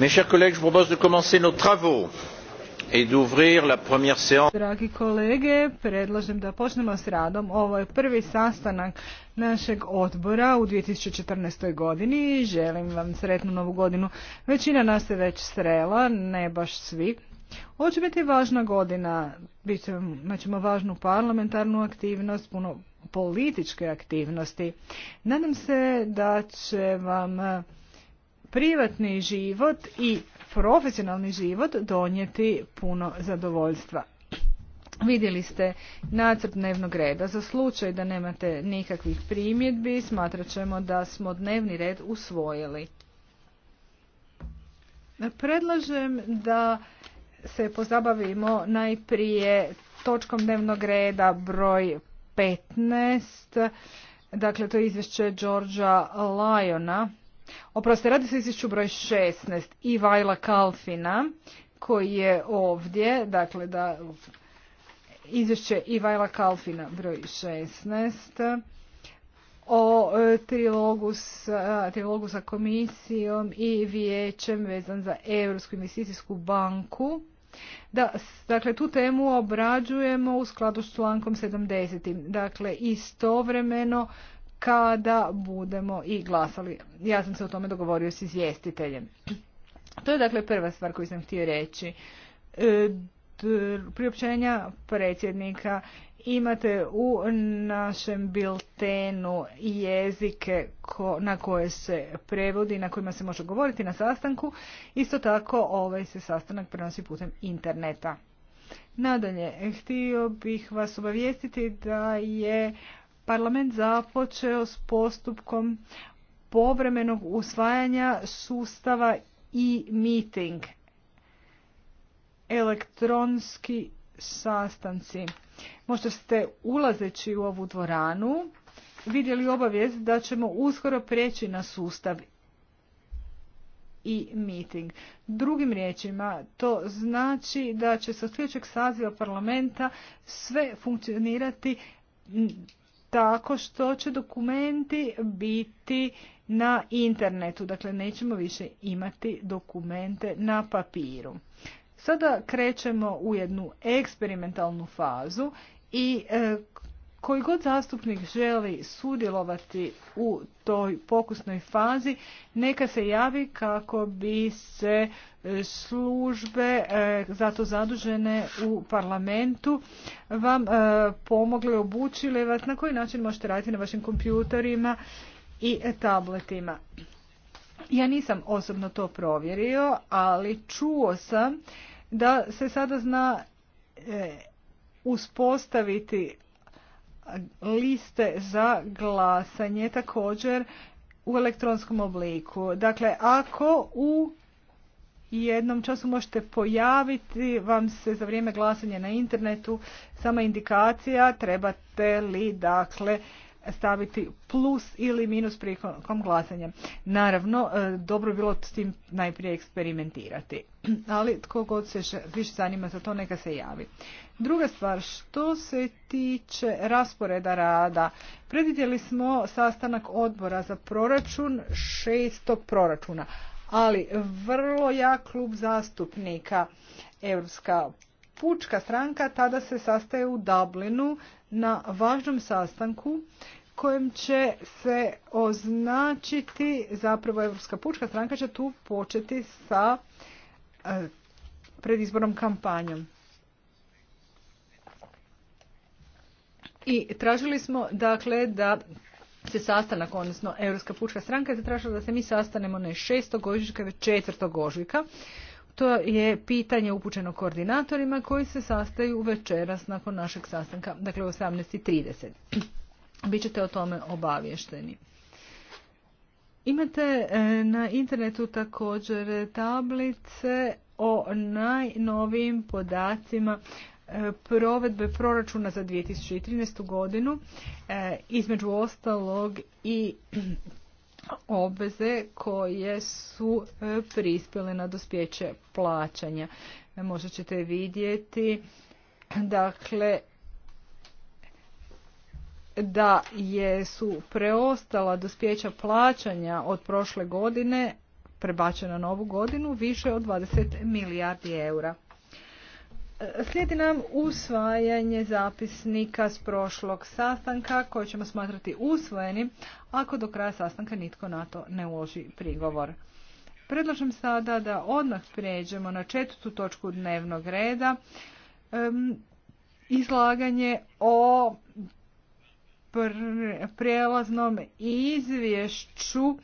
Mes chers collègues, je propose de commencer nos travaux et d'ouvrir la première séance. Dragi kolege, predlažem da počnemo s radom. Ovo je prvi sastanak našeg odbora u 2014. godini. Želim vam sretnu novu godinu. Većina nas se već srela, ne baš svi. Ovo će biti važna godina. ćemo važnu parlamentarnu aktivnost, puno političke aktivnosti. Nadam se da će vam privatni život i profesionalni život donijeti puno zadovoljstva. Vidjeli ste nacrt dnevnog reda. Za slučaj da nemate nikakvih primjedbi, smatrat ćemo da smo dnevni red usvojili. Predlažem da se pozabavimo najprije točkom dnevnog reda broj 15, dakle to je izvješće Đorđa Lajona Oprosti, radi se izvješću broj 16 i Vajla Kalfina koji je ovdje, dakle da izvješće Ivajla Kalfina broj 16 o e, trilogu sa, komisijom i vijećem vezan za Europsku investicijsku banku. Da, dakle, tu temu obrađujemo u skladu s člankom 70. Dakle, istovremeno kada budemo i glasali. Ja sam se o tome dogovorio s izvjestiteljem. To je dakle prva stvar koju sam htio reći. E, priopćenja predsjednika imate u našem biltenu jezike na koje se prevodi, na kojima se može govoriti na sastanku. Isto tako ovaj se sastanak prenosi putem interneta. Nadalje, htio bih vas obavijestiti da je parlament započeo s postupkom povremenog usvajanja sustava i e meeting elektronski sastanci. Možda ste ulazeći u ovu dvoranu vidjeli obavijest da ćemo uskoro prijeći na sustav i meeting. Drugim riječima, to znači da će sa sljedećeg saziva parlamenta sve funkcionirati tako što će dokumenti biti na internetu. Dakle, nećemo više imati dokumente na papiru. Sada krećemo u jednu eksperimentalnu fazu i e, koji god zastupnik želi sudjelovati u toj pokusnoj fazi, neka se javi kako bi se e, službe e, zato zadužene u parlamentu vam e, pomogle, obučile vas na koji način možete raditi na vašim kompjutorima i tabletima. Ja nisam osobno to provjerio, ali čuo sam da se sada zna uspostaviti liste za glasanje također u elektronskom obliku. Dakle, ako u jednom času možete pojaviti vam se za vrijeme glasanja na internetu sama indikacija trebate li dakle staviti plus ili minus prilikom glasanja. Naravno, e, dobro bi bilo s tim najprije eksperimentirati. Ali tko god se više zanima za to, neka se javi. Druga stvar, što se tiče rasporeda rada, predvidjeli smo sastanak odbora za proračun šestog proračuna, ali vrlo ja klub zastupnika Europska pučka stranka tada se sastaje u Dublinu na važnom sastanku kojem će se označiti, zapravo Europska pučka stranka će tu početi sa e, predizbornom kampanjom. I tražili smo dakle da se sastanak, odnosno Europska pučka stranka je zatražila da se mi sastanemo ne 6. ožujka, već 4. ožujka to je pitanje upućeno koordinatorima koji se sastaju večeras nakon našeg sastanka, dakle u 18.30. Bićete o tome obavješteni. Imate e, na internetu također tablice o najnovijim podacima e, provedbe proračuna za 2013. godinu, e, između ostalog i obveze koje su e, prispjele na dospjeće plaćanja. E, možda ćete vidjeti dakle da je su preostala dospjeća plaćanja od prošle godine prebačena na ovu godinu više od 20 milijardi eura. Slijedi nam usvajanje zapisnika s prošlog sastanka koje ćemo smatrati usvojenim ako do kraja sastanka nitko na to ne uloži prigovor. Predlažem sada da odmah prijeđemo na četvrtu točku dnevnog reda izlaganje o prijelaznom izvješću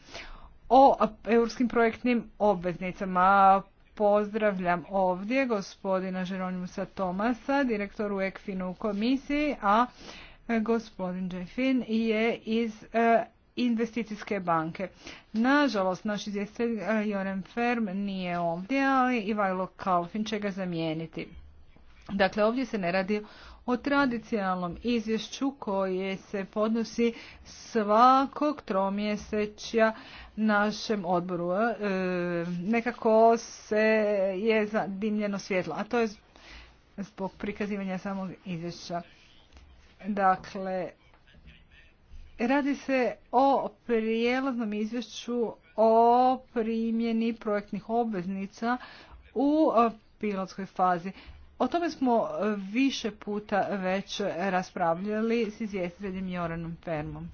o europskim projektnim obveznicama pozdravljam ovdje gospodina Žeronimusa Tomasa, direktoru Ekfinu u komisiji, a e, gospodin Jeffin je iz e, investicijske banke. Nažalost, naš izvjestitelj e, Joren Ferm nije ovdje, ali Ivajlo Kalfin će ga zamijeniti. Dakle, ovdje se ne radi o tradicionalnom izvješću koje se podnosi svakog tromjesečja našem odboru. E, nekako se je zadimljeno svjetlo, a to je zbog prikazivanja samog izvješća. Dakle, radi se o prijelaznom izvješću o primjeni projektnih obveznica u pilotskoj fazi. O tome smo e, više puta već raspravljali s izvjestiteljem Joranom Fermom.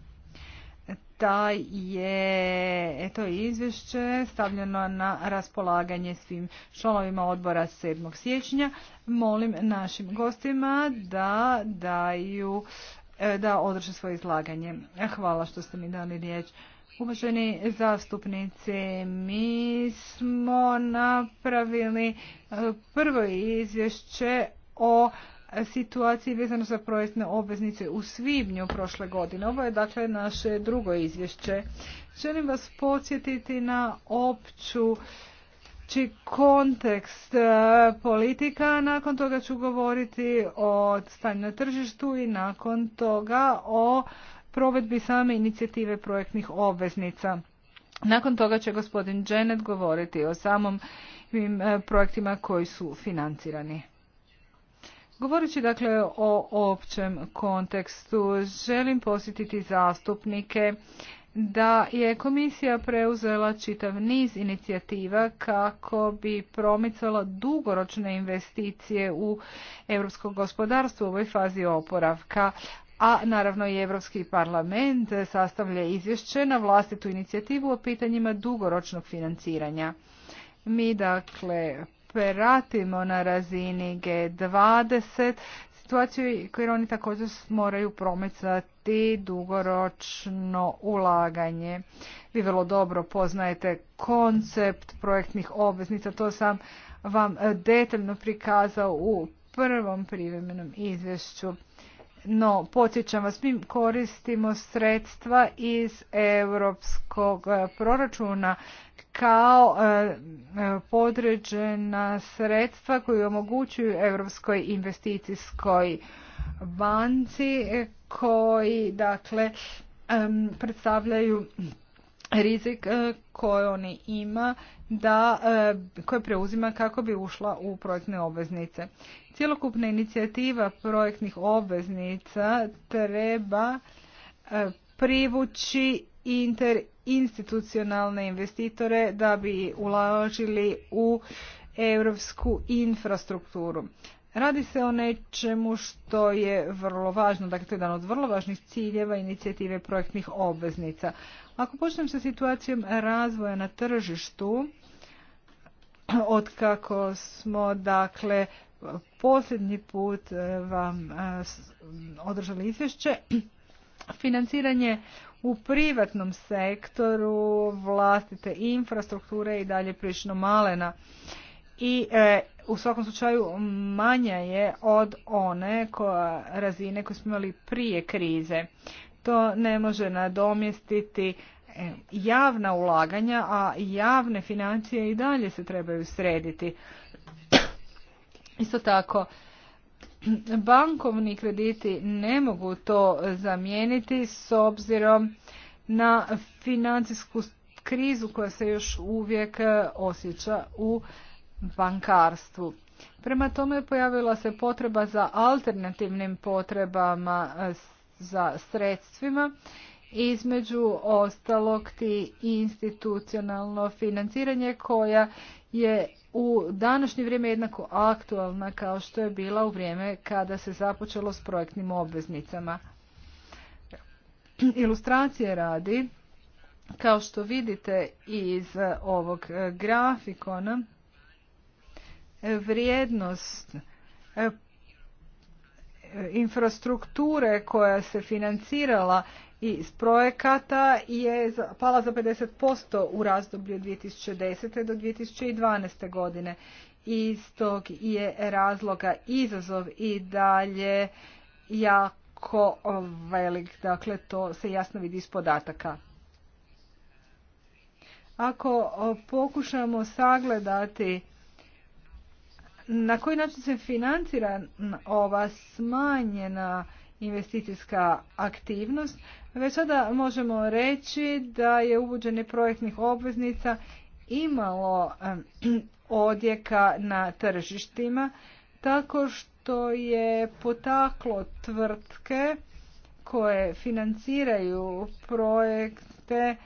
E, taj je e, to izvješće stavljeno na raspolaganje svim članovima odbora 7. siječnja. Molim našim gostima da daju da održe svoje izlaganje. Hvala što ste mi dali riječ. Uvaženi zastupnici, mi smo napravili e, prvo izvješće o situaciji vezano za projektne obveznice u svibnju prošle godine. Ovo je dakle naše drugo izvješće. Želim vas podsjetiti na opću či znači, kontekst e, politika, nakon toga ću govoriti o stanju na tržištu i nakon toga o provedbi same inicijative projektnih obveznica. Nakon toga će gospodin Janet govoriti o samom e, projektima koji su financirani. Govoreći dakle o općem kontekstu, želim posjetiti zastupnike da je komisija preuzela čitav niz inicijativa kako bi promicala dugoročne investicije u europsko gospodarstvo u ovoj fazi oporavka, a naravno i Europski parlament sastavlja izvješće na vlastitu inicijativu o pitanjima dugoročnog financiranja. Mi dakle pratimo na razini G20 situaciju jer oni također moraju promicati dugoročno ulaganje. Vi vrlo dobro poznajete koncept projektnih obveznica, to sam vam detaljno prikazao u prvom privremenom izvješću. No, podsjećam vas, mi koristimo sredstva iz europskog e, proračuna kao e, e, podređena sredstva koju omogućuju Europskoj investicijskoj banci koji dakle predstavljaju rizik e, koji oni ima da, e, koje preuzima kako bi ušla u projektne obveznice. Cjelokupna inicijativa projektnih obveznica treba e, privući interinstitucionalne investitore da bi ulažili u europsku infrastrukturu. Radi se o nečemu što je vrlo važno, dakle to je jedan od vrlo važnih ciljeva inicijative projektnih obveznica. Ako počnem sa situacijom razvoja na tržištu, od kako smo dakle posljednji put e, vam e, održali izvješće, financiranje u privatnom sektoru vlastite infrastrukture i dalje prilično malena i e, u svakom slučaju manja je od one koja, razine koje smo imali prije krize to ne može nadomjestiti e, javna ulaganja, a javne financije i dalje se trebaju srediti. Isto tako, bankovni krediti ne mogu to zamijeniti s obzirom na financijsku krizu koja se još uvijek e, osjeća u bankarstvu. Prema tome pojavila se potreba za alternativnim potrebama e, za sredstvima između ostalog ti institucionalno financiranje koja je u današnje vrijeme jednako aktualna kao što je bila u vrijeme kada se započelo s projektnim obveznicama. Ilustracije radi, kao što vidite iz ovog grafikona, vrijednost infrastrukture koja se financirala iz projekata je pala za 50% u razdoblju 2010. do 2012. godine. Iz tog je razloga izazov i dalje jako velik. Dakle, to se jasno vidi iz podataka. Ako pokušamo sagledati na koji način se financira ova smanjena investicijska aktivnost? Već sada možemo reći da je uvođenje projektnih obveznica imalo odjeka na tržištima tako što je potaklo tvrtke koje financiraju projekte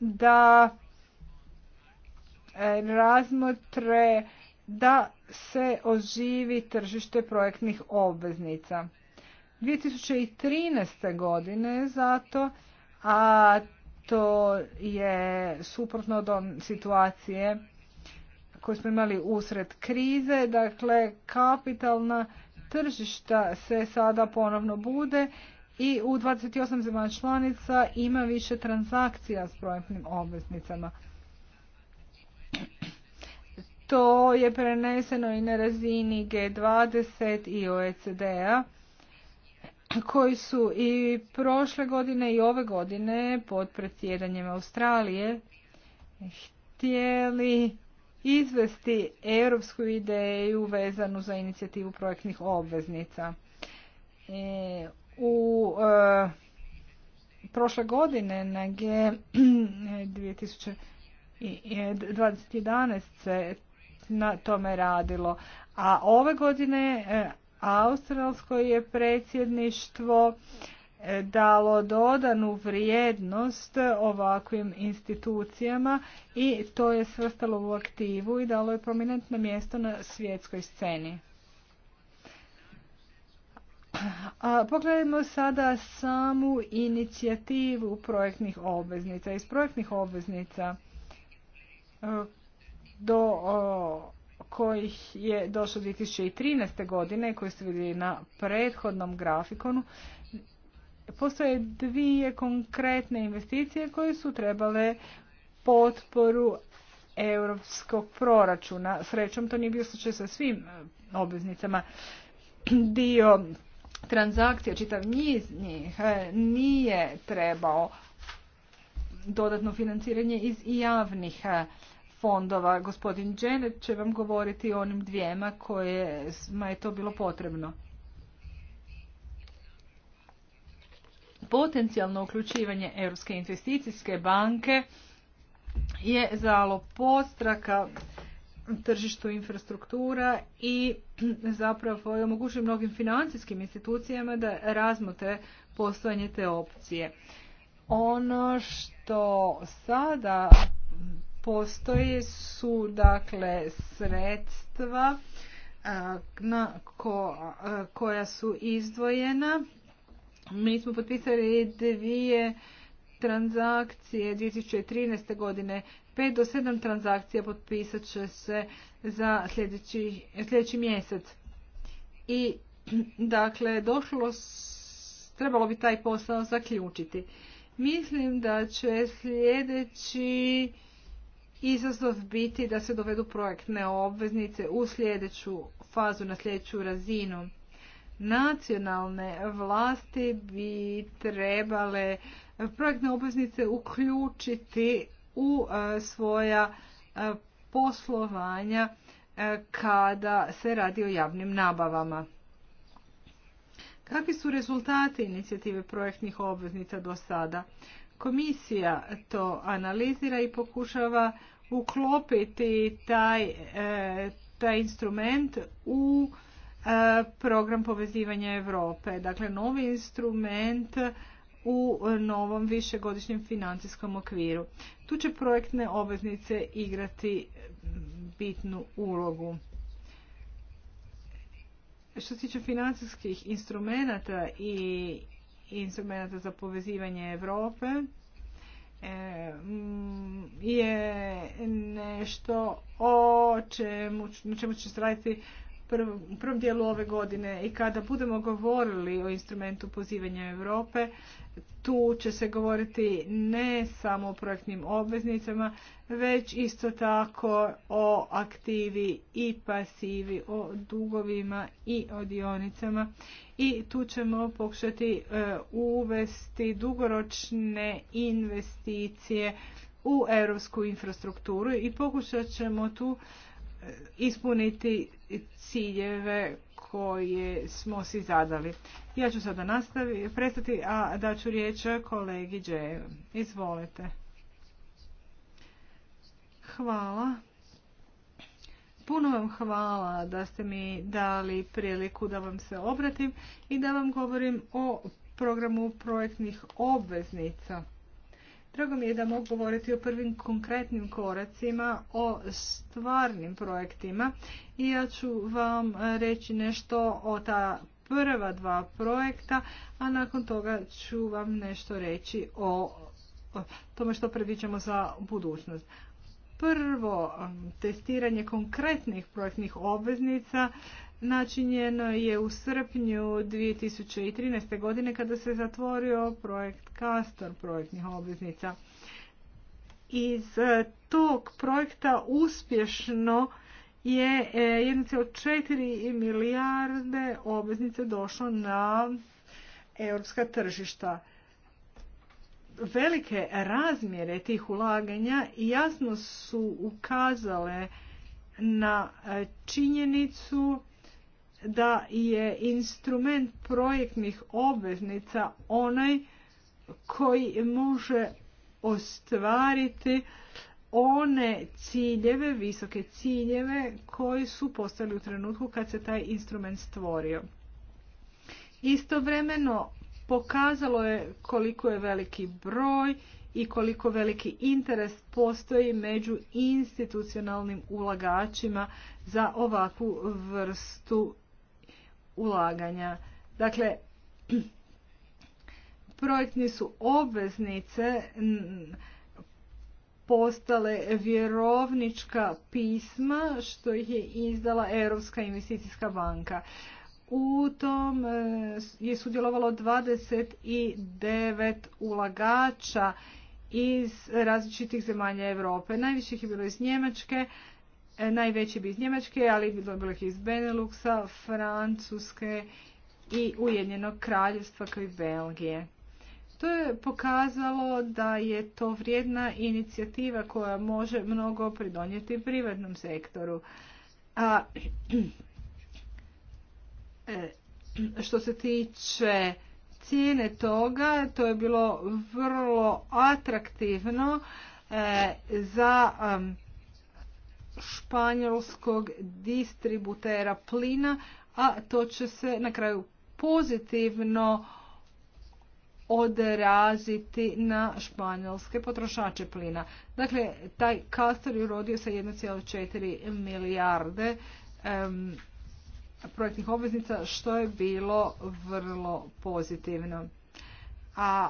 da Eh, razmotre da se oživi tržište projektnih obveznica. 2013. godine zato, a to je suprotno od situacije koju smo imali usred krize, dakle kapitalna tržišta se sada ponovno bude i u 28 zemalja članica ima više transakcija s projektnim obveznicama. To je preneseno i na razini G20 i OECD-a koji su i prošle godine i ove godine pod predsjedanjem Australije htjeli izvesti europsku ideju vezanu za inicijativu projektnih obveznica. E, u e, prošle godine na G 2011 e, se na tome radilo. A ove godine e, australsko je predsjedništvo e, dalo dodanu vrijednost ovakvim institucijama i to je svrstalo u aktivu i dalo je prominentno mjesto na svjetskoj sceni. A pogledajmo sada samu inicijativu projektnih obveznica. Iz projektnih obveznica e, do kojih je došlo 2013. godine koje ste vidjeli na prethodnom grafikonu postoje dvije konkretne investicije koje su trebale potporu europskog proračuna. Srećom to nije bio slučaj sa svim e, obveznicama. Dio transakcija, čitav niz njih, e, nije trebao dodatno financiranje iz javnih e, fondova. Gospodin Dženet će vam govoriti o onim dvijema kojima je to bilo potrebno. Potencijalno uključivanje Europske investicijske banke je zalo postraka tržištu infrastruktura i zapravo je omogućuje mnogim financijskim institucijama da razmote postojanje te opcije. Ono što sada postoji su dakle sredstva na koja su izdvojena. Mi smo potpisali dvije transakcije 2013. godine. Pet do sedam transakcija potpisat će se za sljedeći, sljedeći mjesec. I dakle, došlo, trebalo bi taj posao zaključiti. Mislim da će sljedeći izazov biti da se dovedu projektne obveznice u sljedeću fazu, na sljedeću razinu. Nacionalne vlasti bi trebale projektne obveznice uključiti u e, svoja e, poslovanja e, kada se radi o javnim nabavama. Kakvi su rezultati inicijative projektnih obveznica do sada? Komisija to analizira i pokušava uklopiti taj, e, taj instrument u e, program povezivanja Europe. Dakle, novi instrument u novom višegodišnjem financijskom okviru. Tu će projektne obveznice igrati bitnu ulogu. Što se tiče financijskih instrumenata i instrumenta za povezivanje Europe e, mm, je nešto o čemu, čemu će se raditi u prvom dijelu ove godine i kada budemo govorili o instrumentu pozivanja Europe, tu će se govoriti ne samo o projektnim obveznicama, već isto tako o aktivi i pasivi, o dugovima i o dionicama. I tu ćemo pokušati e, uvesti dugoročne investicije u europsku infrastrukturu i pokušat ćemo tu ispuniti ciljeve koje smo si zadali. Ja ću sada nastaviti prestati, a daću riječ kolegi Džeju. Izvolite. Hvala. Puno vam hvala da ste mi dali priliku da vam se obratim i da vam govorim o programu projektnih obveznica. Drago mi je da mogu govoriti o prvim konkretnim koracima, o stvarnim projektima i ja ću vam reći nešto o ta prva dva projekta, a nakon toga ću vam nešto reći o tome što predviđamo za budućnost. Prvo testiranje konkretnih projektnih obveznica načinjeno je u srpnju 2013. godine kada se zatvorio projekt Castor projektnih obveznica. Iz e, tog projekta uspješno je 1,4 e, milijarde obveznice došlo na europska tržišta. Velike razmjere tih ulaganja jasno su ukazale na e, činjenicu da je instrument projektnih obveznica onaj koji može ostvariti one ciljeve, visoke ciljeve koji su postali u trenutku kad se taj instrument stvorio. Istovremeno pokazalo je koliko je veliki broj i koliko veliki interes postoji među institucionalnim ulagačima za ovakvu vrstu ulaganja. Dakle, projektni su obveznice postale vjerovnička pisma što ih je izdala Europska investicijska banka. U tom e, je sudjelovalo 29 ulagača iz različitih zemalja Europe. Najviših je bilo iz Njemačke, E, najveći bi iz Njemačke, ali bilo ih iz Beneluxa, Francuske i Ujedinjenog kraljevstva kao i Belgije. To je pokazalo da je to vrijedna inicijativa koja može mnogo pridonijeti privatnom sektoru. A e, što se tiče cijene toga, to je bilo vrlo atraktivno e, za španjolskog distributera plina, a to će se na kraju pozitivno odraziti na španjolske potrošače plina. Dakle, taj kastor je urodio sa 1,4 milijarde um, projektnih obveznica, što je bilo vrlo pozitivno. A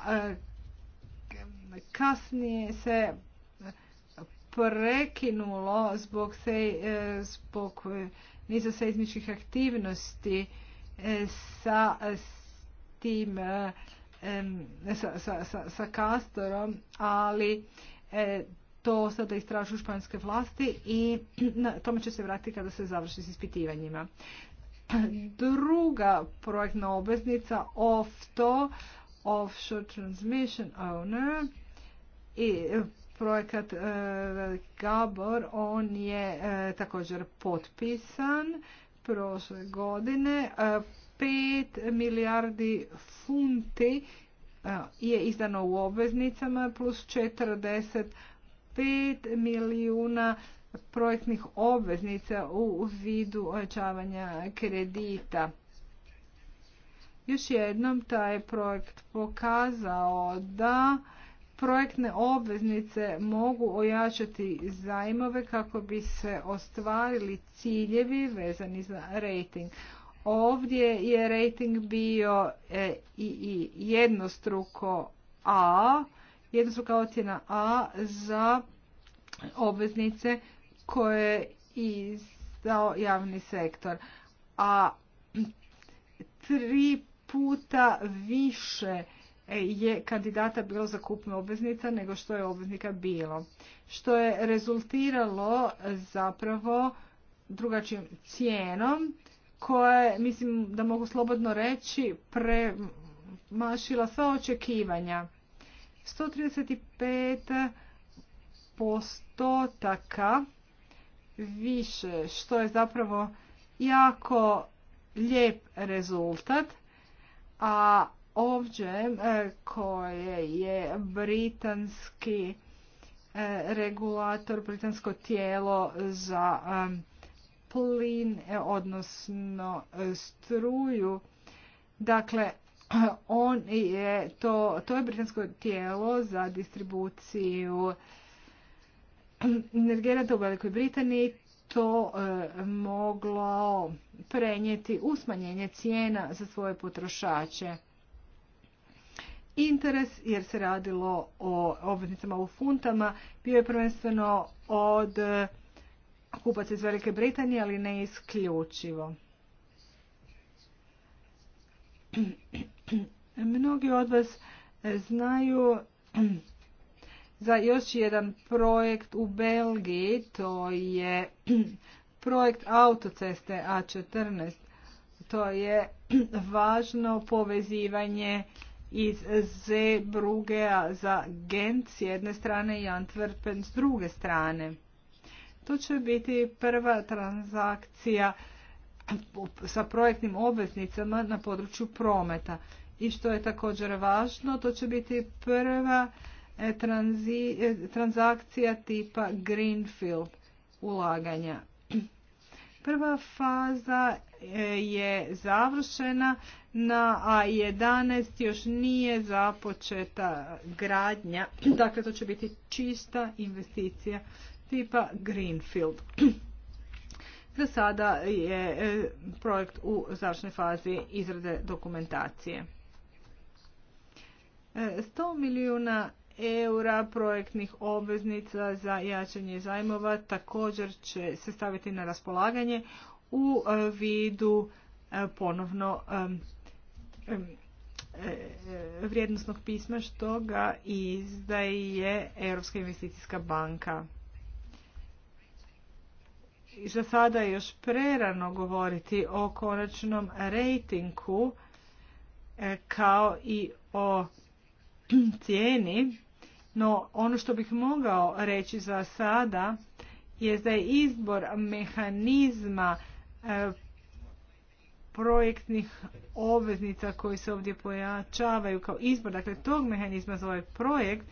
kasnije se prekinulo zbog, se, e, zbog e, niza seizmičkih aktivnosti e, sa tim sa, sa, Castorom, ali to sada istražuju španjske vlasti i na tome će se vratiti kada se završi s ispitivanjima. Druga projektna obveznica OFTO, Offshore Transmission Owner, i projekat e, Gabor, on je e, također potpisan prošle godine. 5 e, milijardi funti je izdano u obveznicama plus 45 milijuna projektnih obveznica u vidu ojačavanja kredita. Još jednom taj projekt pokazao da Projektne obveznice mogu ojačati zajmove kako bi se ostvarili ciljevi vezani za rating. Ovdje je rating bio e, i jednostruko A, jednostruka ocjena A za obveznice koje izdao javni sektor. A tri puta više je kandidata bilo za kupnu obveznica nego što je obveznika bilo. Što je rezultiralo zapravo drugačijom cijenom koja mislim da mogu slobodno reći, premašila sva očekivanja. 135 postotaka više, što je zapravo jako lijep rezultat, a ovdje e, koje je britanski e, regulator, britansko tijelo za e, plin, odnosno struju. Dakle, on je to, to je britansko tijelo za distribuciju energenata u Velikoj Britaniji to moglo prenijeti u smanjenje cijena za svoje potrošače interes jer se radilo o obveznicama u funtama, bio je prvenstveno od e, kupaca iz Velike Britanije, ali ne isključivo. Mnogi od vas e, znaju za još jedan projekt u Belgiji, to je projekt autoceste A14. To je važno povezivanje iz Zeebrugea za Gent s jedne strane i Antwerpen s druge strane. To će biti prva transakcija sa projektnim obveznicama na području prometa. I što je također važno, to će biti prva e, e, transakcija tipa Greenfield ulaganja. Prva faza e, je završena na A11 još nije započeta gradnja, dakle to će biti čista investicija tipa Greenfield. Za sada je e, projekt u završnoj fazi izrade dokumentacije. 100 e, milijuna eura projektnih obveznica za jačanje zajmova također će se staviti na raspolaganje u e, vidu ponovno E, e, vrijednostnog pisma što ga izdaje Europska investicijska banka. I za sada je još prerano govoriti o konačnom rejtingu e, kao i o cijeni, no ono što bih mogao reći za sada je da je izbor mehanizma projektnih obveznica koji se ovdje pojačavaju kao izbor, dakle tog mehanizma za ovaj projekt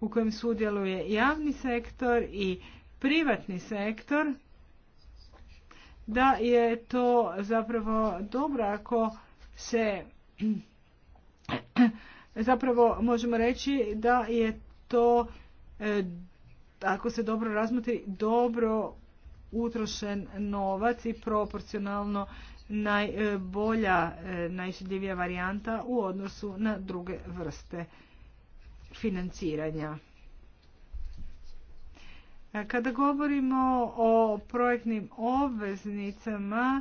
u kojem sudjeluje javni sektor i privatni sektor, da je to zapravo dobro ako se zapravo možemo reći da je to e, ako se dobro razmotri dobro utrošen novac i proporcionalno najbolja, e, najsudljivija varijanta u odnosu na druge vrste financiranja. E, kada govorimo o projektnim obveznicama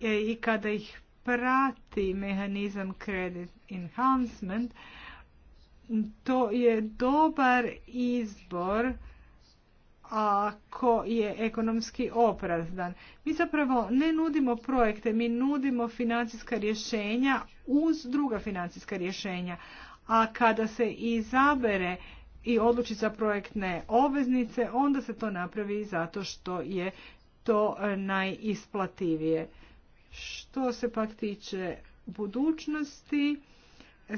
e, i kada ih prati mehanizam credit enhancement, to je dobar izbor ako je ekonomski opravdan. Mi zapravo ne nudimo projekte, mi nudimo financijska rješenja uz druga financijska rješenja. A kada se izabere i odluči za projektne obveznice, onda se to napravi zato što je to e, najisplativije. Što se pak tiče budućnosti,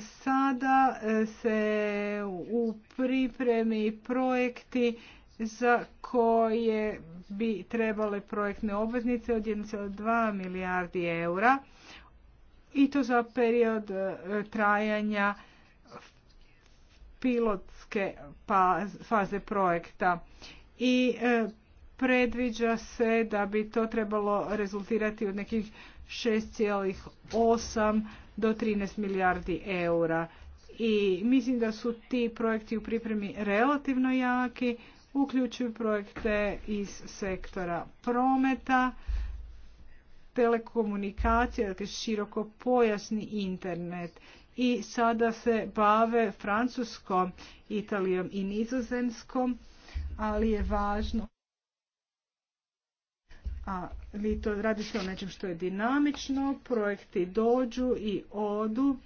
sada e, se u pripremi projekti za koje bi trebale projektne obveznice od 1,2 milijardi eura i to za period e, trajanja pilotske pa-, faze projekta. I e, predviđa se da bi to trebalo rezultirati od nekih 6,8 do 13 milijardi eura. I mislim da su ti projekti u pripremi relativno jaki, uključuju projekte iz sektora prometa, telekomunikacije, dakle široko pojasni internet i sada se bave Francuskom, Italijom i Nizozemskom, ali je važno li to radi se o nečem što je dinamično, projekti dođu i odu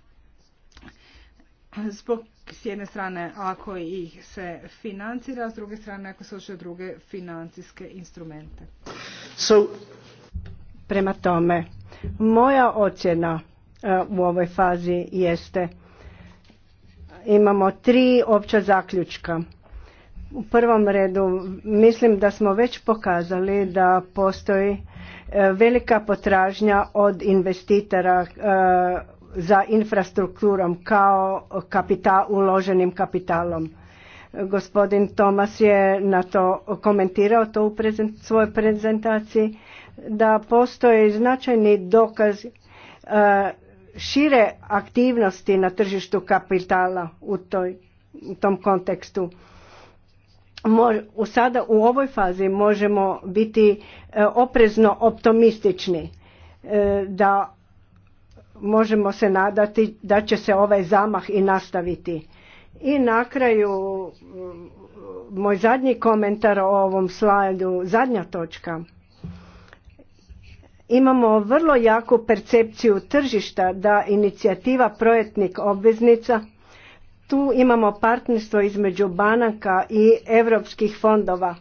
zbog s jedne strane ako ih se financira, s druge strane ako se uče druge financijske instrumente. So, prema tome, moja ocjena e, u ovoj fazi jeste imamo tri opća zaključka. U prvom redu mislim da smo već pokazali da postoji e, velika potražnja od investitora e, za infrastrukturom kao kapital, uloženim kapitalom. Gospodin Tomas je na to komentirao to u prezent, svojoj prezentaciji da postoje značajni dokaz e, šire aktivnosti na tržištu kapitala u tom kontekstu. Mo, sada u ovoj fazi možemo biti e, oprezno optimistični e, da možemo se nadati da će se ovaj zamah i nastaviti. I na kraju mm, moj zadnji komentar o ovom slajdu, zadnja točka. Imamo vrlo jaku percepciju tržišta da inicijativa projektnih obveznica tu imamo partnerstvo između banaka i europskih fondova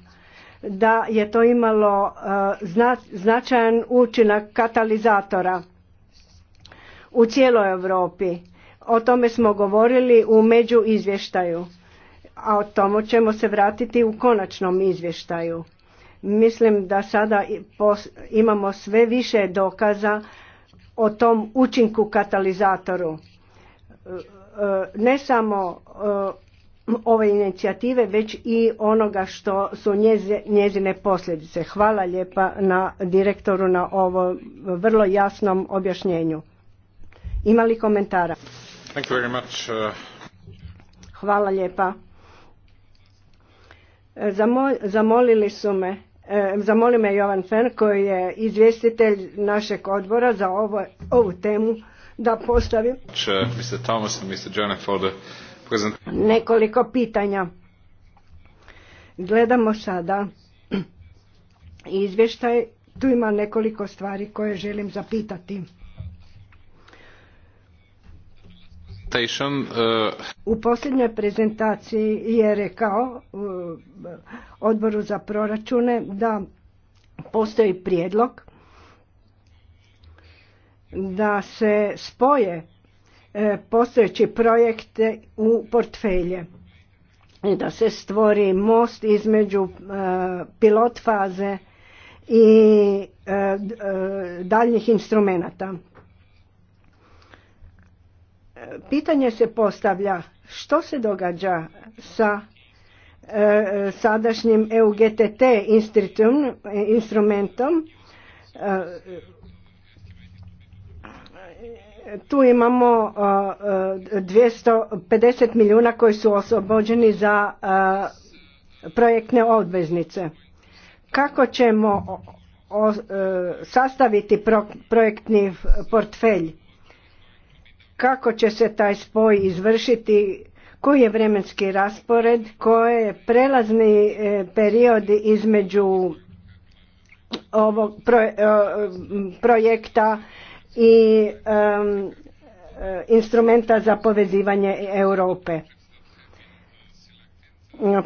da je to imalo e, značajan učinak katalizatora u cijeloj Europi. O tome smo govorili u među izvještaju, a o tomu ćemo se vratiti u konačnom izvještaju. Mislim da sada imamo sve više dokaza o tom učinku katalizatoru. E, e, ne samo e, ove inicijative, već i onoga što su njezine posljedice. Hvala lijepa na direktoru na ovo vrlo jasnom objašnjenju. Ima li komentara? Uh, Hvala lijepa. Zamolili su me, e, zamoli me Jovan Fen, koji je izvjestitelj našeg odbora za ovu temu da postavim nekoliko pitanja. Gledamo sada izvještaj, tu ima nekoliko stvari koje želim zapitati. Uh, u posljednjoj prezentaciji je rekao uh, odboru za proračune da postoji prijedlog da se spoje uh, postojeći projekte u portfelje i da se stvori most između pilot faze i daljnjih instrumenata Pitanje se postavlja što se događa sa e, sadašnjim EUGTT instrumentom. E, tu imamo 250 e, milijuna koji su oslobođeni za projektne obveznice. Kako ćemo sastaviti projektni portfelj? kako će se taj spoj izvršiti, koji je vremenski raspored, koji je prelazni e, period između ovog e, projekta i e, instrumenta za povezivanje Europe.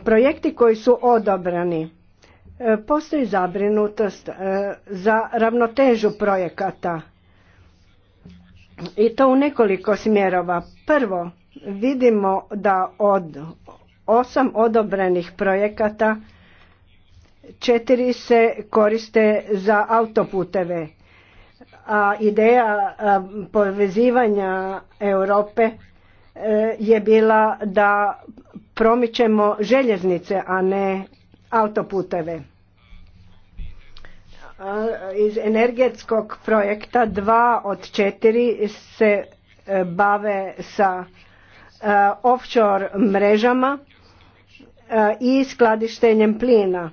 Projekti koji su odobrani postoji zabrinutost za ravnotežu projekata i to u nekoliko smjerova. Prvo, vidimo da od osam odobrenih projekata četiri se koriste za autoputeve. A ideja povezivanja Europe e, je bila da promičemo željeznice, a ne autoputeve iz energetskog projekta dva od četiri se e, bave sa e, offshore mrežama e, i skladištenjem plina.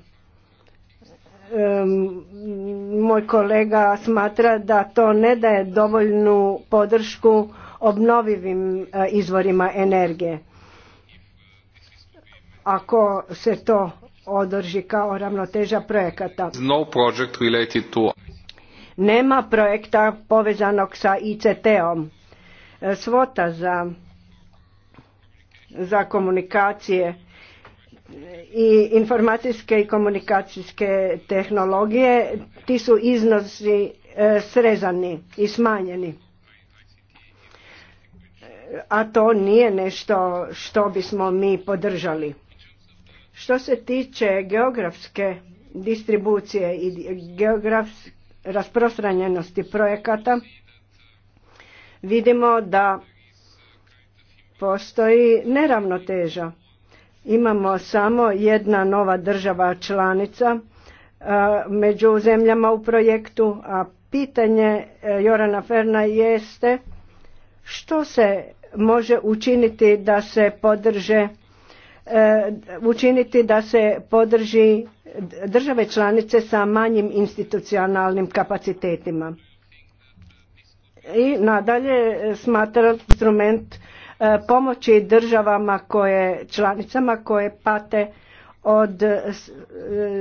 Moj kolega smatra da to ne daje dovoljnu podršku obnovivim izvorima energije. Ako se to održi kao ravnoteža projekata. Nema projekta povezanog sa ICT-om. E, svota za, za komunikacije i informacijske i komunikacijske tehnologije, ti su iznosi e, srezani i smanjeni. E, a to nije nešto što bismo mi podržali. Što se tiče geografske distribucije i geografske rasprostranjenosti projekata, vidimo da postoji neravnoteža. Imamo samo jedna nova država članica e, među zemljama u projektu, a pitanje e, Jorana Ferna jeste što se može učiniti da se podrže E, učiniti da se podrži države članice sa manjim institucionalnim kapacitetima. I nadalje smatra instrument e, pomoći državama koje, članicama koje pate od e,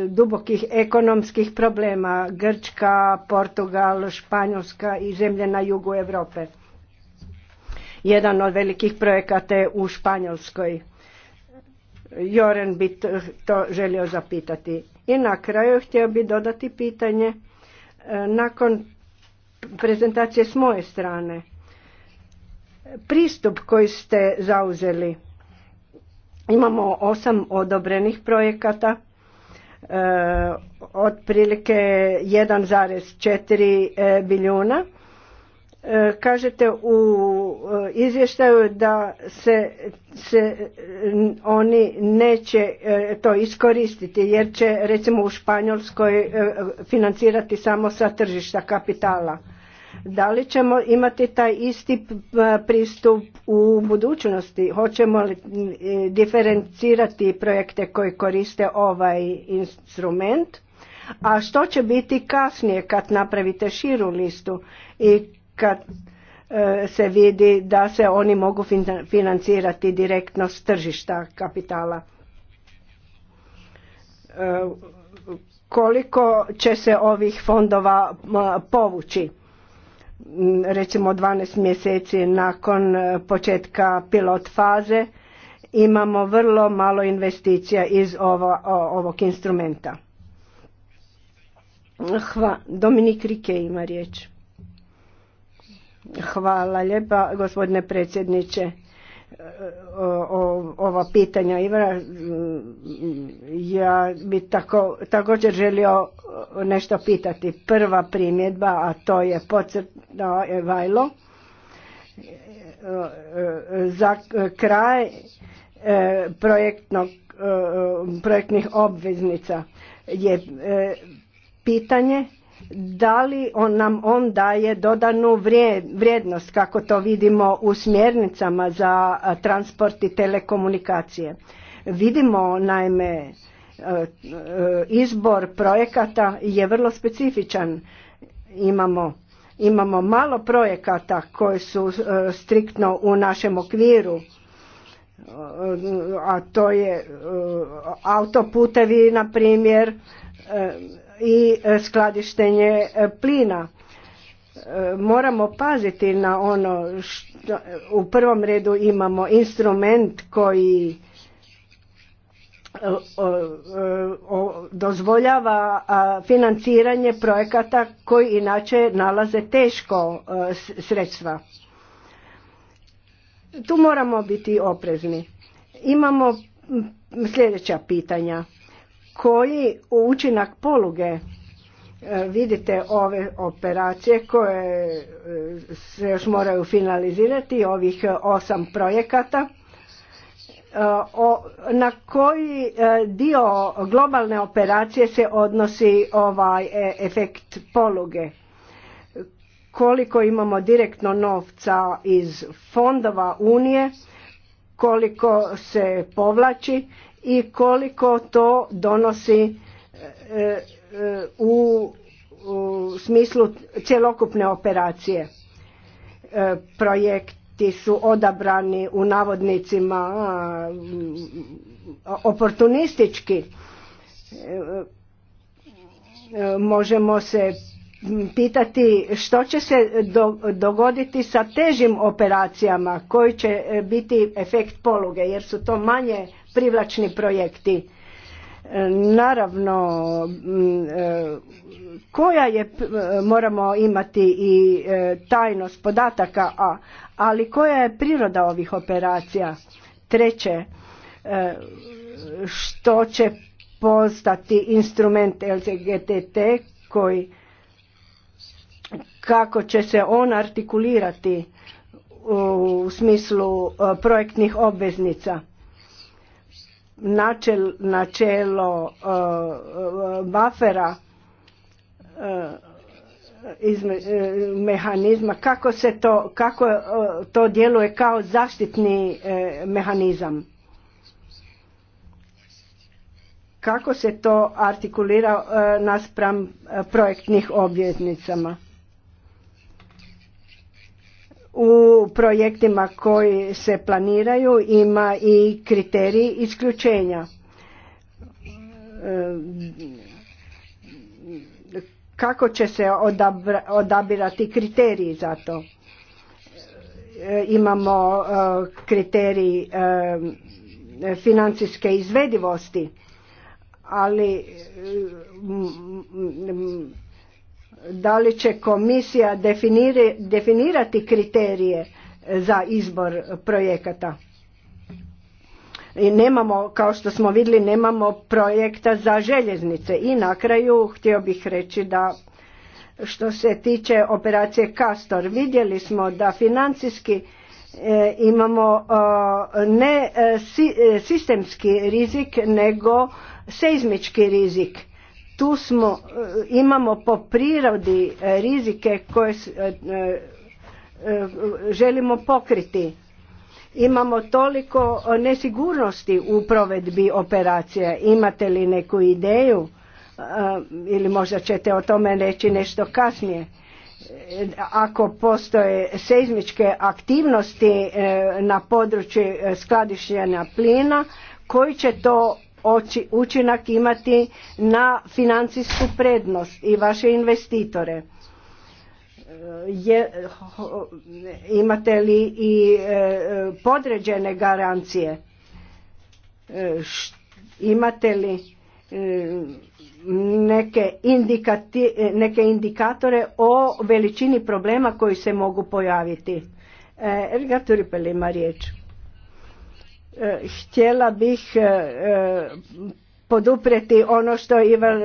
dubokih ekonomskih problema Grčka, Portugal, Španjolska i zemlje na jugu Europe. Jedan od velikih projekata je u Španjolskoj Joren bi to želio zapitati. I na kraju htio bi dodati pitanje e, nakon prezentacije s moje strane. Pristup koji ste zauzeli. Imamo osam odobrenih projekata, e, otprilike 1,4 milijuna E, kažete u e, izvještaju da se, se oni neće e, to iskoristiti jer će recimo u Španjolskoj financirati samo sa tržišta kapitala. Da li ćemo imati taj isti pristup u budućnosti? Hoćemo li diferencirati projekte koji koriste ovaj instrument? A što će biti kasnije kad napravite širu listu i kad e, se vidi da se oni mogu financirati direktno s tržišta kapitala. E, koliko će se ovih fondova povući? Recimo 12 mjeseci nakon e, početka pilot faze imamo vrlo malo investicija iz ovog instrumenta. Hva, Dominik Rike ima riječ. Hvala lijepa gospodine predsjedniče. ova pitanja ja bi također želio nešto pitati. Prva primjedba, a to je podcrtao Evajlo, za kraj e, e, projektnih obveznica je e, pitanje da li on nam on daje dodanu vrijednost kako to vidimo u smjernicama za transport i telekomunikacije. Vidimo naime e, e, izbor projekata je vrlo specifičan. Imamo, imamo malo projekata koji su e, striktno u našem okviru a to je autoputevi na primjer i e, skladištenje e, plina. E, moramo paziti na ono što u prvom redu imamo instrument koji dozvoljava financiranje projekata koji inače nalaze teško sredstva. Tu moramo biti oprezni. Imamo sljedeća pitanja koji učinak poluge e, vidite ove operacije koje e, se još moraju finalizirati ovih osam projekata e, na koji dio globalne operacije se odnosi ovaj efekt poluge koliko imamo direktno novca iz fondova unije koliko se povlači i koliko to donosi e, e, u, smislu cjelokupne operacije. E, projekti su odabrani u navodnicima oportunistički. Možemo se pitati što će se dogoditi sa težim operacijama koji će e, biti efekt poluge jer su to manje privlačni projekti. E, naravno, e, koja je, moramo imati i tajnost podataka, a, ali koja je priroda ovih operacija? Treće, što će postati instrument LCGTT koji kako će se on artikulirati u smislu e, projektnih obveznica. Načel, načelo e, e, bafera iz mehanizma, kako se to, kako to djeluje kao zaštitni mehanizam. Kako se to artikulira naspram projektnih obveznicama u projektima koji se planiraju ima i kriteriji isključenja. Kako će se odabirati kriteriji za to? Imamo e, kriterij e, financijske izvedivosti, ali da li će komisija definirati kriterije e, za izbor projekata. I nemamo, kao što smo vidjeli, nemamo projekta za željeznice. I na kraju htio bih reći da što se tiče operacije Kastor vidjeli smo da financijski e, imamo e, ne sistemski rizik, nego seizmički rizik tu smo, e, imamo po prirodi e, rizike koje e, želimo pokriti. Imamo toliko nesigurnosti u provedbi operacija. Imate li neku ideju ili možda ćete o tome reći nešto kasnije? Ako postoje seizmičke aktivnosti na području skladištenja plina, koji će to oči, učinak imati na financijsku prednost i vaše investitore? Eh, je, imate li i eh, podređene garancije? Eh, imate li neke, indikati, neke indikatore o veličini problema koji se mogu pojaviti? Erga Turipel ripelima riječ. E, htjela bih e, e, poduprijeti ono što je Ivan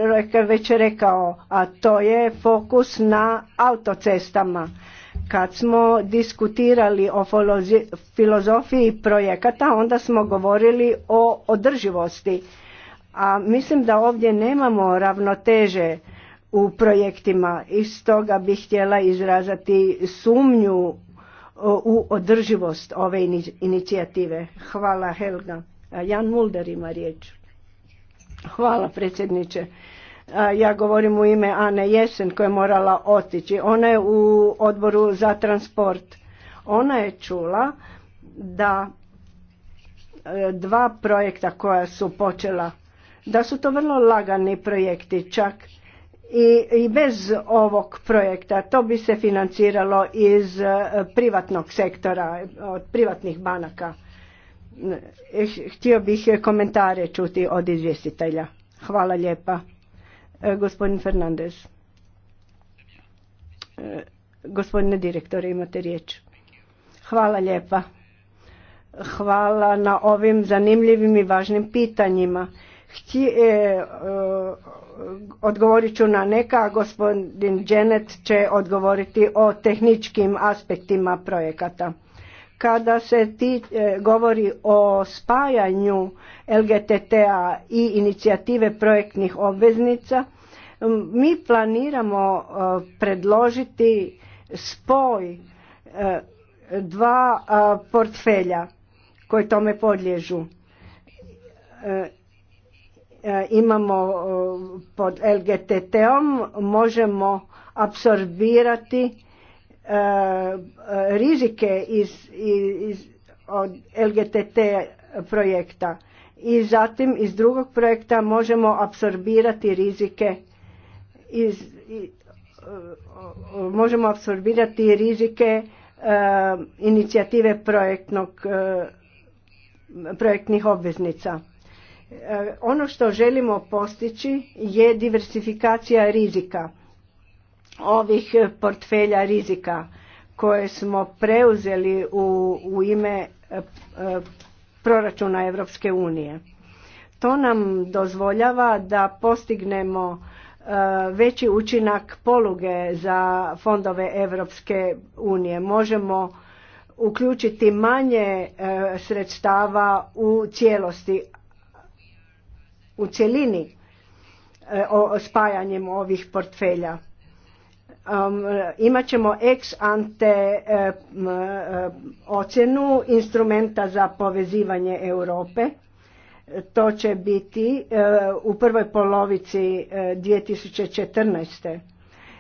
već rekao, a to je fokus na autocestama. Kad smo diskutirali o filozofiji projekata, onda smo govorili o održivosti. A mislim da ovdje nemamo ravnoteže u projektima i stoga bih htjela izrazati sumnju u održivost ove inicijative. Hvala Helga. Jan Mulder ima riječ. Hvala predsjedniče. Ja govorim u ime Ane Jesen koja je morala otići. Ona je u odboru za transport. Ona je čula da e, dva projekta koja su počela, da su to vrlo lagani projekti, čak i, i bez ovog projekta to bi se financiralo iz e, privatnog sektora, od privatnih banaka. E, htio bih komentare čuti od izvjestitelja. Hvala lijepa. E, gospodin Fernandez. Gospodine direktore, imate riječ. Hvala lijepa. Hvala na ovim zanimljivim i važnim pitanjima htio e, e, odgovorit ću na neka, a gospodin Dženet će odgovoriti o tehničkim aspektima projekata. Kada se ti e, govori o spajanju LGTTA i inicijative projektnih obveznica, mi planiramo e, predložiti spoj dva portfelja koji tome podliježu E, imamo e, pod LGTT-om možemo apsorbirati e, rizike iz, iz od LGTT projekta i zatim iz drugog projekta možemo apsorbirati rizike iz, možemo apsorbirati rizike inicijative projektnog projektnih obveznica Eh, ono što želimo postići je diversifikacija rizika, ovih eh, portfelja rizika koje smo preuzeli u, ime eh, proračuna Europske unije. To nam dozvoljava da postignemo veći učinak poluge za fondove Europske unije. Možemo uključiti manje sredstava u cijelosti, u cjelini e, spajanjem ovih portfelja. Um, imat ćemo ex ante e, e, ocjenu instrumenta za povezivanje Europe. To će biti u prvoj polovici 2014.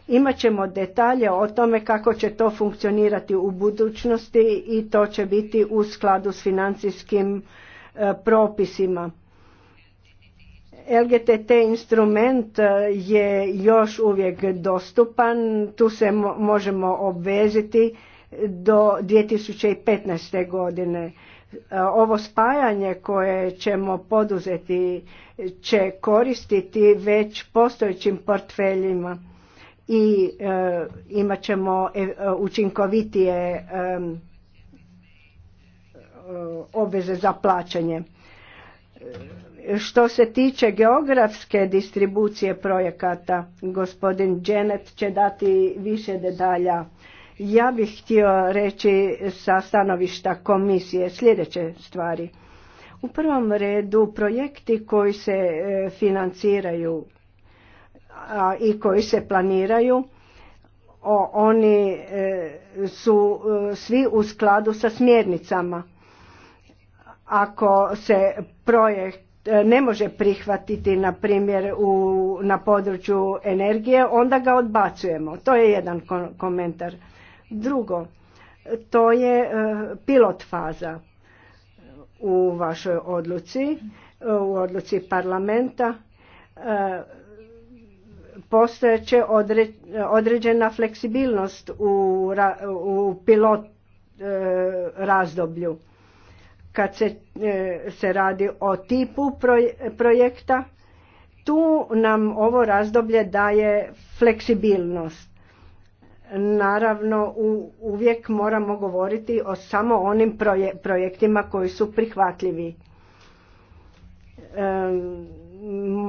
Imat ćemo detalje o tome kako će to funkcionirati u budućnosti i to će biti u skladu s financijskim propisima LGTT instrument e, je još uvijek dostupan, tu se možemo obveziti do 2015. godine. E, ovo spajanje koje ćemo poduzeti će koristiti već postojećim portfeljima i e, imat ćemo e, učinkovitije obveze za plaćanje što se tiče geografske distribucije projekata, gospodin Dženet će dati više detalja. Ja bih htio reći sa stanovišta komisije sljedeće stvari. U prvom redu projekti koji se e, financiraju i koji se planiraju, oni e, su e, svi u skladu sa smjernicama. Ako se projekt ne može prihvatiti na primjer u, na području energije, onda ga odbacujemo. To je jedan komentar. Drugo, to je e, pilot faza u vašoj odluci, u odluci parlamenta e, postojeće određena fleksibilnost u pilot e, razdoblju kad se, e, se radi o tipu projekta tu nam ovo razdoblje daje fleksibilnost naravno uvijek moramo govoriti o samo onim projektima koji su prihvatljivi e,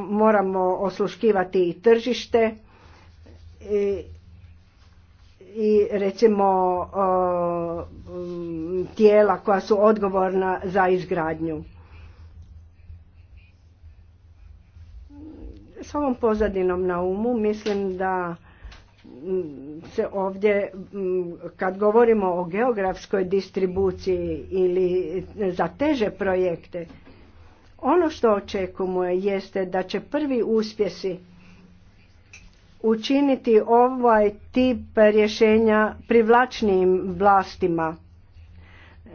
moramo osluškivati i tržište i i recimo tijela koja su odgovorna za izgradnju. S ovom pozadinom na umu mislim da se ovdje kad govorimo o geografskoj distribuciji ili za teže projekte ono što očekujemo jeste da će prvi uspjesi učiniti ovaj tip rješenja privlačnijim vlastima.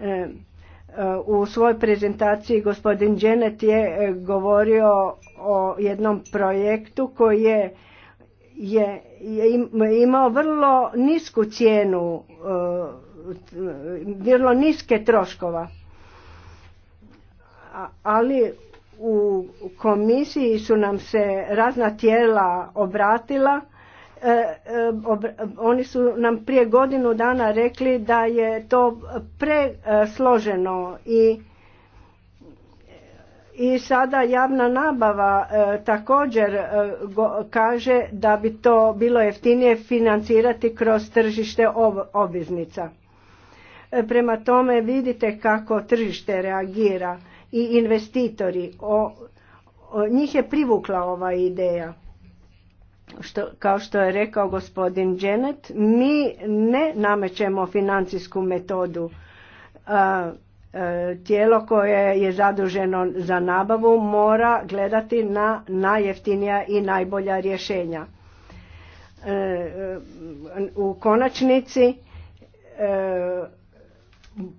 E, e, u svojoj prezentaciji gospodin Dženet je e, govorio o jednom projektu koji je, je, je imao vrlo nisku cijenu, vrlo niske troškova ali u komisiji su nam se razna tijela obratila. E, e, oni su nam prije godinu dana rekli da je to presloženo i i sada javna nabava e, također kaže da bi to bilo jeftinije financirati kroz tržište ob, obveznica. prema tome vidite kako tržište reagira i investitori. O, njih je privukla ova ideja. Što, kao što je rekao gospodin Dženet, mi ne namećemo financijsku metodu. A, tijelo koje je zaduženo za nabavu mora gledati na najjeftinija i najbolja rješenja. E, u konačnici e,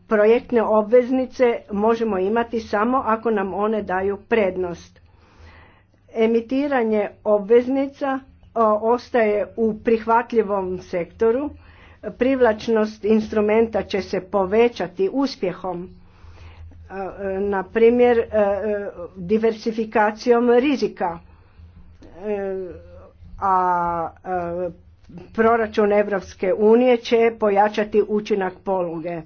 projektne obveznice možemo imati samo ako nam one daju prednost. Emitiranje obveznica ostaje u prihvatljivom sektoru, privlačnost instrumenta će se povećati uspjehom, e, na primjer e, diversifikacijom rizika, e, a proračun Evropske unije će pojačati učinak poluge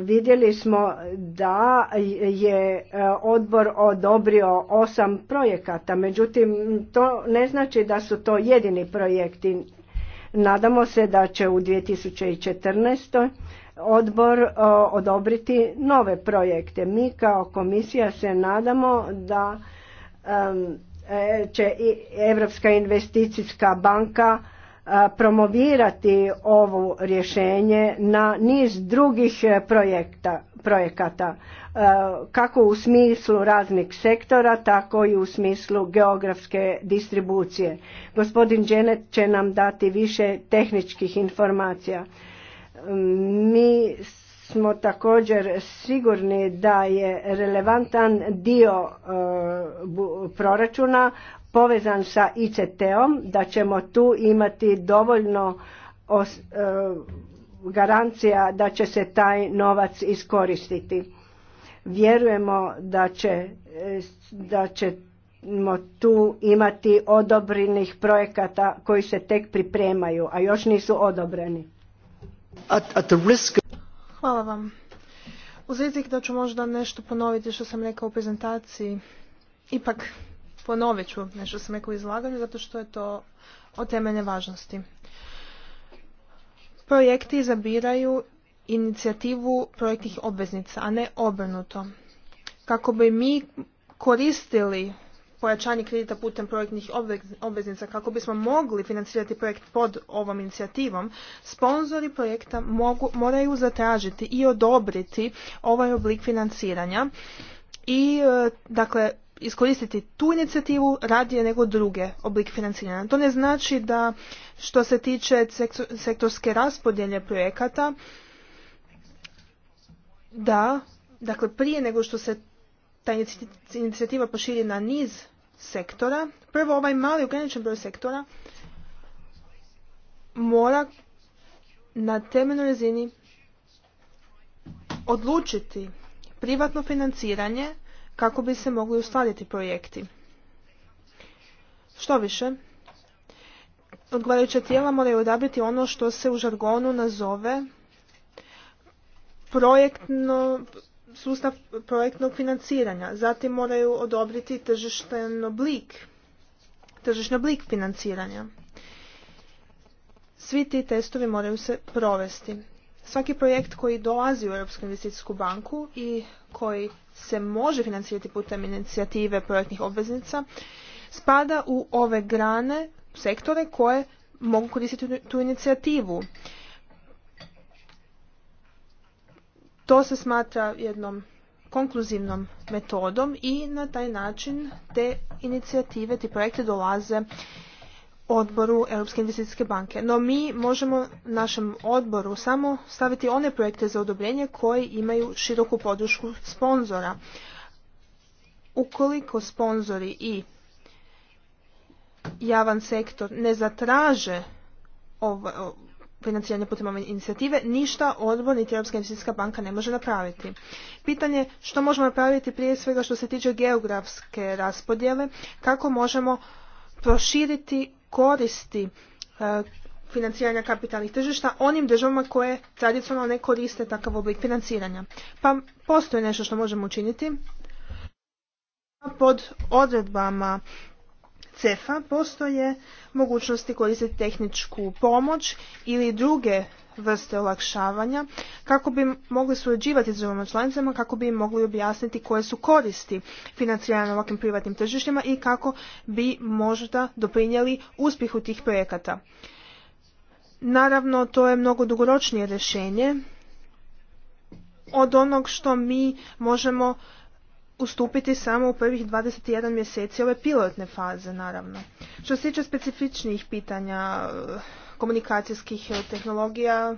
vidjeli smo da je e, odbor odobrio osam projekata, međutim to ne znači da su to jedini projekti. Nadamo se da će u 2014. odbor e, odobriti nove projekte. Mi kao komisija se nadamo da e, će Evropska Europska investicijska banka promovirati ovo rješenje na niz drugih e, projekta, projekata, e, kako u smislu raznih sektora, tako i u smislu geografske distribucije. Gospodin Dženet će nam dati više tehničkih informacija. Mi smo također sigurni da je relevantan dio e, proračuna povezan sa ICT-om, da ćemo tu imati dovoljno os, e, garancija da će se taj novac iskoristiti. Vjerujemo da će da ćemo tu imati odobrenih projekata koji se tek pripremaju, a još nisu odobreni. At, at the risk... Hvala vam. Uz rizik da ću možda nešto ponoviti što sam rekao u prezentaciji, ipak Ponovit ću nešto sam rekao u izlaganju zato što je to od temeljne važnosti. Projekti izabiraju inicijativu projektnih obveznica, a ne obrnuto. Kako bi mi koristili pojačanje kredita putem projektnih obveznica kako bismo mogli financirati projekt pod ovom inicijativom, sponzori projekta mogu, moraju zatražiti i odobriti ovaj oblik financiranja i e, dakle iskoristiti tu inicijativu radije nego druge oblike financiranja. To ne znači da što se tiče sektorske raspodjelje projekata, da, dakle prije nego što se ta inicijativa poširi na niz sektora, prvo ovaj mali ograničen broj sektora mora na temeljnoj razini odlučiti privatno financiranje kako bi se mogli uskladiti projekti. Što više, odgovarajuća tijela moraju odabrati ono što se u žargonu nazove projektno, sustav projektnog financiranja. Zatim moraju odobriti tržišten oblik, tržišni oblik financiranja. Svi ti testovi moraju se provesti. Svaki projekt koji dolazi u Europsku investicijsku banku i koji se može financirati putem inicijative projektnih obveznica spada u ove grane, sektore koje mogu koristiti tu inicijativu. To se smatra jednom konkluzivnom metodom i na taj način te inicijative, ti projekte dolaze odboru Europske investicijske banke. No mi možemo našem odboru samo staviti one projekte za odobrenje koji imaju široku podršku sponzora. Ukoliko sponzori i javan sektor ne zatraže ovo, financiranje putem ove inicijative, ništa odbor niti Europska investicijska banka ne može napraviti. Pitanje što možemo napraviti prije svega što se tiče geografske raspodjele, kako možemo proširiti koristi e, financiranja kapitalnih tržišta onim državama koje tradicionalno ne koriste takav oblik financiranja. Pa postoji nešto što možemo učiniti. Pod odredbama CEFA postoje mogućnosti koristiti tehničku pomoć ili druge vrste olakšavanja kako bi mogli surađivati s državama članicama, kako bi im mogli objasniti koje su koristi financiranja na ovakvim privatnim tržištima i kako bi možda doprinijeli uspjehu tih projekata. Naravno, to je mnogo dugoročnije rješenje od onog što mi možemo ustupiti samo u prvih 21 mjeseci ove pilotne faze, naravno. Što se tiče specifičnih pitanja komunikacijskih eh, tehnologija.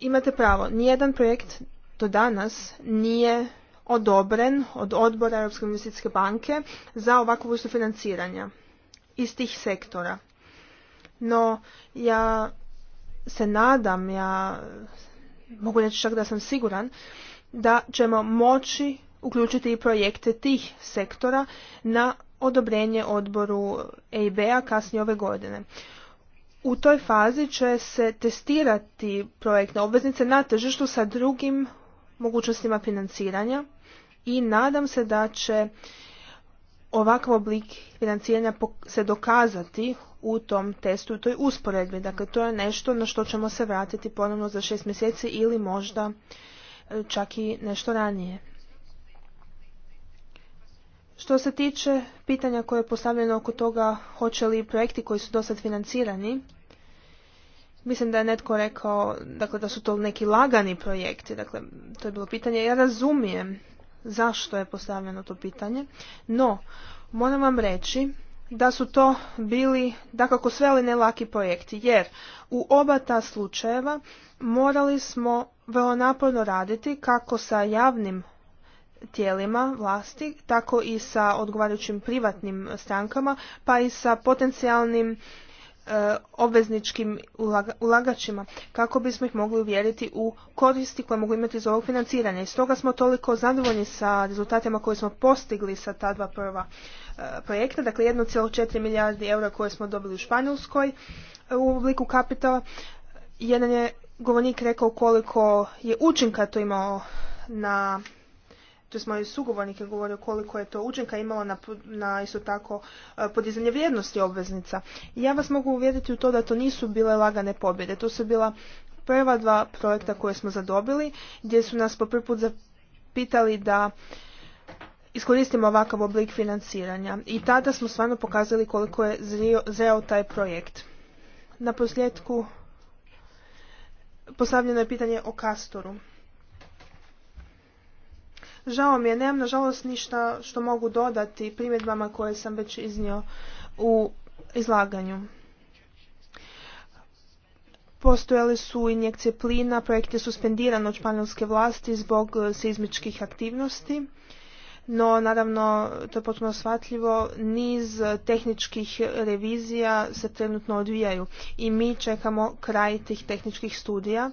Imate pravo, nijedan projekt do danas nije odobren od odbora Europske investicijske banke za ovakvu vrstu financiranja iz tih sektora. No, ja se nadam, ja mogu reći čak da sam siguran, da ćemo moći uključiti i projekte tih sektora na odobrenje odboru EIB-a kasnije ove godine u toj fazi će se testirati projektne obveznice na tržištu sa drugim mogućnostima financiranja i nadam se da će ovakav oblik financiranja se dokazati u tom testu, u toj usporedbi. Dakle, to je nešto na što ćemo se vratiti ponovno za šest mjeseci ili možda e, čak i nešto ranije. Što se tiče pitanja koje je postavljeno oko toga hoće li projekti koji su dosad financirani Mislim da je netko rekao dakle, da su to neki lagani projekti. Dakle, to je bilo pitanje. Ja razumijem zašto je postavljeno to pitanje, no moram vam reći da su to bili dakako sve ali ne laki projekti, jer u oba ta slučajeva morali smo vrlo naporno raditi kako sa javnim tijelima vlasti, tako i sa odgovarajućim privatnim strankama, pa i sa potencijalnim E, obvezničkim ulagačima kako bismo ih mogli uvjeriti u koristi koje mogu imati iz ovog financiranja. I stoga smo toliko zadovoljni sa rezultatima koje smo postigli sa ta dva prva e, projekta, dakle 1,4 milijardi eura koje smo dobili u Španjolskoj e, u obliku kapitala. Jedan je govornik rekao koliko je učinka to imao na to smo sugovornik je govorio koliko je to učinka imalo na, na isto tako e, podizanje vrijednosti obveznica. Ja vas mogu uvjeriti u to da to nisu bile lagane pobjede. To su bila prva dva projekta koje smo zadobili, gdje su nas po prvi put zapitali da iskoristimo ovakav oblik financiranja. I tada smo stvarno pokazali koliko je zreo, zreo taj projekt. Na posljedku postavljeno je pitanje o kastoru. Žao mi je, nemam nažalost ništa što mogu dodati primjedbama koje sam već iznio u izlaganju. Postojali su injekcije plina, projekt je suspendiran od španjolske vlasti zbog seizmičkih aktivnosti no naravno to je potpuno shvatljivo, niz eh, tehničkih revizija se trenutno odvijaju i mi čekamo kraj tih tehničkih studija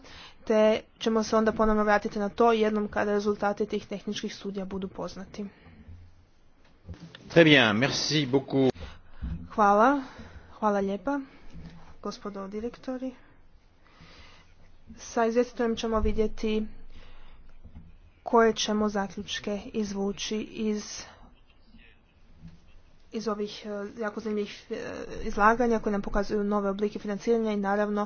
te ćemo se onda ponovno vratiti na to jednom kada rezultati tih tehničkih studija budu poznati. Hvala, hvala lijepa, gospodo direktori. Sa izvjestiteljem ćemo vidjeti koje ćemo zaključke izvući iz ovih e, jako zanimljivih e, izlaganja koje nam pokazuju nove oblike financiranja i naravno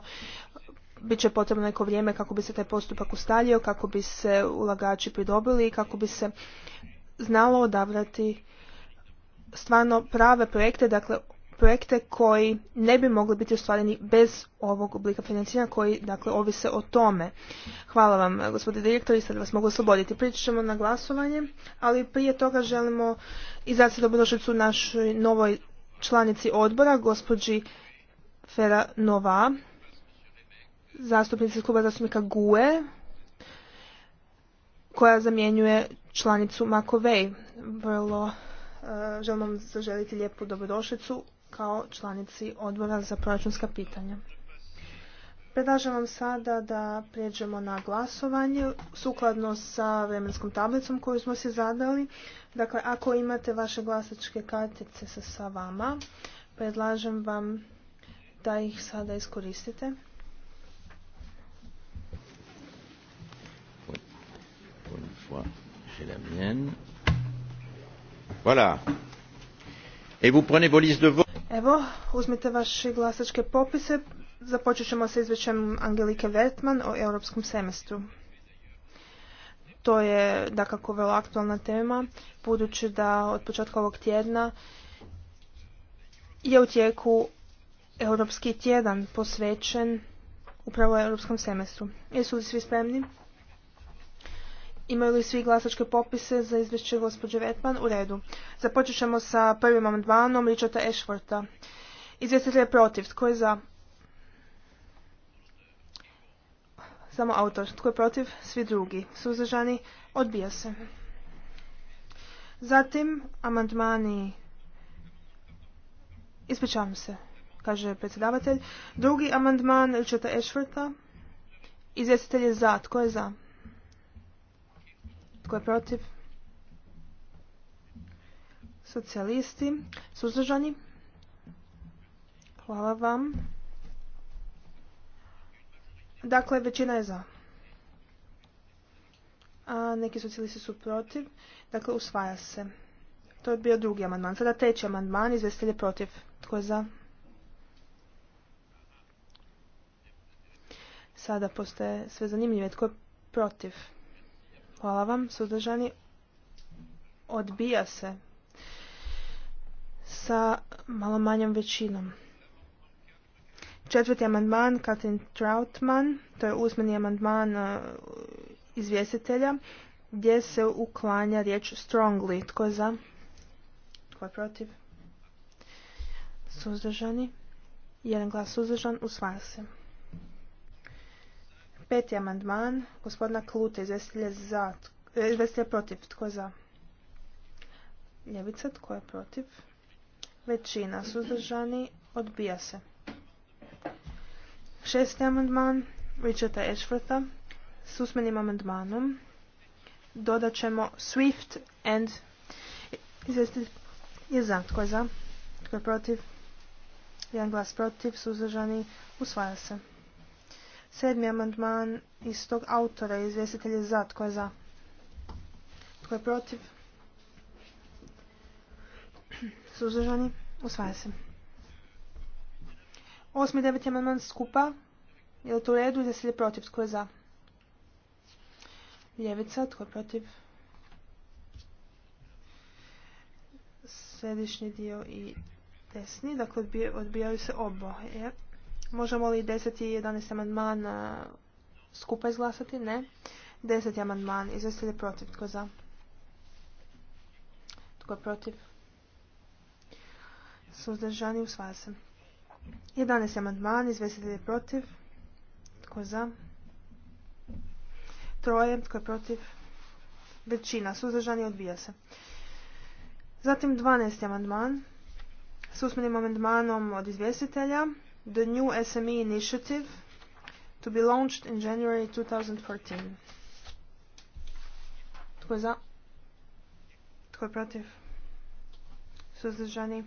bit će potrebno neko vrijeme kako bi se taj postupak ustalio, kako bi se ulagači pridobili i kako bi se znalo odabrati stvarno prave projekte, dakle projekte koji ne bi mogli biti ostvareni bez ovog oblika financiranja koji dakle ovise o tome. Hvala vam eh, gospodine i sad vas mogu osloboditi. Pričat ćemo na glasovanje, ali prije toga želimo izraziti dobrodošlicu našoj novoj članici odbora, gospođi Fera Nova, zastupnici kluba zastupnika GUE, koja zamjenjuje članicu Makovej. Vrlo eh, želim vam zaželiti lijepu dobrodošlicu kao članici odbora za proračunska pitanja. Predlažem vam sada da prijeđemo na glasovanje sukladno sa vremenskom tablicom koju smo se zadali. Dakle, ako imate vaše glasačke kartice sa, vama, predlažem vam da ih sada iskoristite. Voilà. Evo, uzmite vaše glasačke popise. Započet ćemo sa izvećem Angelike Vertman o europskom semestru. To je dakako vrlo aktualna tema, budući da od početka ovog tjedna je u tijeku europski tjedan posvećen upravo europskom semestru. Jesu li svi spremni? Imaju li svi glasačke popise za izvješće gospođe Vetman? U redu. Započet ćemo sa prvim amandmanom Richarda Ešvorta. Izvjestitelj je protiv. Tko je za? Samo autor. Tko je protiv? Svi drugi. Suzdržani? Odbija se. Zatim, amandmani... Ispričavam se, kaže predsjedavatelj. Drugi amandman Richarda Ešvorta. Izvjestitelj je za. Tko je za? Tko je protiv? Socijalisti. Suzdržani? Hvala vam. Dakle, većina je za. A neki socijalisti su protiv. Dakle, usvaja se. To je bio drugi amandman. Sada treći amandman. Izvestelj je protiv. Tko je za? Sada postaje sve zanimljivo. Tko je protiv? Hvala vam. Suzdržani odbija se sa malo manjom većinom. Četvrti amandman, Katrin Trautman, to je usmeni amandman e, izvjestitelja, gdje se uklanja riječ strongly. Tko je za? Tko je protiv? Suzdržani. Jedan glas suzdržan, usvaja se. Peti amandman gospodina Klute, izvestilje e, protiv, tko je za? Ljevica, tko je protiv? Većina suzdržani odbija se. Šesti amandman Richarda ešvrta s usmenim amandmanom dodat ćemo Swift and izvesti je za. Tko je za? Tko je protiv? Jedan glas protiv, suzdržani, usvaja se. Sedmi amandman istog autora, i je za, tko je za? Tko je protiv? Suzdržani? Usvaja se. Osmi i deveti amandman skupa. Je li to u redu? se je protiv, tko je za? Ljevica, tko je protiv? Središnji dio i desni, dakle odbijaju se oboje. Možemo li 10 i 11 amandman skupa izglasati? Ne. 10 amandman. Izvesti je protiv. Tko za? Tko je protiv? Suzdržani usvaja se. 11 amandman. Izvesti je protiv. Tko za? Troje. Tko je protiv? Većina. Suzdržani odbija se. Zatim 12. amandman. S usmenim amandmanom od izvjestitelja the new SME initiative to be launched in January 2014. Tko je za? Tko je protiv? Suzdržani?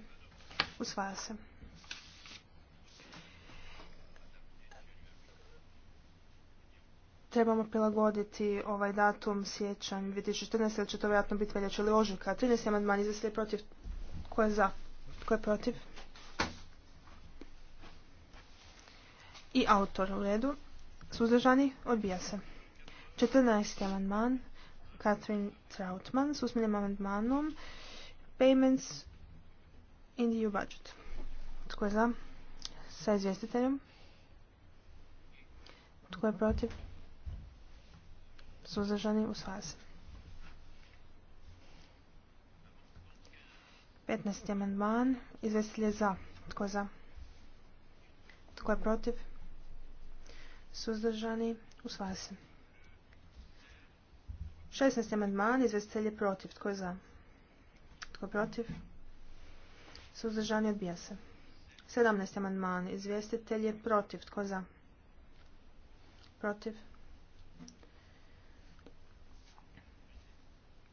Trebamo prilagoditi ovaj datum sjećanj 2014. jer će to vjerojatno biti veljače ili ožujka. 13. amandman izvjestitelj protiv. Tko je za? Tko je protiv? i autor u redu. Suzdržani odbija se. 14. amandman Katrin Trautman s usmjenim amandmanom Payments in the EU budget. Tko je za? Sa izvjestiteljem. Tko je protiv? Suzdržani u se. 15. amandman. izvestitelj je za. Tko je za? Tko je protiv? suzdržani, usvaja se. 16. amandman, izvjestitelj je protiv. Tko je za? Tko je protiv? Suzdržani odbija se. 17. amandman, izvjestitelj je protiv. Tko je za? Protiv?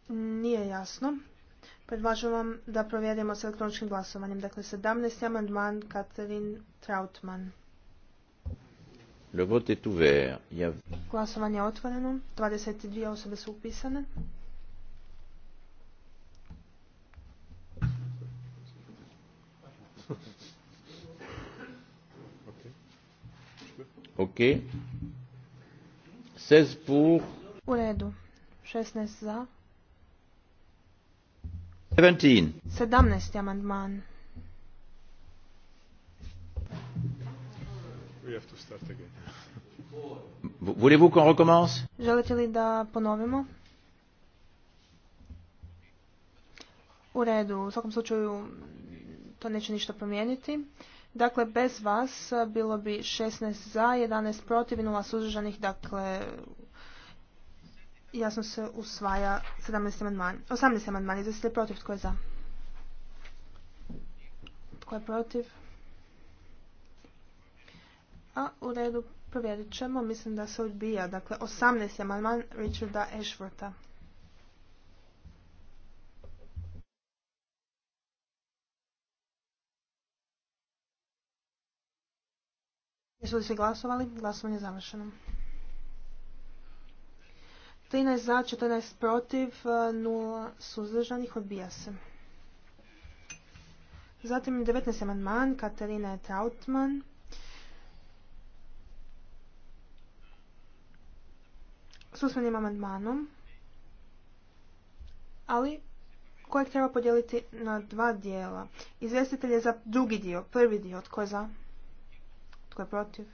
Nije jasno. Predlažem vam da provjerimo s elektroničkim glasovanjem. Dakle, 17. amandman Katarin Trautman. Le vote est ouvert. Il y a... Glasovanje je otvoreno. 22 osobe su upisane. Ok. 16 pour. U redu. 16 za. 17. 17. amandman. Voulez-vous qu'on recommence Želite li da ponovimo? U redu, u svakom slučaju to neće ništa promijeniti. Dakle, bez vas bilo bi 16 za, 11 protiv i 0 suzdržanih, dakle, jasno se usvaja 17 amandman. 18 amandman, izvestite protiv, tko je za? Tko je protiv? A u redu provjerit ćemo, mislim da se odbija. Dakle, 18. amandman Richarda Ashworta. Jesu li svi glasovali? Glasovanje je završeno. 13 za, 14 protiv, 0 suzdržanih, odbija se. Zatim 19. amandman Katarina Trautman. s usmenim amandmanom, ali kojeg treba podijeliti na dva dijela. Izvestitelj je za drugi dio, prvi dio, tko je za, tko je protiv,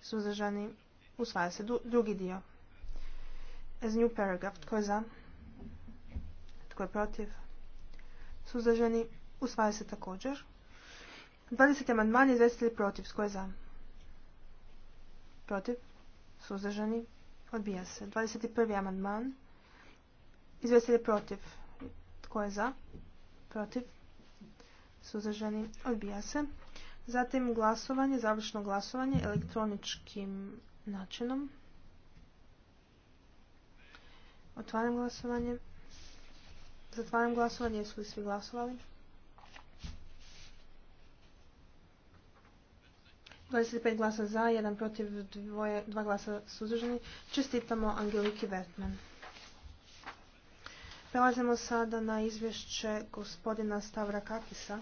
suzdržani, usvaja se drugi dio. As new paragraph, tko je za, tko je protiv, suzdržani, usvaja se također. 20. amandman izvjestitelj protiv, tko je za, protiv, suzdržani, Odbija se. 21. amandman. Izvjestitelj je protiv. Tko je za? Protiv. Suzdržani. Odbija se. Zatim glasovanje, završno glasovanje elektroničkim načinom. Otvaram glasovanje. Zatvaram glasovanje. Jesu li svi glasovali? 25 glasa za, jedan protiv, dva glasa suzdržani. Čestitamo Angeliki Vertman. Prelazimo sada na izvješće gospodina Stavra Kakisa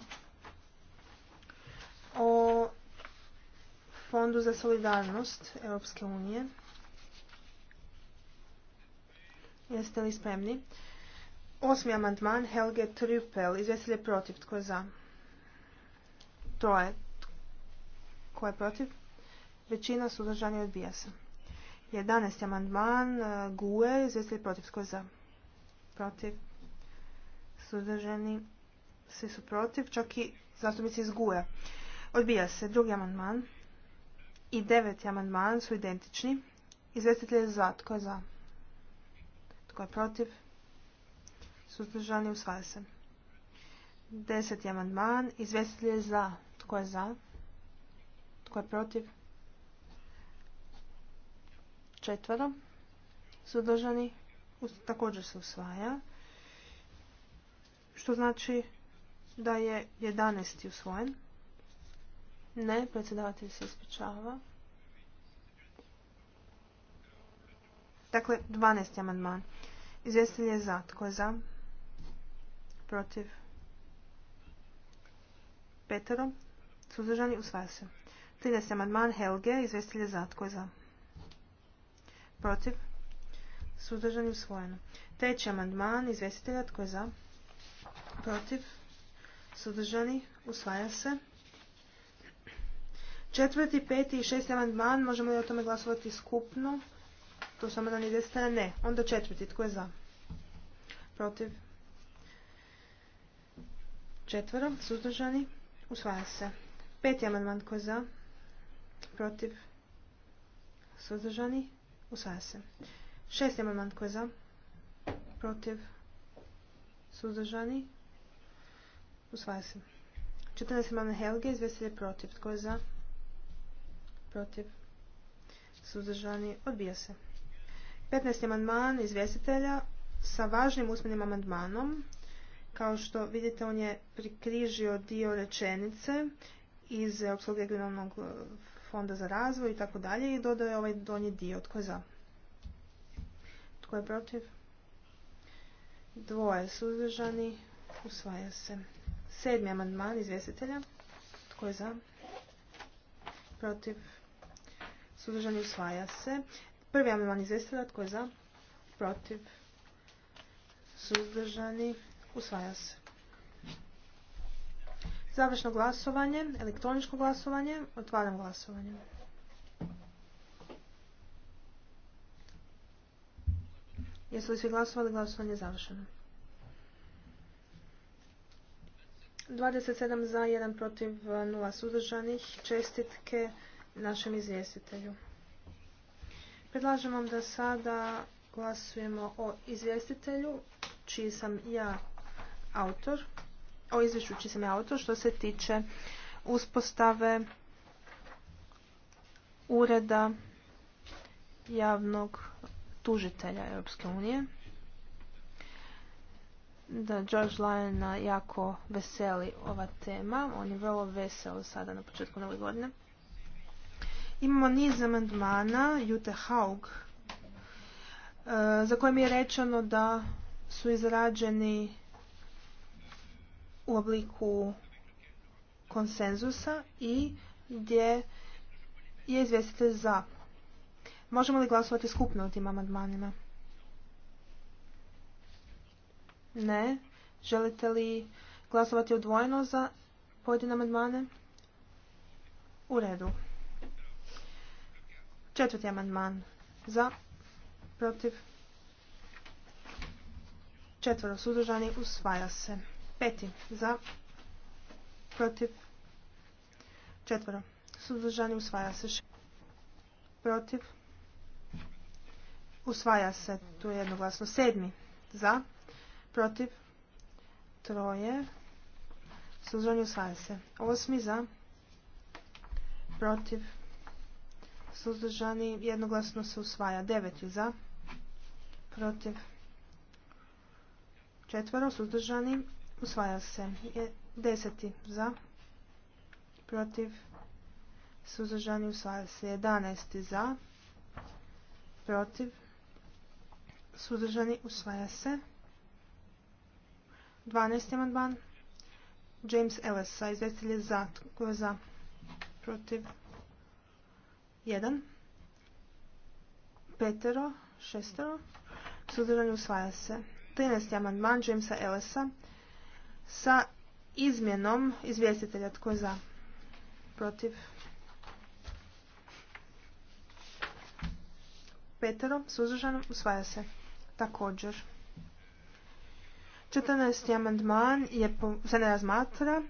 o Fondu za solidarnost Europske unije. Jeste li spremni? Osmi amandman Helge Trupel, Izvjestitelj protiv. Tko je za? To je tko je protiv? Većina suzdržani odbija se. 11. amandman e, GUE, izvjestili protiv, tko je za? Protiv. Suzdržani, svi su protiv, čak i zastupnici iz GUE. Odbija se drugi amandman i deveti amandman su identični. Izvjestitelj je za, tko je za? Tko je protiv? Suzdržani, usvaja se. Deseti amandman, izvjestitelj je za, tko je za? Tko je protiv? Četvero Sudržani. Također se usvaja. Što znači da je 11. usvojen. Ne, predsjedavatelj se ispričava. Dakle, 12. amandman. Izvjestitelj je za. Tko je za? Protiv. Petero. Suzdržani usvaja se. 30. amandman Helge, izvestilje za, tko je za? Protiv? Suzdržani usvojeno. Treći amandman izvjestitelja tko je za? Protiv? Suzdržani? Usvaja se. Četvrti, peti i šesti amandman, možemo li o tome glasovati skupno? To samo da nije izvjestitelja? Ne. Onda četvrti, tko je za? Protiv? 4. suzdržani? Usvaja se. Peti amandman, tko je za? protiv, suzdržani, usvaja se. Šesti amandman tko je za, protiv, suzdržani, usvaja se. Četrnaest amandman Helge, izvjestitelj protiv, tko je za, protiv, suzdržani, odbija se. Petnaest amandman izvjestitelja sa važnim usmenim amandmanom. Kao što vidite, on je prikrižio dio rečenice iz obsluge regionalnog fonda za razvoj i tako dalje i dodaje ovaj donji dio. Tko je za? Tko je protiv? Dvoje suzdržani. Usvaja se. Sedmi amandman izvjestitelja. Tko je za? Protiv? Suzdržani usvaja se. Prvi amandman izvjestitelja. Tko je za? Protiv? Suzdržani usvaja se. Završno glasovanje, elektroničko glasovanje, otvaram glasovanje. Jesu li svi glasovali? Glasovanje je završeno. 27 za, 1 protiv, 0 suzdržanih. Čestitke našem izvjestitelju. Predlažem vam da sada glasujemo o izvjestitelju, čiji sam ja autor o izvješću će sam ja što se tiče uspostave ureda javnog tužitelja Europske unije. Da George Lyon jako veseli ova tema. On je vrlo vesel sada na početku nove godine. Imamo niz amandmana Jute Haug e, za kojem je rečeno da su izrađeni u obliku konsenzusa i gdje je izvjestite za. Možemo li glasovati skupno u tim amandmanima? Ne. Želite li glasovati odvojeno za pojedine amandmane? U redu. Četvrti amandman. Za. Protiv. Četvoro suzdržani. Usvaja se. Peti. Za. Protiv. Četvoro. Suzdržani usvaja se. Protiv. Usvaja se. Tu je jednoglasno. Sedmi. Za. Protiv. Troje. Suzdržani usvaja se. Osmi. Za. Protiv. Suzdržani jednoglasno se usvaja. Deveti. Za. Protiv. Četvoro. Suzdržani Usvaja se. Deseti za. Protiv. Suzdržani usvaja se. Jedanesti za. Protiv. Suzdržani usvaja se. 12. amandman. James Ellisa, Izvestilje za, tko je za, protiv, jedan, petero, šestero, suzdržani usvaja se. 13. amandman Jamesa Ellisa, sa izmjenom izvjestitelja tko je za protiv petero suzdržano usvaja se također 14. amandman je se ne razmatra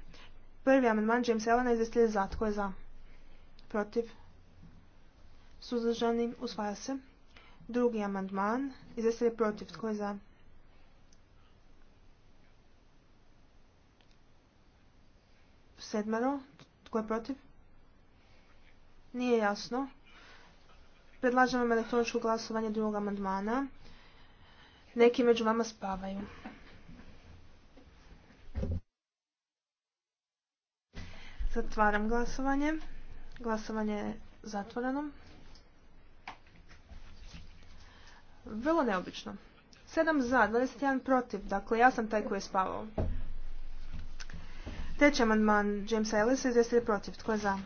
prvi amandman James Elena izvjestitelja za tko je za protiv suzdržanim usvaja se drugi amandman je protiv tko je za Sedmero. Tko je protiv? Nije jasno. Predlažem vam elektroničko glasovanje drugog amandmana. Neki među vama spavaju. Zatvaram glasovanje. Glasovanje je zatvoreno. Vrlo neobično. 7 za, 21 protiv. Dakle, ja sam taj koji je spavao. Treći amandman Jamesa Ellisa, izvjestitelj protiv. Tko je za?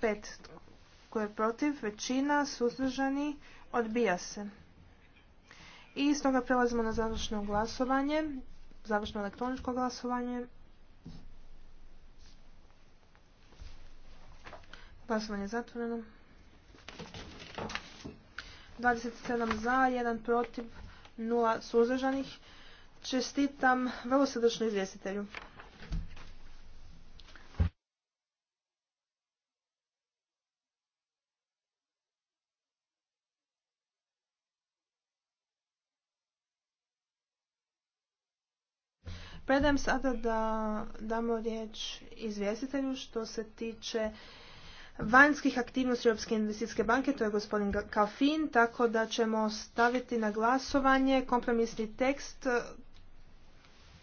Pet. Tko je protiv? Većina, suzdržani, odbija se. I stoga prelazimo na završno glasovanje, završno elektroničko glasovanje. Glasovanje je zatvoreno. 27 za, 1 protiv, 0 suzdržanih. Čestitam vrlo srdečno izvjestitelju. Predajem sada da damo riječ izvjestitelju što se tiče vanjskih aktivnosti Europske investicijske banke, to je gospodin Kalfin, tako da ćemo staviti na glasovanje kompromisni tekst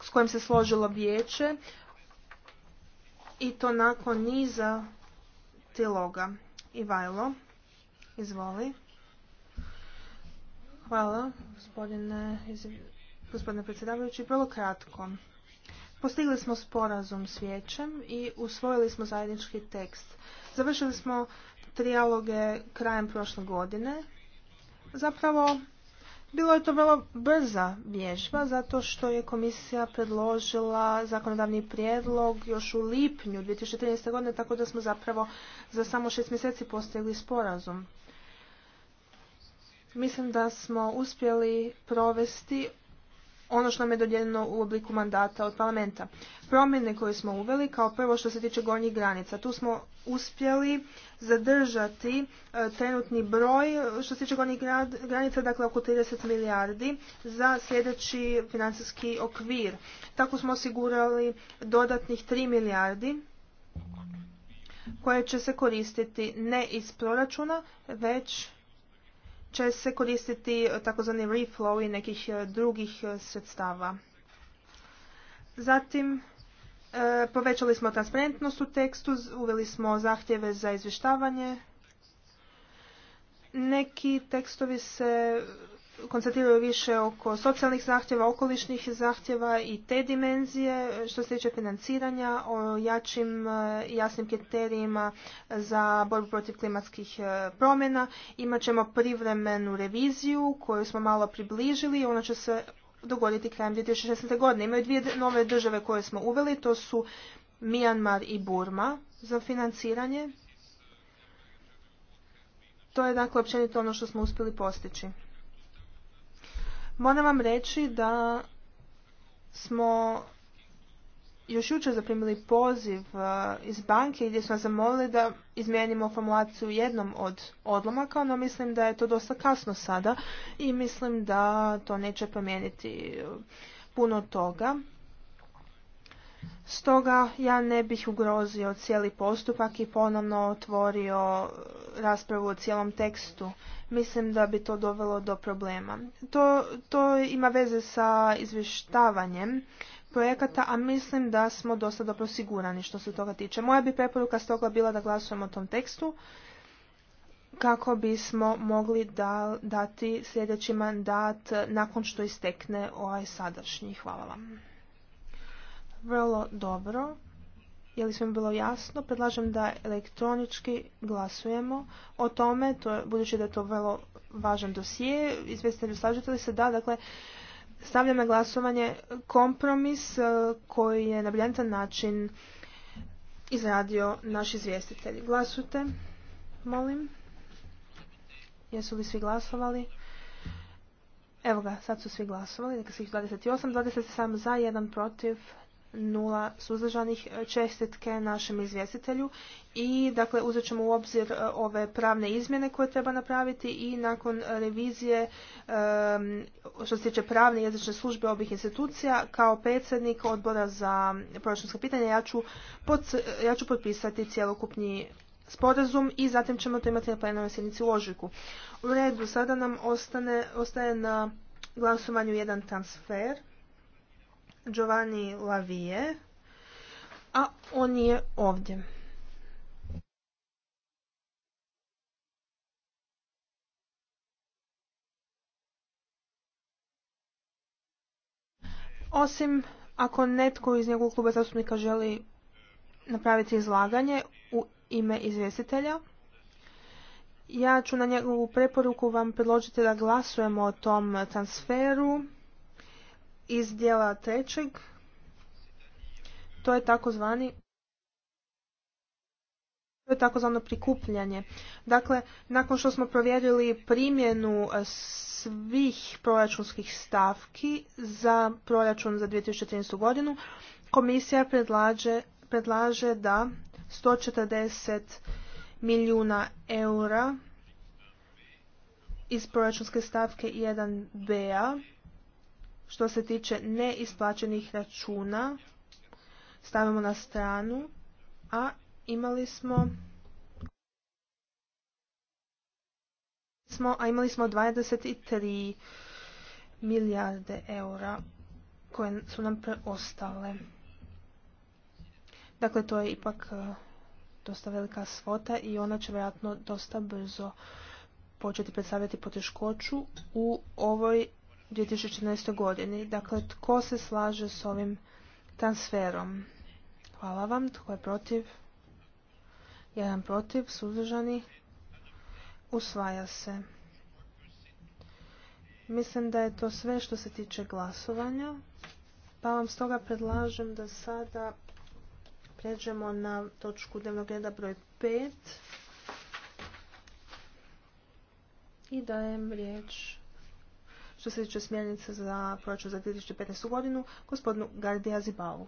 s kojim se složilo vijeće i to nakon niza tiloga. Ivajlo, izvoli. Hvala, gospodine, gospodine predsjedavajući. Vrlo kratko. Postigli smo sporazum s vijećem i usvojili smo zajednički tekst. Završili smo trijaloge krajem prošle godine. Zapravo, bilo je to vrlo brza vježba zato što je komisija predložila zakonodavni prijedlog još u lipnju 2013. godine, tako da smo zapravo za samo šest mjeseci postigli sporazum. Mislim da smo uspjeli provesti ono što nam je dodijeljeno u obliku mandata od parlamenta. Promjene koje smo uveli, kao prvo što se tiče gornjih granica, tu smo uspjeli zadržati e, trenutni broj e, što se tiče gornjih granica, dakle oko 30 milijardi za sljedeći financijski okvir. Tako smo osigurali dodatnih 3 milijardi koje će se koristiti ne iz proračuna, već će se koristiti takozvani reflow i nekih e, drugih e, sredstava. Zatim, e, povećali smo transparentnost u tekstu, uveli smo zahtjeve za izvještavanje. Neki tekstovi se koncentriraju više oko socijalnih zahtjeva, okolišnih zahtjeva i te dimenzije što se tiče financiranja, o jačim e, jasnim kriterijima za borbu protiv klimatskih e, promjena. Imat ćemo privremenu reviziju koju smo malo približili, ona će se dogoditi krajem 2016. godine. Imaju dvije nove države koje smo uveli, to su Mijanmar i Burma za financiranje. To je dakle općenito ono što smo uspjeli postići. Moram vam reći da smo još jučer zaprimili poziv uh, iz banke gdje smo zamolili da izmijenimo formulaciju jednom od odlomaka, no mislim da je to dosta kasno sada i mislim da to neće promijeniti uh, puno toga. Stoga ja ne bih ugrozio cijeli postupak i ponovno otvorio raspravu o cijelom tekstu. Mislim da bi to dovelo do problema. To, to ima veze sa izvještavanjem projekata, a mislim da smo dosta dobro sigurani što se toga tiče. Moja bi preporuka stoga bila da glasujemo o tom tekstu kako bismo mogli dati sljedeći mandat nakon što istekne ovaj sadašnji. Hvala vam. Vrlo dobro. Je li sve bilo jasno? Predlažem da elektronički glasujemo o tome, to je, budući da je to vrlo važan dosije. Izvestitelju slažete li se? Da, dakle, stavljam na glasovanje kompromis e, koji je na briljantan način izradio naš izvjestitelj. Glasujte, molim. Jesu li svi glasovali? Evo ga, sad su svi glasovali, neka svih 28, 27 za, 1 protiv, nula suzdržanih e, čestitke našem izvjestitelju i dakle uzet ćemo u obzir e, ove pravne izmjene koje treba napraviti i nakon revizije što se tiče pravne jezične službe ovih institucija kao predsjednik odbora za proračunska pitanja ja ću, pod, ja ću potpisati cjelokupni sporazum i zatim ćemo to imati na plenarnoj sjednici u ožujku. U redu, sada nam ostane, ostaje na glasovanju jedan transfer. Giovanni Lavije, a on je ovdje. Osim ako netko iz njegovog kluba zastupnika želi napraviti izlaganje u ime izvjestitelja, ja ću na njegovu preporuku vam predložiti da glasujemo o tom transferu iz dijela trećeg. To je takozvani to je takozvano prikupljanje. Dakle, nakon što smo provjerili primjenu e, svih proračunskih stavki za proračun za 2013. godinu, komisija predlaže, predlaže da 140 milijuna eura iz proračunske stavke 1 b što se tiče neisplaćenih računa stavimo na stranu, a imali smo a imali smo 23 milijarde eura koje su nam preostale. Dakle, to je ipak e, dosta velika svota i ona će vjerojatno dosta brzo početi predstavljati poteškoću u ovoj 2014. godini. Dakle, tko se slaže s ovim transferom? Hvala vam. Tko je protiv? Jedan protiv, suzdržani. Usvaja se. Mislim da je to sve što se tiče glasovanja. Pa vam stoga predlažem da sada pređemo na točku dnevnog reda broj 5. I dajem riječ što se tiče smjernica za proračun za 2015. godinu, gospodinu Gardi Zibalu.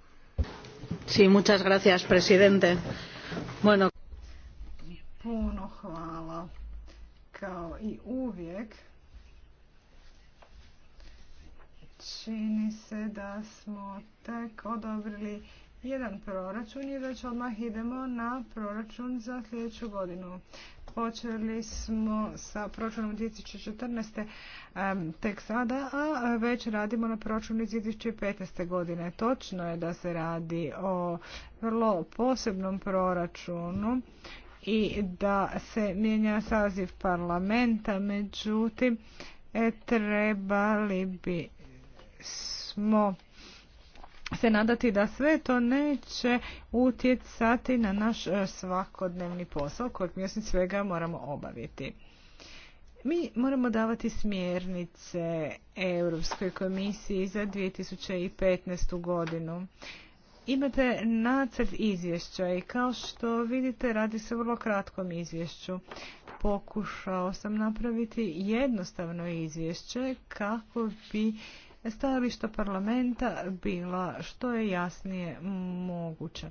Sí, muchas gracias, presidente. Bueno. Puno hvala. Kao i uvijek, čini se da smo tek odobrili jedan proračun i već odmah idemo na proračun za sljedeću godinu. Počeli smo sa proračunom 2014. tek sada, a već radimo na proračunu 2015. godine. Točno je da se radi o vrlo posebnom proračunu i da se mijenja saziv parlamenta, međutim, e, trebali bi smo se nadati da sve to neće utjecati na naš e, svakodnevni posao kojeg mi osim svega moramo obaviti. Mi moramo davati smjernice Europskoj komisiji za 2015. godinu. Imate nacrt izvješća i kao što vidite radi se o vrlo kratkom izvješću. Pokušao sam napraviti jednostavno izvješće kako bi stajališta parlamenta bila što je jasnije moguće.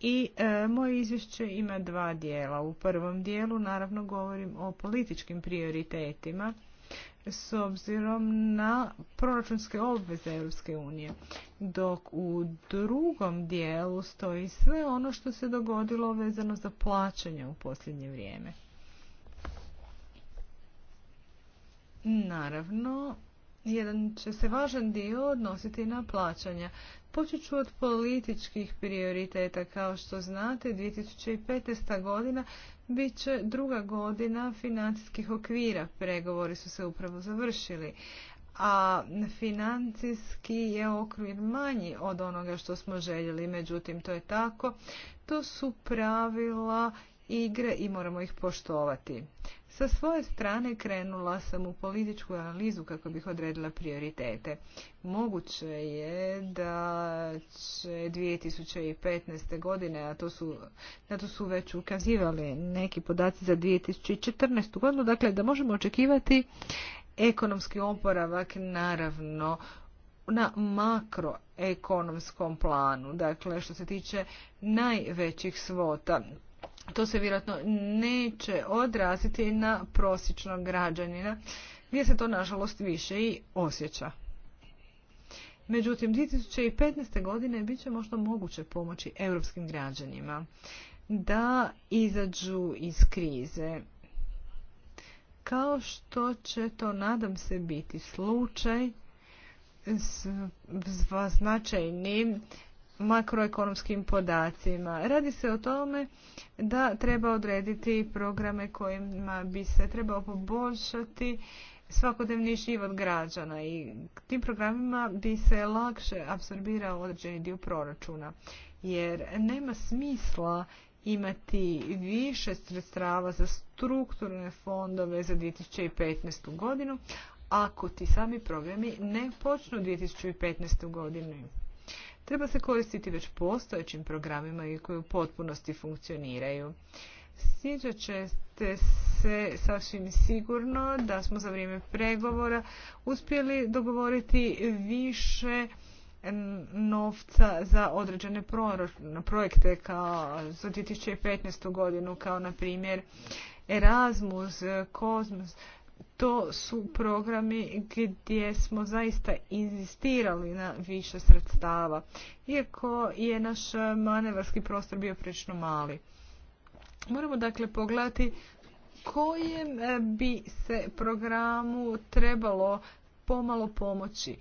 I e, moje izvješće ima dva dijela. U prvom dijelu naravno govorim o političkim prioritetima s obzirom na proračunske obveze Europske unije, dok u drugom dijelu stoji sve ono što se dogodilo vezano za plaćanje u posljednje vrijeme. Naravno, jedan će se važan dio odnositi na plaćanja. Počet ću od političkih prioriteta. Kao što znate, 2015. godina bit će druga godina financijskih okvira. Pregovori su se upravo završili. A financijski je okvir manji od onoga što smo željeli. Međutim, to je tako. To su pravila igre i moramo ih poštovati. Sa svoje strane krenula sam u političku analizu kako bih odredila prioritete. Moguće je da će 2015. godine, a to su, na to su već ukazivali neki podaci za 2014. godinu, dakle da možemo očekivati ekonomski oporavak naravno na makroekonomskom planu, dakle što se tiče najvećih svota to se vjerojatno neće odraziti na prosječnog građanina gdje se to nažalost više i osjeća. Međutim, 2015. godine bit će možda moguće pomoći europskim građanima da izađu iz krize. Kao što će to, nadam se, biti slučaj s značajnim makroekonomskim podacima. Radi se o tome da treba odrediti programe kojima bi se trebao poboljšati svakodnevni život građana i tim programima bi se lakše apsorbirao određeni dio proračuna jer nema smisla imati više sredstava za strukturne fondove za 2015. godinu ako ti sami programi ne počnu 2015. godinu. Treba se koristiti već postojećim programima i koji u potpunosti funkcioniraju. Sjećat ćete se sasvim sigurno da smo za vrijeme pregovora uspjeli dogovoriti više novca za određene projekte kao za 2015. godinu kao na primjer Erasmus, Kozmos, to su programi gdje smo zaista inzistirali na više sredstava, iako je naš manevarski prostor bio prilično mali. Moramo dakle pogledati kojem e, bi se programu trebalo pomalo pomoći,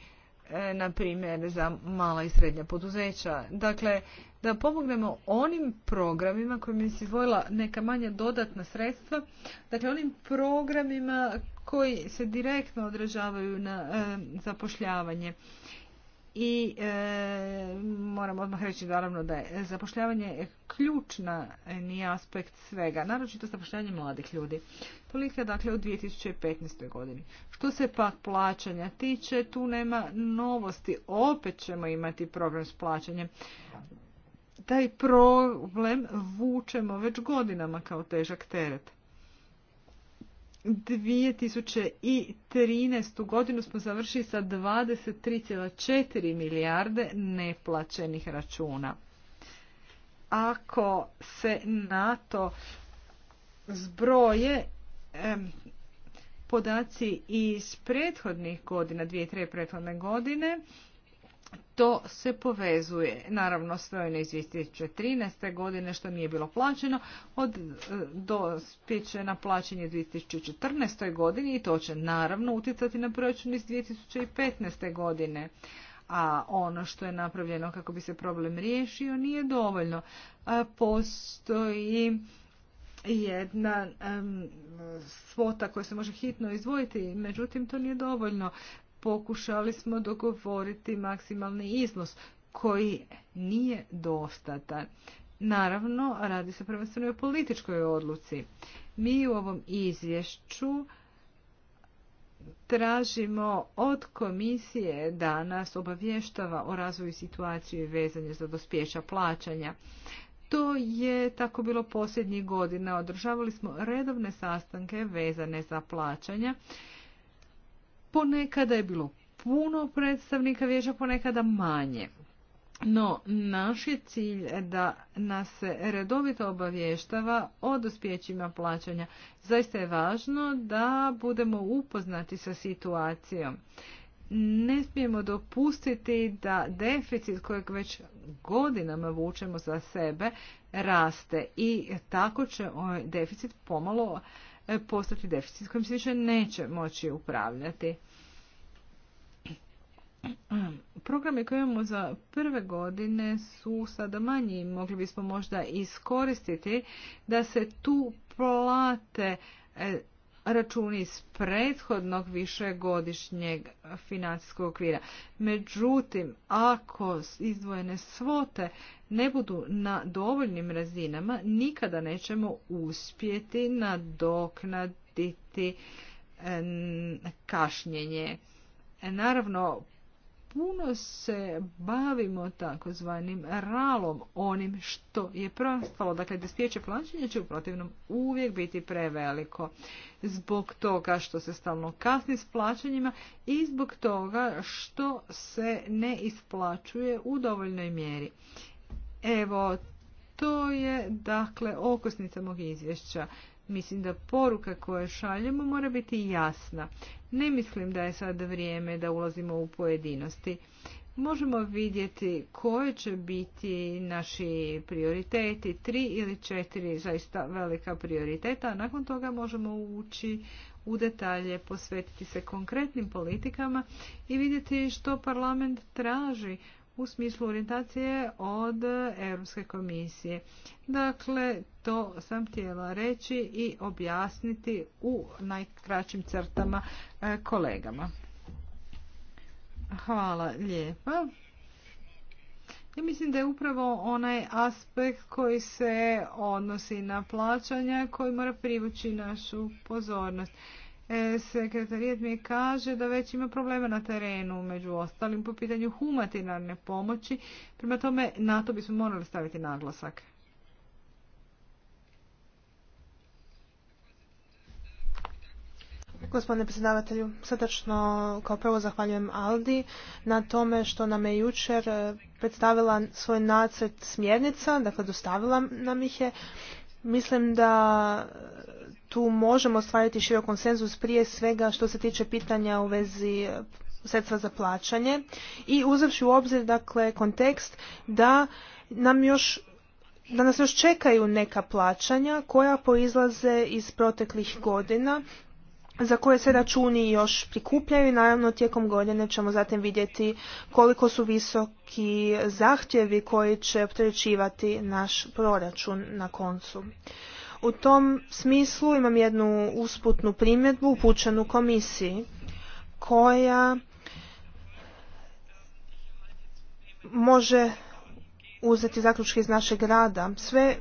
e, na primjer za mala i srednja poduzeća. Dakle, da pomognemo onim programima kojima se izvojila neka manja dodatna sredstva, dakle onim programima koji se direktno odražavaju na e, zapošljavanje. I e, moram odmah reći naravno da je zapošljavanje ključna e, ni aspekt svega, naročito zapošljavanje mladih ljudi. Tolika je dakle u 2015. godini. Što se pak plaćanja tiče, tu nema novosti. Opet ćemo imati problem s plaćanjem. Taj problem vučemo već godinama kao težak teret. 2013. godinu smo završili sa 23,4 milijarde neplaćenih računa. Ako se na to zbroje podaci iz prethodnih godina, dvije prethodne godine, to se povezuje. Naravno, s ono iz 2013. godine što nije bilo plaćeno, od, e, do spiče na plaćanje 2014. godine i to će naravno utjecati na proračun iz 2015. godine. A ono što je napravljeno kako bi se problem riješio nije dovoljno. E, postoji jedna svota koja se može hitno izdvojiti, međutim to nije dovoljno pokušali smo dogovoriti maksimalni iznos koji nije dostatan. Naravno, radi se prvenstveno o političkoj odluci. Mi u ovom izvješću tražimo od komisije da nas obavještava o razvoju situacije i vezanje za dospjeća plaćanja. To je tako bilo posljednjih godina. Održavali smo redovne sastanke vezane za plaćanja Ponekada je bilo puno predstavnika vijeća, ponekada manje. No, naš je cilj da nas se redovito obavještava o dospjećima plaćanja. Zaista je važno da budemo upoznati sa situacijom. Ne smijemo dopustiti da deficit kojeg već godinama vučemo za sebe raste i tako će ovaj deficit pomalo postati deficit kojim se više neće moći upravljati. Programe koje imamo za prve godine su sada manji. Mogli bismo možda iskoristiti da se tu plate e, računi iz prethodnog višegodišnjeg financijskog okvira. Međutim, ako izdvojene svote ne budu na dovoljnim razinama, nikada nećemo uspjeti nadoknaditi e, kašnjenje. E, naravno, puno se bavimo takozvanim ralom, onim što je prostalo. Dakle, dospjeće plaćanja će u protivnom uvijek biti preveliko zbog toga što se stalno kasni s plaćanjima i zbog toga što se ne isplaćuje u dovoljnoj mjeri. Evo, to je dakle okosnica mog izvješća. Mislim da poruka koju šaljemo mora biti jasna. Ne mislim da je sada vrijeme da ulazimo u pojedinosti. Možemo vidjeti koje će biti naši prioriteti, tri ili četiri zaista velika prioriteta, a nakon toga možemo ući u detalje, posvetiti se konkretnim politikama i vidjeti što parlament traži u smislu orijentacije od Europske komisije. Dakle, to sam htjela reći i objasniti u najkraćim crtama e, kolegama. Hvala lijepa. Ja mislim da je upravo onaj aspekt koji se odnosi na plaćanja koji mora privući našu pozornost. E, sekretarijet mi kaže da već ima problema na terenu, među ostalim po pitanju humanitarne pomoći, prema tome na to bismo morali staviti naglasak. Gospodine predsjedavatelju, srdačno kao prvo zahvaljujem Aldi na tome što nam je jučer e, predstavila svoj nacrt smjernica, dakle dostavila nam ih je. Mislim da tu možemo ostvariti širok konsenzus prije svega što se tiče pitanja u vezi e, sredstva za plaćanje i uzavši u obzir dakle kontekst da nam još da nas još čekaju neka plaćanja koja poizlaze iz proteklih godina za koje se računi još prikupljaju i naravno tijekom godine ćemo zatim vidjeti koliko su visoki zahtjevi koji će opterećivati naš proračun na koncu. U tom smislu imam jednu usputnu primjedbu upućenu komisiji koja može uzeti zaključke iz našeg rada. Sve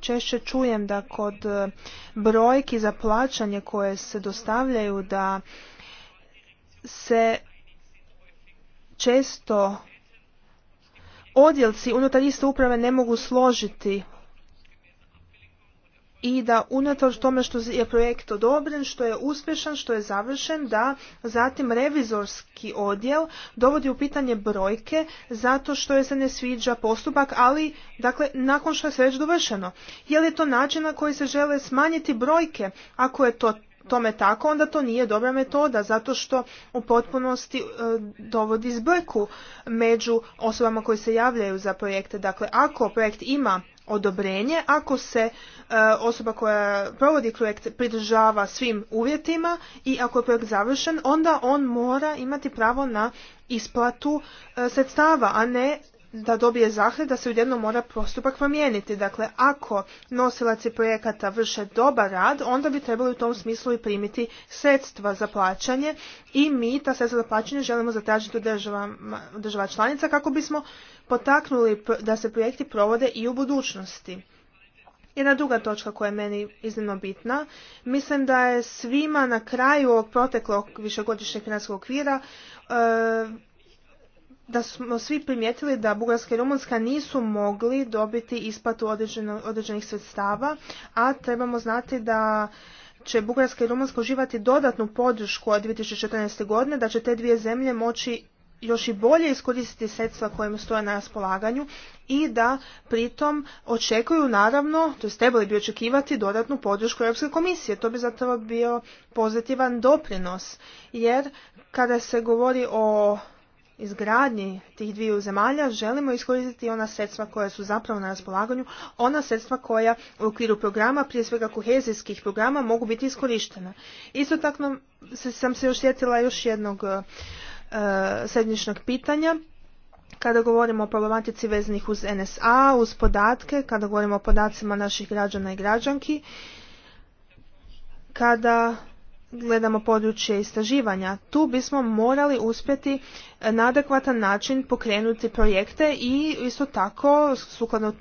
češće čujem da kod e, brojki za plaćanje koje se dostavljaju da se često odjelci unutar iste uprave ne mogu složiti i da unatoč tome što je projekt odobren, što je uspješan, što je završen, da zatim revizorski odjel dovodi u pitanje brojke zato što je se ne sviđa postupak, ali dakle nakon što je sve već dovršeno. Je li to način na koji se žele smanjiti brojke? Ako je to tome tako, onda to nije dobra metoda, zato što u potpunosti e, dovodi zbrku među osobama koji se javljaju za projekte. Dakle, ako projekt ima odobrenje ako se e, osoba koja provodi projekt pridržava svim uvjetima i ako je projekt završen onda on mora imati pravo na isplatu e, sredstava a ne da dobije zahtjev da se ujedno mora postupak promijeniti. Dakle, ako nosilaci projekata vrše dobar rad, onda bi trebali u tom smislu i primiti sredstva za plaćanje i mi ta sredstva za plaćanje želimo zatražiti u država, država članica kako bismo potaknuli da se projekti provode i u budućnosti. Jedna druga točka koja je meni iznimno bitna, mislim da je svima na kraju ovog proteklog višegodišnjeg financijskog okvira e, da smo svi primijetili da Bugarska i Rumunska nisu mogli dobiti isplatu određenih sredstava, a trebamo znati da će Bugarska i Rumunska uživati dodatnu podršku od 2014. godine, da će te dvije zemlje moći još i bolje iskoristiti sredstva koje im stoje na raspolaganju i da pritom očekuju naravno, to je trebali bi očekivati dodatnu podršku Europske komisije. To bi zato bio pozitivan doprinos, jer kada se govori o izgradnji tih dviju zemalja želimo iskoristiti ona sredstva koja su zapravo na raspolaganju, ona sredstva koja u okviru programa, prije svega kohezijskih programa, mogu biti iskorištena. Isto tako sam se još sjetila još jednog e, pitanja kada govorimo o problematici vezanih uz NSA, uz podatke, kada govorimo o podacima naših građana i građanki, kada gledamo područje istraživanja, tu bismo morali uspjeti e, na adekvatan način pokrenuti projekte i isto tako sukladno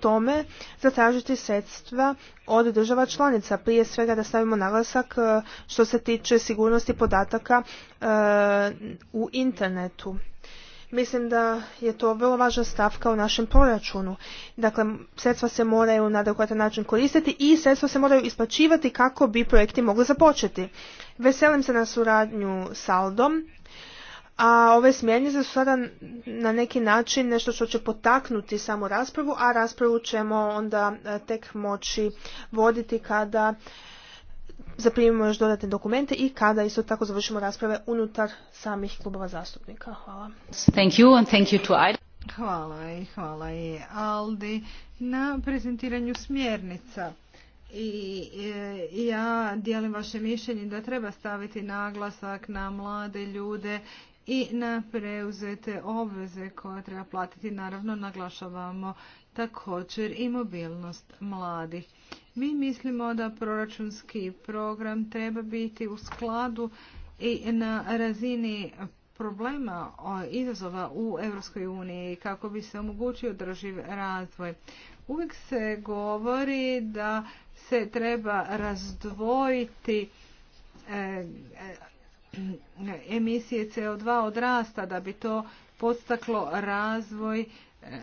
tome zatražiti sredstva od država članica. Prije svega da stavimo naglasak e, što se tiče sigurnosti podataka e, u internetu. Mislim da je to vrlo važna stavka u našem proračunu. Dakle, sredstva se moraju na adekvatan način koristiti i sredstva se moraju isplaćivati kako bi projekti mogli započeti. Veselim se na suradnju s Aldom, a ove smjernice su sada na neki način nešto što će potaknuti samo raspravu, a raspravu ćemo onda e, tek moći voditi kada zaprimimo još dodatne dokumente i kada isto tako završimo rasprave unutar samih klubova zastupnika. Hvala. Thank you and thank you to Hvala i hvala i Aldi na prezentiranju smjernica. E, i ja dijelim vaše mišljenje da treba staviti naglasak na mlade ljude i na preuzete obveze koje treba platiti. Naravno, naglašavamo također i mobilnost mladih. Mi mislimo da proračunski program treba biti u skladu i na razini problema izazova u Europskoj uniji kako bi se omogućio drživ razvoj. Uvijek se govori da se treba razdvojiti e, e, emisije CO2 od rasta da bi to podstaklo razvoj e,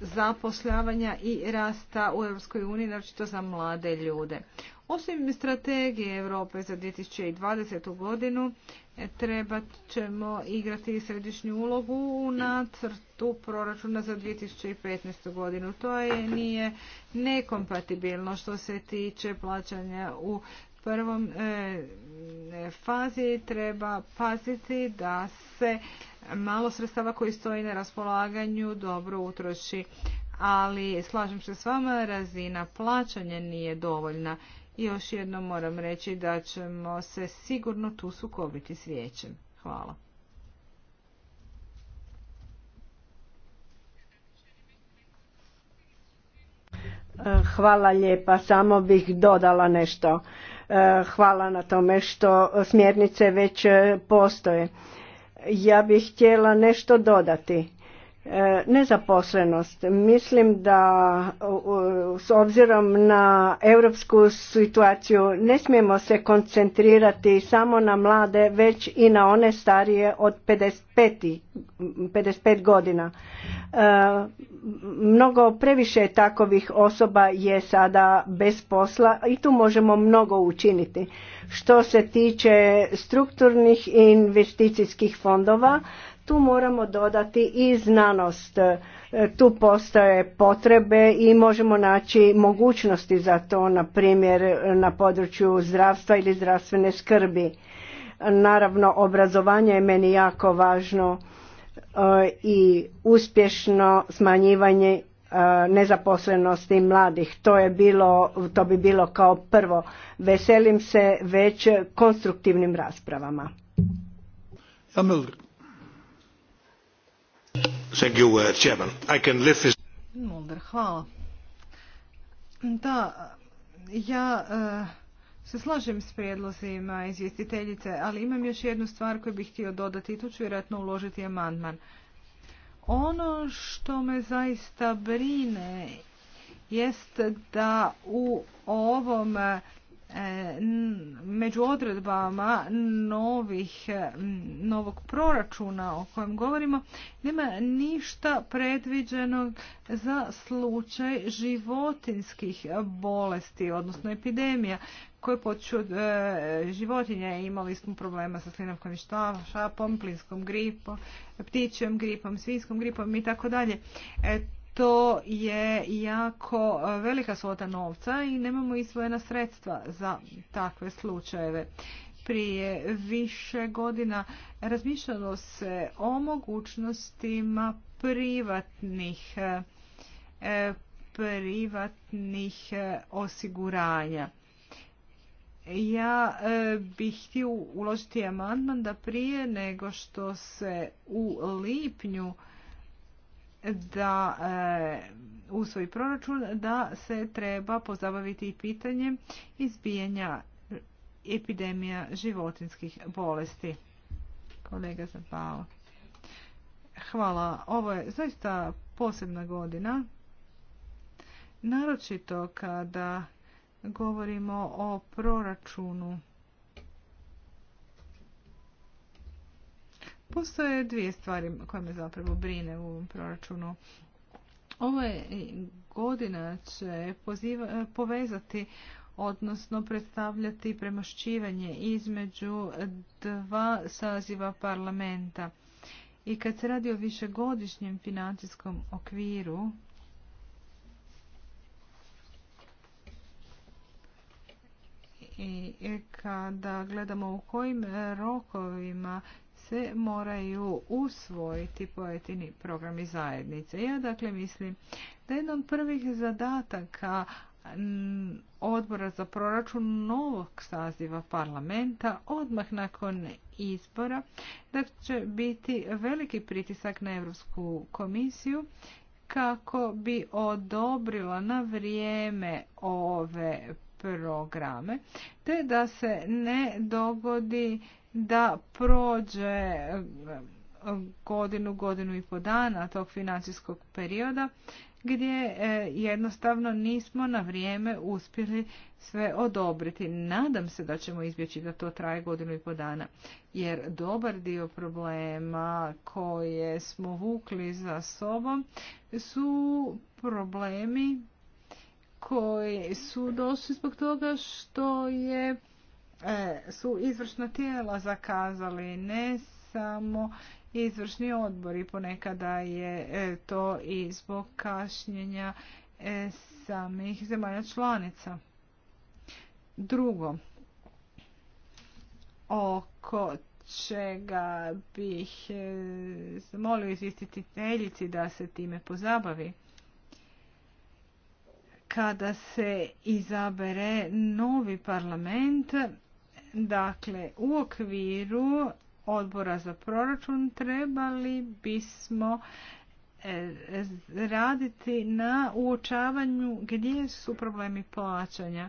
zapošljavanja i rasta u EU, naročito za mlade ljude. Osim strategije Europe za 2020. godinu, e, trebat ćemo igrati središnju ulogu u nacrtu proračuna za 2015. godinu. To je nije nekompatibilno što se tiče plaćanja u prvom e, fazi. Treba paziti da se malo sredstava koji stoji na raspolaganju dobro utroši. Ali slažem se s vama, razina plaćanja nije dovoljna. I još jednom moram reći da ćemo se sigurno tu sukobiti s vijećem. Hvala. E, hvala lijepa, samo bih dodala nešto. E, hvala na tome što smjernice već e, postoje ja bih htjela nešto dodati E, nezaposlenost. Mislim da s obzirom na europsku situaciju ne smijemo se koncentrirati samo na mlade, već i na one starije od 55, 55 godina. E, mnogo previše takovih osoba je sada bez posla i tu možemo mnogo učiniti. Što se tiče strukturnih i investicijskih fondova, tu moramo dodati i znanost. E, tu postoje potrebe i možemo naći mogućnosti za to, na primjer na području zdravstva ili zdravstvene skrbi. Naravno, obrazovanje je meni jako važno e, i uspješno smanjivanje e, nezaposlenosti mladih. To je bilo, to bi bilo kao prvo. Veselim se već konstruktivnim raspravama. Ja, Uh, da, ja e, se slažem s prijedlozima izvjestiteljice, ali imam još jednu stvar koju bih htio dodati i tu ću vjerojatno uložiti amandman. Ono što me zaista brine jest da u ovom među odredbama novih, novog proračuna o kojem govorimo nema ništa predviđenog za slučaj životinskih bolesti, odnosno epidemija koje poču životinje životinja. Imali smo problema sa slinavkom i šapom, plinskom gripom, ptičjom gripom, svinskom gripom i tako dalje. E, to je jako e, velika svota novca i nemamo izvojena sredstva za takve slučajeve. Prije više godina razmišljalo se o mogućnostima privatnih e, e, privatnih osiguranja. Ja bih htio uložiti amandman da prije nego što se u lipnju da e, usvoji proračun da se treba pozabaviti i pitanjem izbijanja epidemija životinskih bolesti. Kolega Hvala. Ovo je zaista posebna godina. Naročito kada govorimo o proračunu Postoje dvije stvari koje me zapravo brine u ovom proračunu. Ove godina će e, povezati odnosno predstavljati premošćivanje između dva saziva parlamenta. I kad se radi o višegodišnjem financijskom okviru, i kada gledamo u kojim e, rokovima se moraju usvojiti pojedini programi zajednice. Ja dakle mislim da jedan od prvih zadataka mm, odbora za proračun novog saziva parlamenta odmah nakon izbora da će biti veliki pritisak na Europsku komisiju kako bi odobrila na vrijeme ove programe te da se ne dogodi da prođe eh, godinu, godinu i po dana tog financijskog perioda gdje eh, jednostavno nismo na vrijeme uspjeli sve odobriti. Nadam se da ćemo izbjeći da to traje godinu i po dana, jer dobar dio problema koje smo vukli za sobom su problemi koji su došli zbog toga što je E, su izvršna tijela zakazali, ne samo izvršni odbori. Ponekada je e, to i zbog kašnjenja e, samih zemalja članica. Drugo, oko čega bih molio izvjestiteljici da se time pozabavi. Kada se izabere novi parlament, Dakle, u okviru odbora za proračun trebali bismo e, raditi na uočavanju gdje su problemi plaćanja.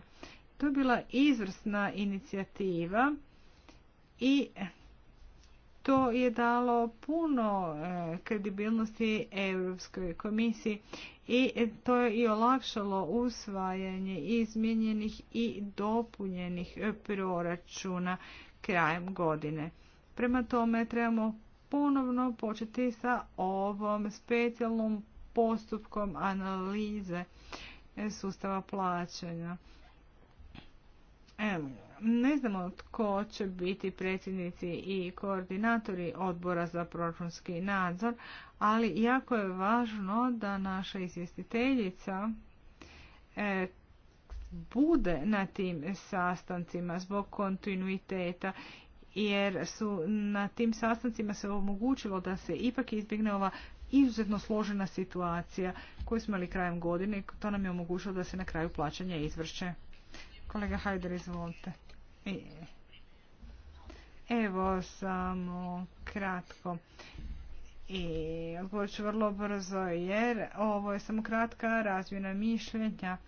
To je bila izvrsna inicijativa i to je dalo puno e, kredibilnosti Europskoj komisiji i to je i olakšalo usvajanje izmijenjenih i dopunjenih proračuna krajem godine. Prema tome trebamo ponovno početi sa ovom specijalnom postupkom analize sustava plaćanja. Ne znamo tko će biti predsjednici i koordinatori odbora za proračunski nadzor, ali jako je važno da naša izvjestiteljica e, bude na tim sastancima zbog kontinuiteta jer su na tim sastancima se omogućilo da se ipak izbjegne ova izuzetno složena situacija koju smo imali krajem godine i to nam je omogućilo da se na kraju plaćanja izvrše. Kolega Hajder, izvolite. Evo, samo kratko. I odgovorit ću vrlo brzo jer ovo je samo kratka razmjena mišljenja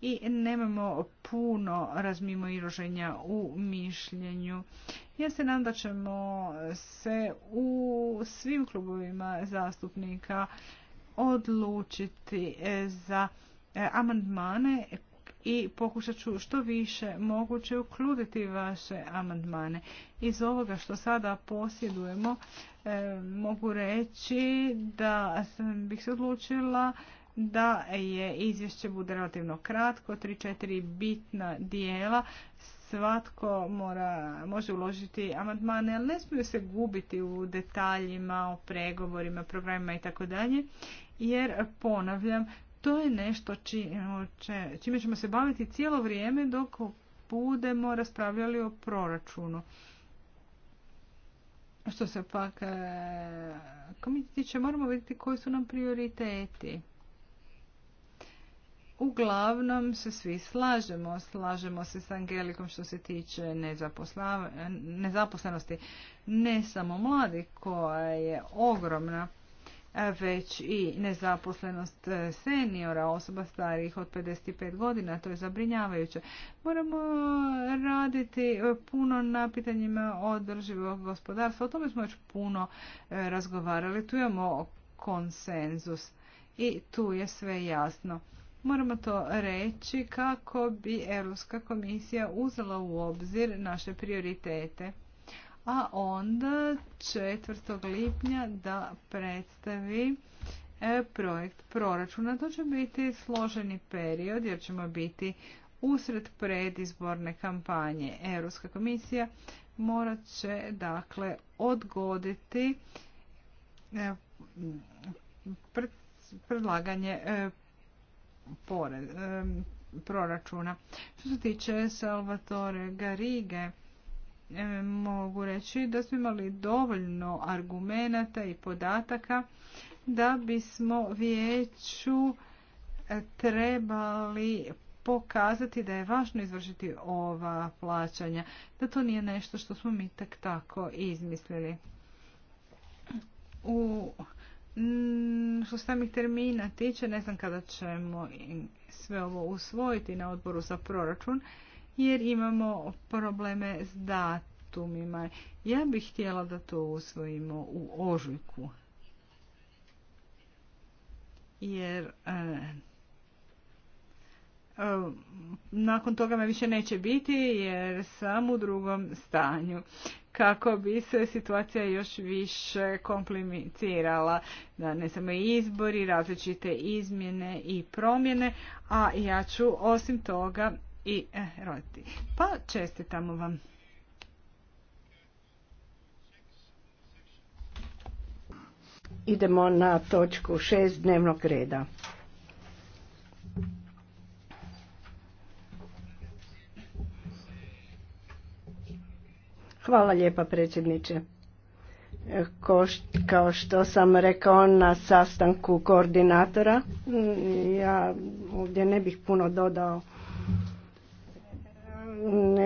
i nemamo puno razmimo iroženja u mišljenju. Ja se nadam da ćemo se u svim klubovima zastupnika odlučiti za e, amandmane i pokušat ću što više moguće ukluditi vaše amandmane. Iz ovoga što sada posjedujemo e, mogu reći da sam, bih se odlučila da je izvješće bude relativno kratko, 3-4 bitna dijela, svatko mora, može uložiti amandmane, ali ne smiju se gubiti u detaljima, o pregovorima, programima i tako dalje, jer ponavljam, to je nešto čime ćemo se baviti cijelo vrijeme dok budemo raspravljali o proračunu. Što se pak e, komisije tiče, moramo vidjeti koji su nam prioriteti. Uglavnom se svi slažemo. Slažemo se s Angelikom što se tiče nezaposlenosti. Ne samo mladi koja je ogromna već i nezaposlenost e, seniora, osoba starih od 55 godina, to je zabrinjavajuće. Moramo raditi e, puno na pitanjima održivog gospodarstva, o tome smo već puno e, razgovarali, tu imamo konsenzus i tu je sve jasno. Moramo to reći kako bi Europska komisija uzela u obzir naše prioritete a onda 4. lipnja da predstavi e, projekt proračuna. To će biti složeni period jer ćemo biti usred predizborne kampanje. Europska komisija morat će dakle odgoditi e, predlaganje e, proračuna. Što se tiče Salvatore Garige, E, mogu reći da smo imali dovoljno argumenata i podataka da bismo vijeću e, trebali pokazati da je važno izvršiti ova plaćanja, da to nije nešto što smo mi tek tako izmislili. U što samih termina tiče, ne znam kada ćemo sve ovo usvojiti na odboru za proračun, jer imamo probleme s datumima. Ja bih htjela da to usvojimo u ožujku. Jer e, e, nakon toga me više neće biti jer sam u drugom stanju kako bi se situacija još više komplicirala. Da ne samo izbori, različite izmjene i promjene, a ja ću osim toga i e, roditi. Pa čestitamo vam. Idemo na točku šest dnevnog reda. Hvala lijepa predsjedniče. Kao što sam rekao na sastanku koordinatora, ja ovdje ne bih puno dodao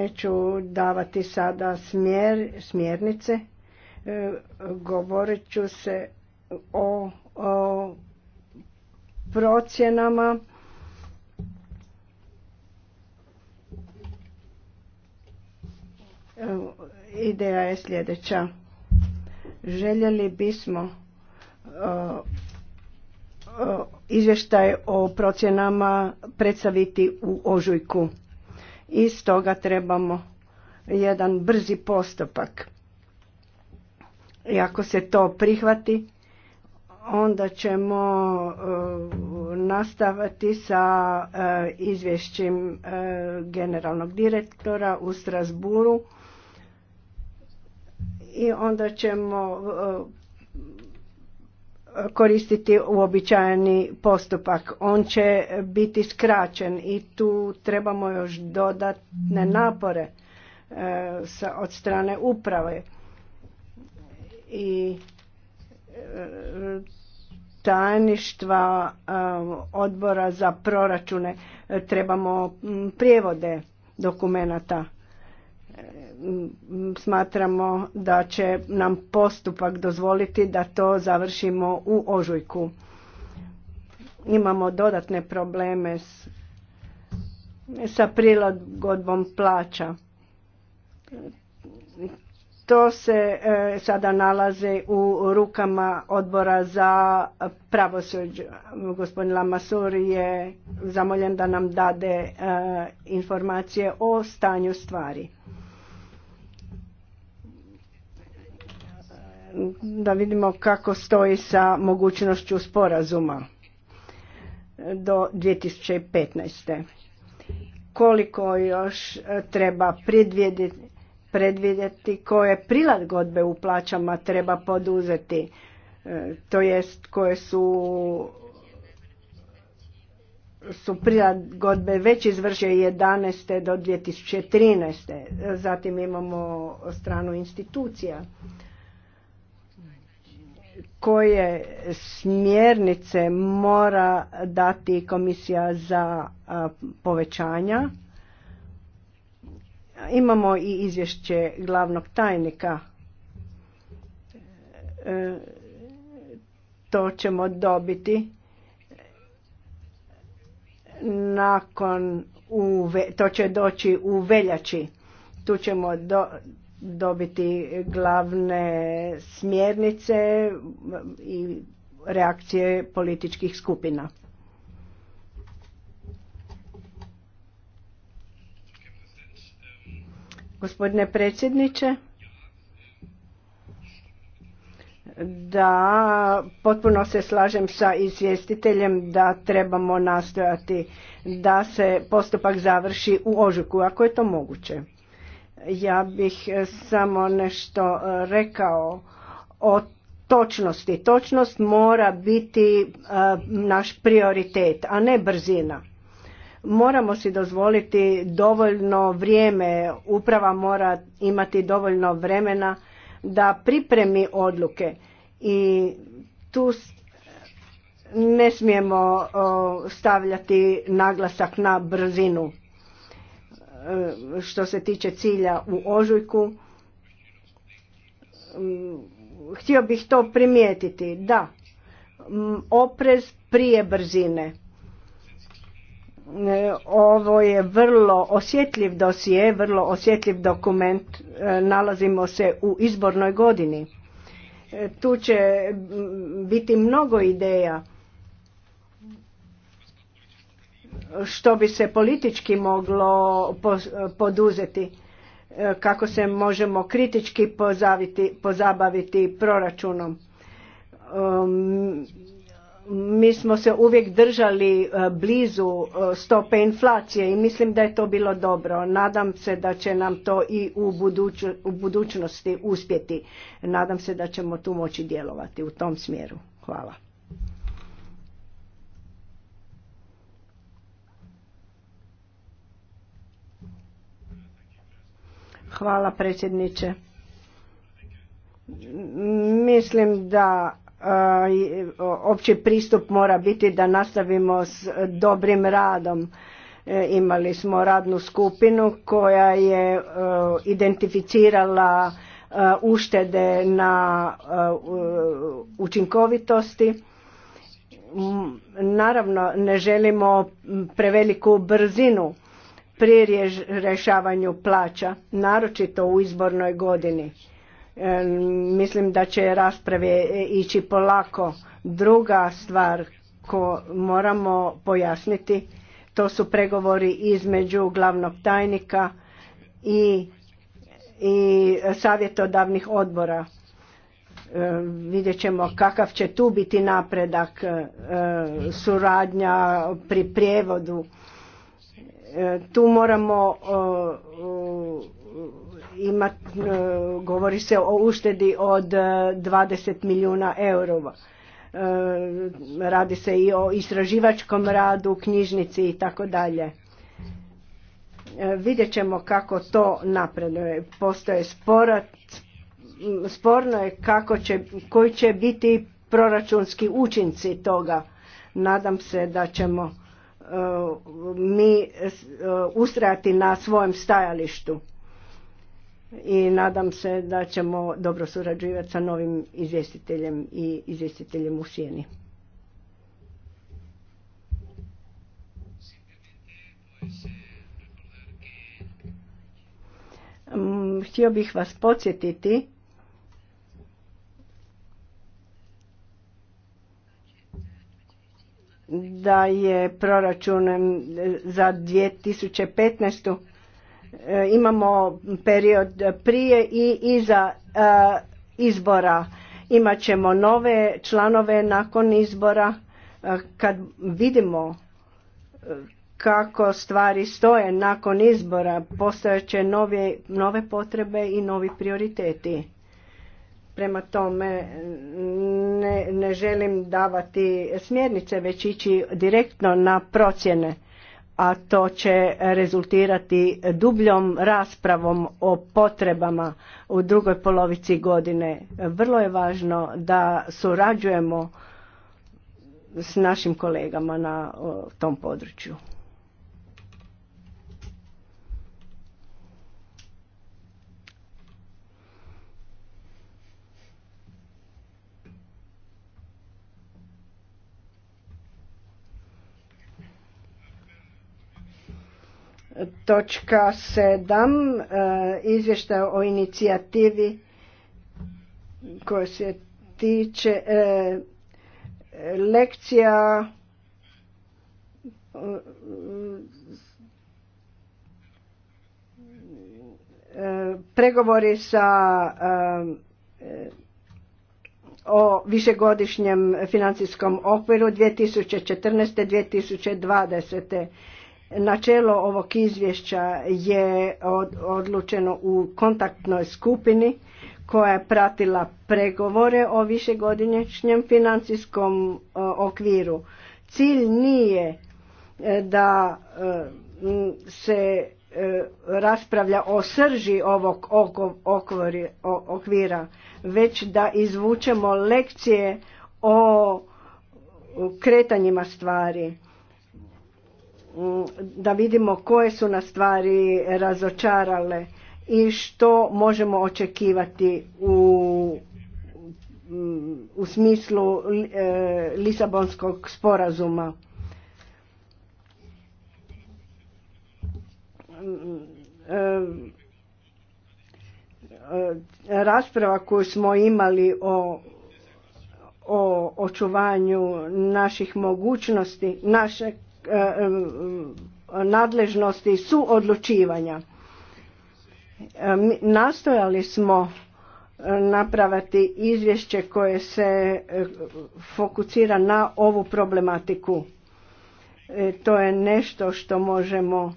Neću davati sada smjer, smjernice, e, govorit ću se o, o procjenama e, Ideja je sljedeća. Željeli bismo e, izvještaj o procjenama predstaviti u ožujku i stoga trebamo jedan brzi postupak. I ako se to prihvati, onda ćemo e, nastaviti sa e, izvješćem e, generalnog direktora u Strasburu i onda ćemo koristiti uobičajeni postupak. On će biti skraćen i tu trebamo još dodatne napore e, od strane uprave. I e, tajništva e, odbora za proračune trebamo prijevode dokumenata Mm, smatramo da će nam postupak dozvoliti da to završimo u ožujku. Imamo dodatne probleme s, sa prilagodbom plaća. To se e, sada nalaze u rukama odbora za pravosuđe. Gospodin Lamasur je zamoljen da nam dade e, informacije o stanju stvari. da vidimo kako stoji sa mogućnošću sporazuma do 2015. Koliko još e, treba predvidjeti, koje prilagodbe u plaćama treba poduzeti, e, to jest koje su su prilagodbe već izvrše 11. do 2013. Zatim imamo stranu institucija koje smjernice mora dati komisija za povećanja. Imamo i izvješće glavnog tajnika. E, to ćemo dobiti nakon, to će doći u veljači. Tu ćemo do, dobiti glavne smjernice i reakcije političkih skupina. Gospodine predsjedniče, da potpuno se slažem sa izvjestiteljem da trebamo nastojati da se postupak završi u ožuku, ako je to moguće. Ja bih e, samo nešto e, rekao o točnosti. Točnost mora biti e, naš prioritet, a ne brzina. Moramo si dozvoliti dovoljno vrijeme, uprava mora imati dovoljno vremena da pripremi odluke i tu ne smijemo stavljati naglasak na brzinu što se tiče cilja u ožujku. Mm, htio bih to primijetiti, da, mm, oprez prije brzine. E, ovo je vrlo osjetljiv dosije, vrlo osjetljiv dokument, e, nalazimo se u izbornoj godini. E, tu će mm, biti mnogo ideja što bi se politički moglo poduzeti e, kako se možemo kritički pozaviti, pozabaviti proračunom. Um, mi smo se uvijek držali e, blizu e, stope inflacije i mislim da je to bilo dobro. Nadam se da će nam to i u, u budućnosti uspjeti. Nadam se da ćemo tu moći djelovati u tom smjeru. Hvala. Hvala predsjedniče. Mislim da e, opći pristup mora biti da nastavimo s dobrim radom. E, imali smo radnu skupinu koja je e, identificirala uštede na učinkovitosti. Naravno, ne želimo preveliku brzinu pri rješavanju plaća, naročito u izbornoj godini. E, mislim da će rasprave ići polako. Druga stvar ko moramo pojasniti, to su pregovori između glavnog tajnika i, i savjetodavnih odbora. E, vidjet ćemo kakav će tu biti napredak, e, suradnja pri prijevodu tu moramo imati, e, govori se o uštedi od 20 e, milijuna eurova. E, radi se i o istraživačkom radu, knjižnici i tako dalje. Vidjet ćemo kako to napreduje. Postoje sporat, sporno je kako će, koji će biti proračunski učinci toga. Nadam se da ćemo E, mi e, ustrajati na svojem stajalištu i nadam se da ćemo dobro surađivati sa novim izvjestiteljem i izvjestiteljem u sjeni. Mm, htio bih vas podsjetiti da je proračun za 2015. E, imamo period prije i iza e, izbora. Imat ćemo nove članove nakon izbora. E, kad vidimo kako stvari stoje nakon izbora, postojeće nove potrebe i novi prioriteti. Prema tome ne, ne želim davati smjernice već ići direktno na procjene, a to će rezultirati dubljom raspravom o potrebama u drugoj polovici godine. Vrlo je važno da surađujemo s našim kolegama na tom području. Točka 7. E, izvještaj o inicijativi koja se tiče e, lekcija e, pregovori sa o višegodišnjem financijskom okviru 2014. 2020. Načelo ovog izvješća je odlučeno u kontaktnoj skupini koja je pratila pregovore o višegodišnjem financijskom e, okviru. Cilj nije e, da e, se raspravlja o srži ovog okvira, već da izvučemo lekcije o kretanjima stvari da vidimo koje su nas stvari razočarale i što možemo očekivati u, u smislu e, Lisabonskog sporazuma. E, e, rasprava koju smo imali o o očuvanju naših mogućnosti, našeg E, e, nadležnosti su odlučivanja. E, nastojali smo napraviti izvješće koje se fokusira na ovu problematiku. To je nešto što možemo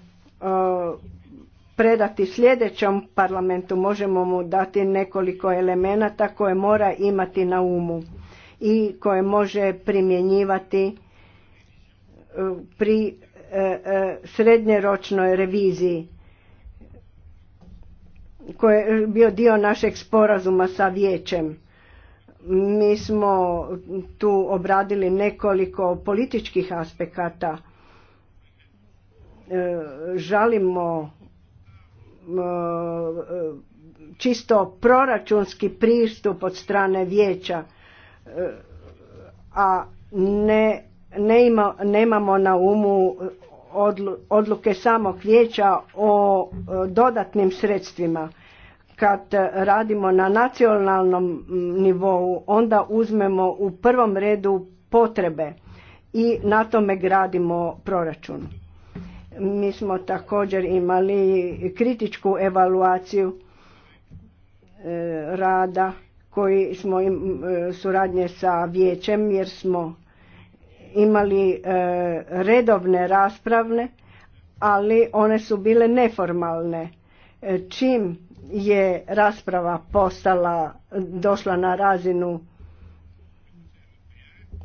predati sljedećem parlamentu, možemo mu dati nekoliko elemenata koje mora imati na umu i koje može primjenjivati pri e, e, srednjeročnoj reviziji koji je bio dio našeg sporazuma sa vijećem. Mi smo tu obradili nekoliko političkih aspekata. E, žalimo čisto proračunski pristup od strane vijeća, a ne nemamo na umu eh, odluke samog vijeća o eh, dodatnim sredstvima kad eh, radimo na nacionalnom mm, nivou onda uzmemo u prvom redu potrebe i na tome gradimo proračun mi smo također imali kritičku evaluaciju rada koji smo im, suradnje sa vijećem jer smo imali e, redovne raspravne, ali one su bile neformalne. E, čim je rasprava postala, došla na razinu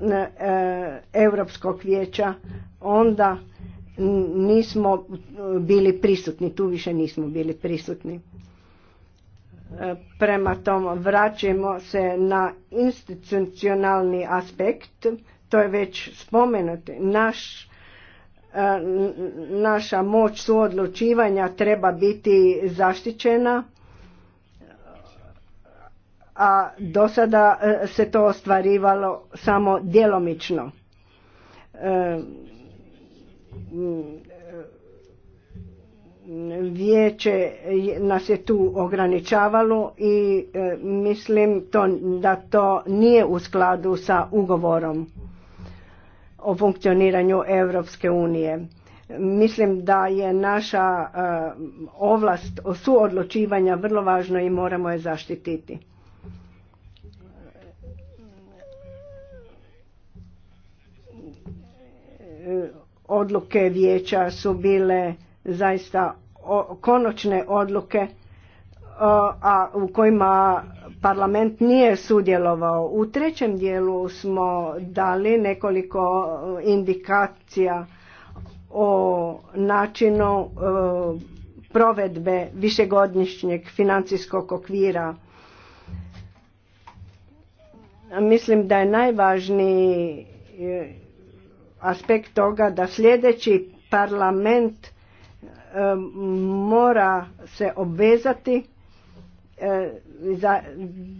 e, Europskog vijeća, onda nismo bili prisutni, tu više nismo bili prisutni. Prema tom vraćamo se na institucionalni aspekt to je već spomenuto, naš e, naša moć suodlučivanja treba biti zaštićena, a do sada e, se to ostvarivalo samo djelomično. E, vijeće nas je tu ograničavalo i mislim to, da to nije u skladu sa ugovorom o funkcioniranju Europske unije. Mislim da je naša eh, ovlast suodlučivanja vrlo važna i moramo je zaštititi. Eh, odluke vijeća su bile zaista konačne odluke eh, a u kojima parlament nije sudjelovao. U trećem dijelu smo dali nekoliko e, indikacija o načinu e, provedbe višegodišnjeg financijskog okvira. Mislim da je najvažniji e, aspekt toga da sljedeći parlament mora se obvezati E,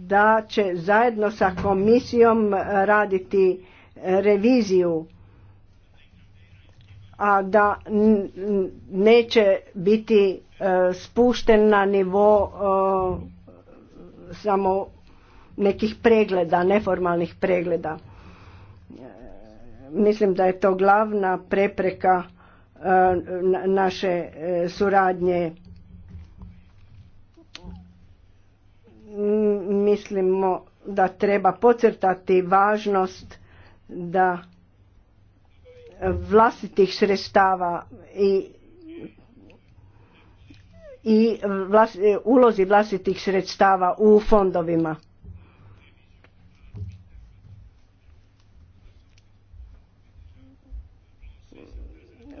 da će zajedno sa komisijom e, raditi e, reviziju a da neće biti spušten na nivo samo nekih pregleda, neformalnih pregleda. Mislim da je to glavna prepreka naše suradnje mislimo da treba pocrtati važnost da vlastitih sredstava i i vlas, ulozi vlastitih sredstava u fondovima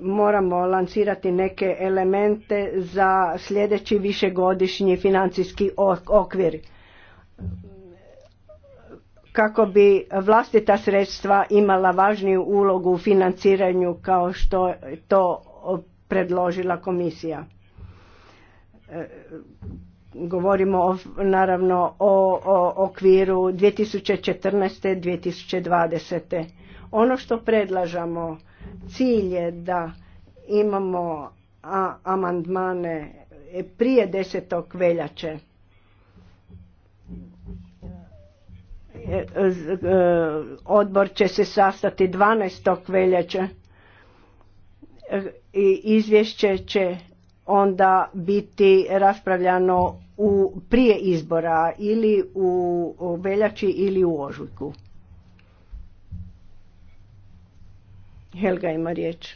moramo lancirati neke elemente za sljedeći višegodišnji financijski okvir kako bi vlastita sredstva imala važniju ulogu u financiranju kao što je to predložila komisija. E, govorimo o, naravno o, okviru 2014. 2020. Ono što predlažamo Cilj je da imamo amandmane prije desetog veljače. E, e, odbor će se sastati 12. veljače e, i izvješće će onda biti raspravljano u, prije izbora ili u veljači ili u ožujku. Helga ima riječ.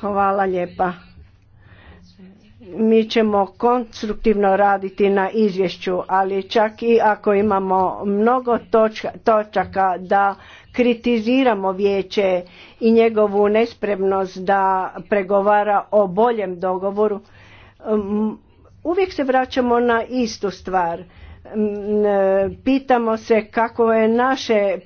Hvala lijepa. Mi ćemo konstruktivno raditi na izvješću, ali čak i ako imamo mnogo točaka da kritiziramo vijeće i njegovu nespremnost da pregovara o boljem dogovoru, um, uvijek se vraćamo na istu stvar E, pitamo se kako je naše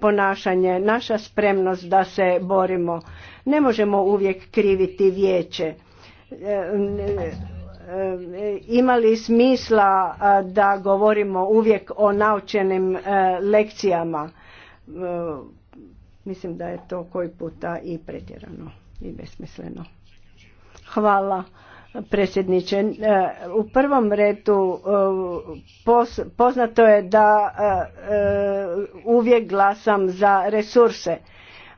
ponašanje, naša spremnost da se borimo. Ne možemo uvijek kriviti vijeće. E, e, Ima li smisla da govorimo uvijek o naučenim lekcijama? Mislim da je to koji puta i pretjerano i besmisleno. Hvala predsjedniče. E, u prvom redu e, poznato je da e, uvijek glasam za resurse,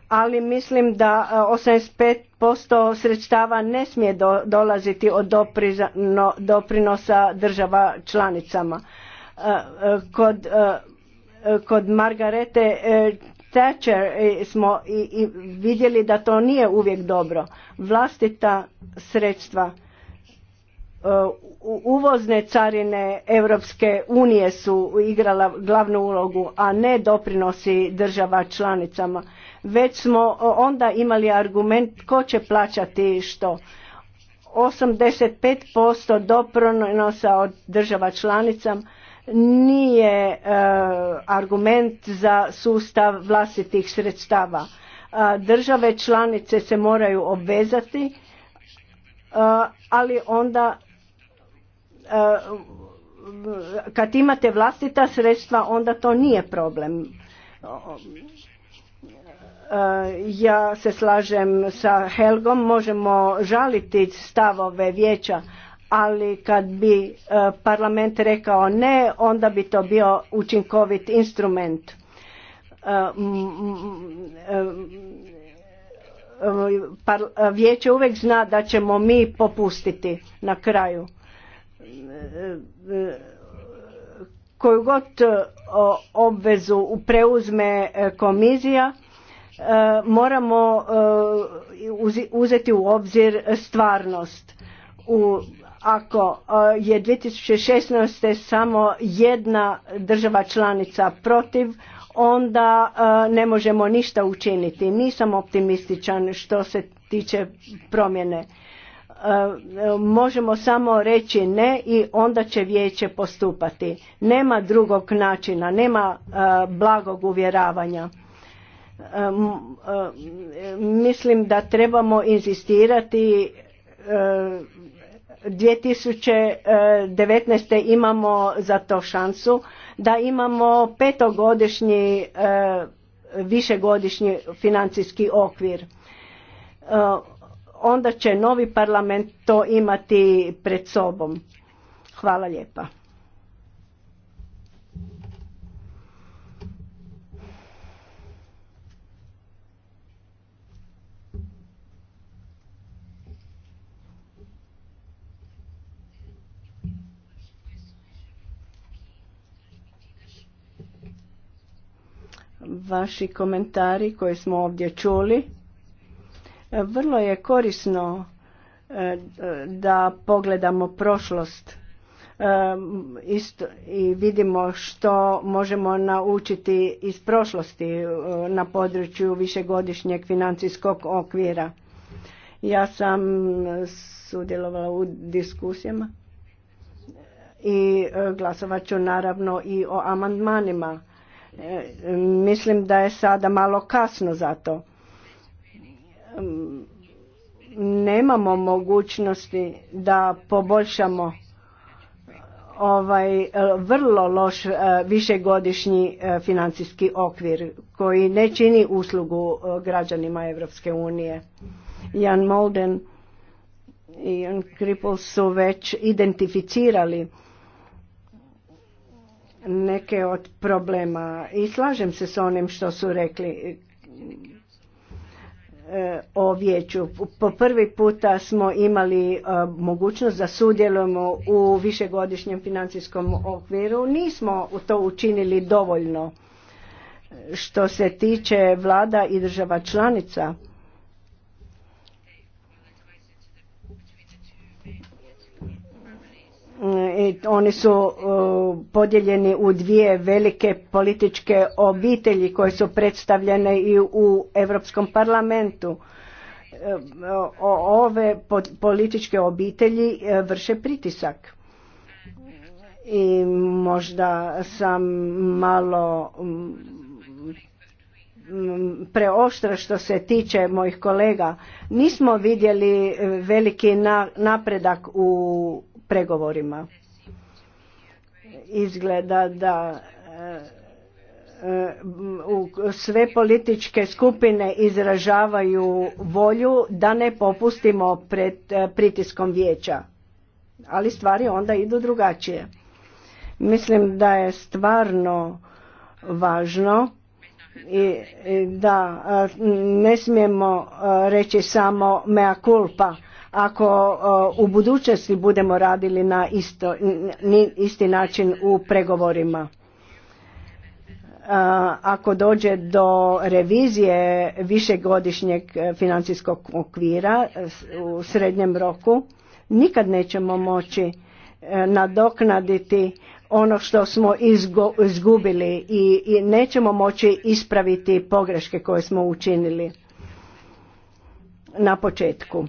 ali mislim da 85% sredstava ne smije dolaziti od doprinosa država članicama. Kod, kod Margarete Thatcher smo i vidjeli da to nije uvijek dobro. Vlastita sredstva E, uvozne carine Europske unije su igrala glavnu ulogu, a ne doprinosi država članicama. Već smo e, onda imali argument ko će plaćati što. 85% doprinosa od država članica nije e, argument za sustav vlastitih sredstava. Države članice se moraju obvezati ali onda E, kad imate vlastita sredstva onda to nije problem. E, ja se slažem sa Helgom, možemo žaliti stavove vijeća, ali kad bi e, parlament rekao ne, onda bi to bio učinkovit instrument. Vijeće uvijek zna da ćemo mi popustiti na kraju koju god e, obvezu preuzme e, komisija e, moramo uzeti u obzir stvarnost. U, ako je 2016. samo jedna država članica protiv, onda ne možemo ništa učiniti. Nisam optimističan što se tiče promjene možemo samo reći ne i onda će vijeće postupati. Nema drugog načina, nema e, blagog uvjeravanja. E, e, mislim da trebamo inzistirati 2019. imamo za to šansu da imamo petogodišnji višegodišnji financijski okvir onda će novi parlament to imati pred sobom. Hvala lijepa. Vaši komentari koje smo ovdje čuli vrlo je korisno e, da pogledamo prošlost e, i vidimo što možemo naučiti iz prošlosti e, na području višegodišnjeg financijskog okvira. Ja sam sudjelovala u diskusijama i glasovat ću naravno i o amandmanima. Mislim da je sada malo kasno za to nemamo mogućnosti da poboljšamo ovaj e, vrlo loš e, višegodišnji e, financijski okvir koji ne čini uslugu građanima Europske unije. Jan Molden i Jan Kripol su već identificirali neke od problema i slažem se s onim što su rekli E, o vijeću. Po prvi puta smo imali e, mogućnost da sudjelujemo u višegodišnjem financijskom okviru. Nismo to učinili dovoljno što se tiče vlada i država članica. oni su uh, podijeljeni u dvije velike političke obitelji koje su predstavljene i u Europskom parlamentu. Uh, ove političke obitelji uh, vrše pritisak. I možda sam malo um, preoštra što se tiče mojih kolega. Nismo vidjeli e, veliki napredak u pregovorima. Izgleda da e, e, sve političke skupine izražavaju volju da ne popustimo pred pritiskom vijeća. Ali stvari onda idu drugačije. Mislim da je stvarno važno i da ne smijemo reći samo mea culpa ako u budućnosti budemo radili na isto, isti način u pregovorima. Ako dođe do revizije višegodišnjeg financijskog okvira u srednjem roku, nikad nećemo moći e, nadoknaditi ono što smo izgubili i, nećemo moći ispraviti pogreške koje smo učinili na početku.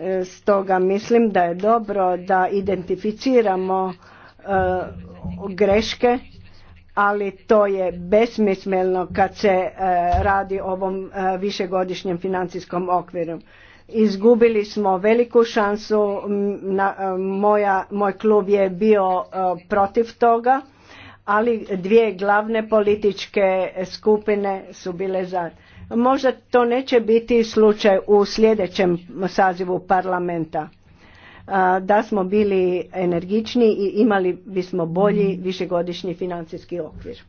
E, stoga mislim da je dobro da identificiramo e, greške, ali to je besmisleno kad se e, radi o ovom višegodišnjem financijskom okviru. Izgubili smo veliku šansu, na, e, moj klub je bio e, protiv toga, ali dvije glavne političke skupine su bile za. Možda to neće biti slučaj u sljedećem sazivu parlamenta. E, da smo bili energični i imali bismo bolji višegodišnji financijski okvir.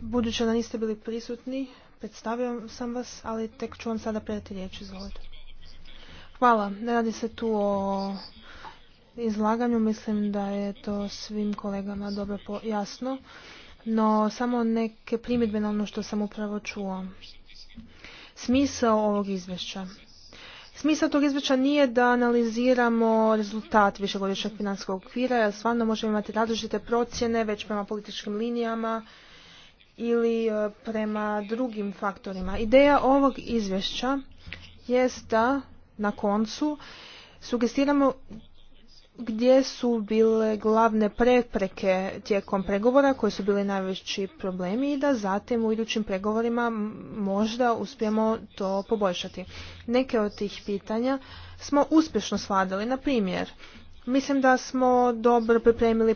Budući da niste bili prisutni Predstavio sam vas, ali tek ću vam sada predati riječ, izvolite. Hvala. Ne radi se tu o izlaganju, mislim da je to svim kolegama dobro jasno, no samo neke primjedbe na ono što sam upravo čuo. Smisao ovog izvješća. Smisao tog izvješća nije da analiziramo rezultat višegodišnjeg financijskog okvira, jer stvarno možemo imati različite procjene već prema političkim linijama, ili e, prema drugim faktorima. Ideja ovog izvješća jest da na koncu sugestiramo gdje su bile glavne prepreke tijekom pregovora koji su bili najveći problemi i da zatim u idućim pregovorima možda uspijemo to poboljšati. Neke od tih pitanja smo uspješno svadili, na primjer, Mislim da smo dobro pripremili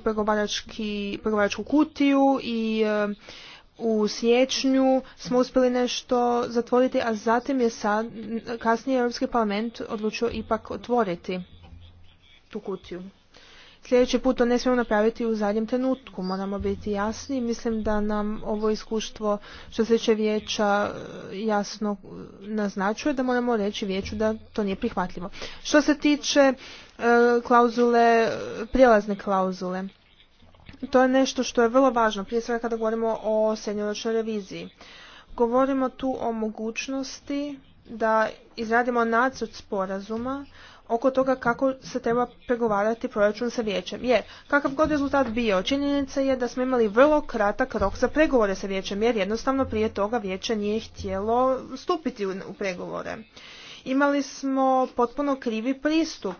pregovaračku kutiju i e, u siječnju smo uspjeli nešto zatvoriti, a zatim je sad, kasnije Europski parlament odlučio ipak otvoriti tu kutiju. Sljedeći put to ne smijemo napraviti u zadnjem trenutku, moramo biti jasni. Mislim da nam ovo iskustvo što se tiče vijeća e, jasno e, naznačuje da moramo reći vijeću da to nije prihvatljivo. Što se tiče e, klauzule, prijelazne klauzule, to je nešto što je vrlo važno, prije svega kada govorimo o srednjoročnoj reviziji. Govorimo tu o mogućnosti da izradimo nacrt sporazuma oko toga kako se treba pregovarati proračun sa vijećem. Jer, kakav god rezultat bio, činjenica je da smo imali vrlo kratak rok za pregovore sa vijećem, jer jednostavno prije toga vijeće nije htjelo stupiti u pregovore imali smo potpuno krivi pristup.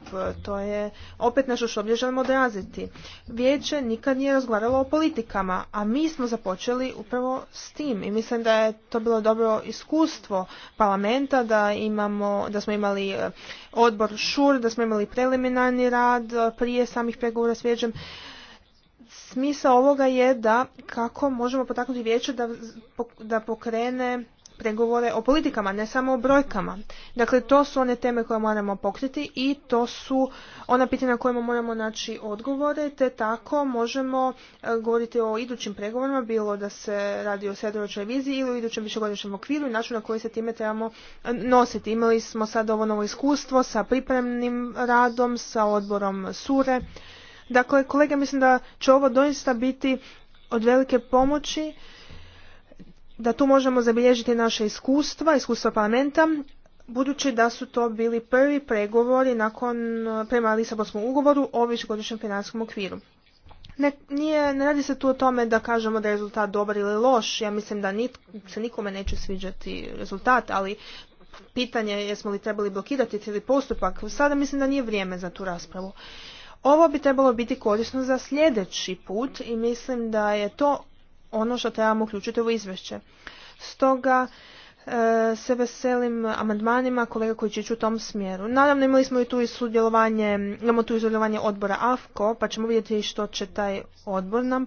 To je opet nešto što ovdje želimo odraziti. Vijeće nikad nije razgovaralo o politikama, a mi smo započeli upravo s tim i mislim da je to bilo dobro iskustvo parlamenta, da, imamo, da smo imali e, odbor ŠUR, da smo imali preliminarni rad e, prije samih pregovora s vijećem smisao ovoga je da kako možemo potaknuti vijeće da, da pokrene pregovore o politikama, ne samo o brojkama. Dakle, to su one teme koje moramo pokriti i to su ona pitanja na kojima moramo naći odgovore, te tako možemo e, govoriti o idućim pregovorima, bilo da se radi o sredoročnoj viziji ili o idućem višegodišnjem okviru i načinu na koji se time trebamo e, nositi. Imali smo sad ovo novo iskustvo sa pripremnim radom, sa odborom SURE. Dakle, kolege mislim da će ovo doista biti od velike pomoći da tu možemo zabilježiti naše iskustva, iskustva parlamenta, budući da su to bili prvi pregovori nakon, prema Lisabonskom ugovoru o višegodišnjem financijskom okviru. Ne, nije, ne radi se tu o tome da kažemo da je rezultat dobar ili loš, ja mislim da nit, se nikome neće sviđati rezultat, ali pitanje je jesmo li trebali blokirati cijeli postupak, sada mislim da nije vrijeme za tu raspravu. Ovo bi trebalo biti korisno za sljedeći put i mislim da je to ono što trebamo uključiti u izvješće. Stoga e, se veselim amandmanima kolega koji će ići u tom smjeru. Naravno imali smo i tu i sudjelovanje, imamo tu i sudjelovanje odbora AFKO, pa ćemo vidjeti što će taj odbor nam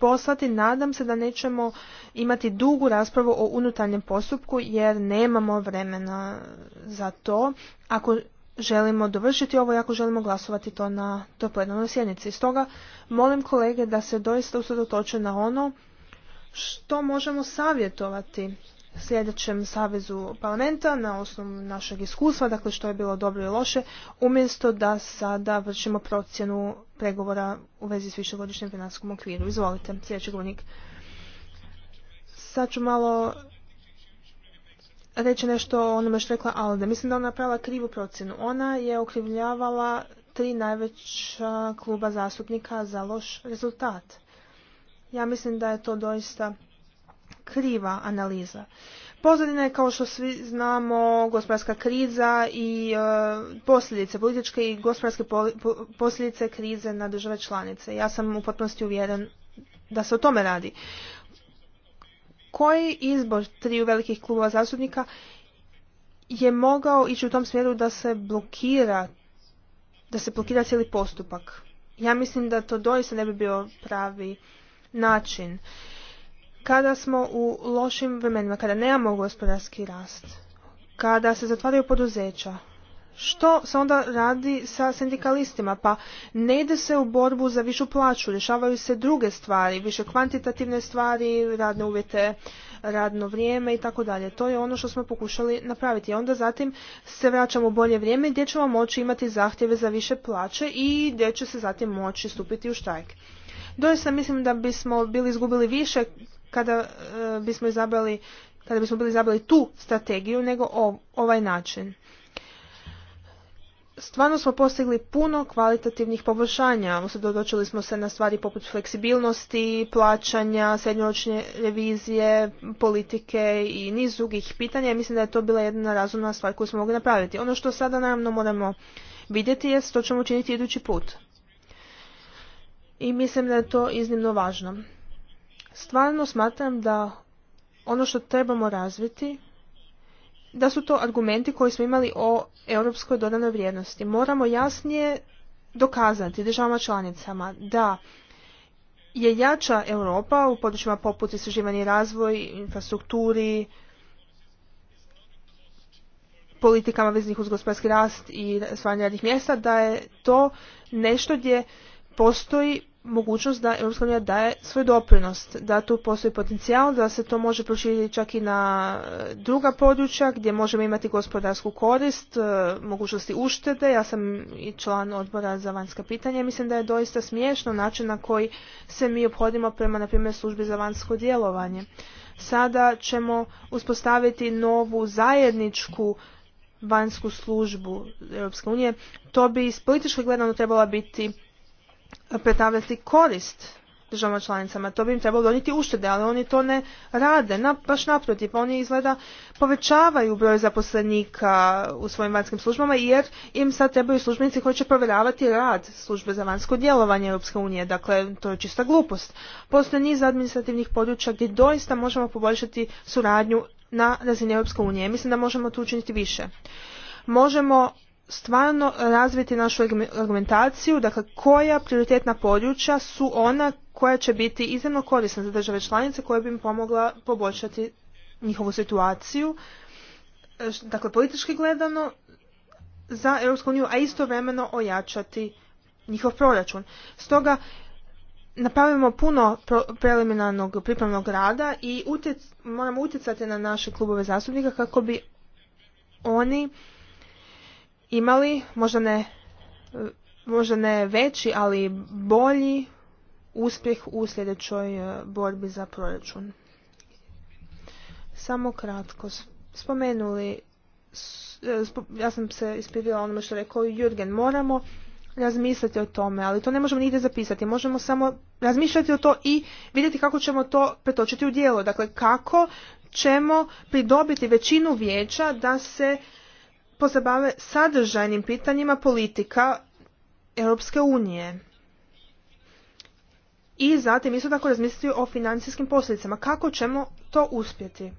poslati. Nadam se da nećemo imati dugu raspravu o unutarnjem postupku jer nemamo vremena za to. Ako želimo dovršiti ovo i ako želimo glasovati to na toj plenarnoj sjednici. Stoga molim kolege da se doista usredotoče na ono što možemo savjetovati sljedećem savezu parlamenta na osnovu našeg iskustva, dakle što je bilo dobro i loše, umjesto da sada vršimo procjenu pregovora u vezi s višegodišnjem finanskom okviru. Izvolite, sljedeći govornik. Sad ću malo reći nešto o onome što rekla Alde. Mislim da ona napravila krivu procjenu. Ona je okrivljavala tri najveća kluba zastupnika za loš rezultat. Ja mislim da je to doista kriva analiza. Pozadina je, kao što svi znamo, gospodarska kriza i e, posljedice, političke i gospodarske posljedice krize na države članice. Ja sam u potpunosti uvjeren da se o tome radi koji izbor triju velikih klubova zastupnika je mogao ići u tom smjeru da se blokira da se blokira cijeli postupak. Ja mislim da to doista ne bi bio pravi način. Kada smo u lošim vremenima, kada nemamo gospodarski rast, kada se zatvaraju poduzeća, što se onda radi sa sindikalistima? Pa ne ide se u borbu za višu plaću, rješavaju se druge stvari, više kvantitativne stvari, radne uvjete, radno vrijeme i tako dalje. To je ono što smo pokušali napraviti. Onda zatim se vraćamo u bolje vrijeme gdje ćemo moći imati zahtjeve za više plaće i gdje će se zatim moći stupiti u štrajk. Doista mislim da bismo bili izgubili više kada e, bismo izabrali kada bismo bili izabrali tu strategiju nego ovaj način stvarno smo postigli puno kvalitativnih poboljšanja. Usredotočili smo se na stvari poput fleksibilnosti, plaćanja, srednjoročne revizije, politike i niz drugih pitanja. Mislim da je to bila jedna razumna stvar koju smo mogli napraviti. Ono što sada naravno moramo vidjeti je što ćemo učiniti idući put. I mislim da je to iznimno važno. Stvarno smatram da ono što trebamo razviti da su to argumenti koji smo imali o europskoj dodanoj vrijednosti. Moramo jasnije dokazati državama članicama da je jača Europa u područjima poput istraživanja i razvoj, infrastrukturi, politikama veznih uz gospodarski rast i stvaranje radnih mjesta, da je to nešto gdje postoji mogućnost da Europska unija daje svoj doprinos, da tu postoji potencijal, da se to može proširiti čak i na e, druga područja gdje možemo imati gospodarsku korist, e, mogućnosti uštede. Ja sam i član odbora za vanjska pitanja. Mislim da je doista smiješno način na koji se mi obhodimo prema, na primjer, službi za vanjsko djelovanje. Sada ćemo uspostaviti novu zajedničku vanjsku službu Europske unije. To bi iz političkog gledano trebala biti predstavljati korist državama članicama. To bi im trebalo donijeti uštede, ali oni to ne rade. Na, baš naprotiv, oni izgleda povećavaju broj zaposlenika u svojim vanjskim službama jer im sad trebaju službenici koji će provjeravati rad službe za vanjsko djelovanje Europske unije. Dakle, to je čista glupost. Postoje niz administrativnih područja gdje doista možemo poboljšati suradnju na razini Europske unije. Mislim da možemo tu učiniti više. Možemo stvarno razviti našu argumentaciju, dakle koja prioritetna područja su ona koja će biti iznimno korisna za države članice koja bi im pomogla poboljšati njihovu situaciju, dakle politički gledano za Europsku uniju, a istovremeno ojačati njihov proračun. Stoga napravimo puno preliminarnog pripremnog rada i moramo utjecati na naše klubove zastupnika kako bi oni imali, možda ne, možda ne veći, ali bolji uspjeh u sljedećoj e, borbi za proračun. Samo kratko. Spomenuli, e, ja sam se ispivila onome što rekao Jurgen, moramo razmisliti o tome, ali to ne možemo nigdje zapisati. Možemo samo razmišljati o to i vidjeti kako ćemo to pretočiti u djelo. Dakle, kako ćemo pridobiti većinu vijeća da se pozabave sadržajnim pitanjima politika Europske unije. I zatim isto tako razmisliti o financijskim posljedicama. Kako ćemo to uspjeti?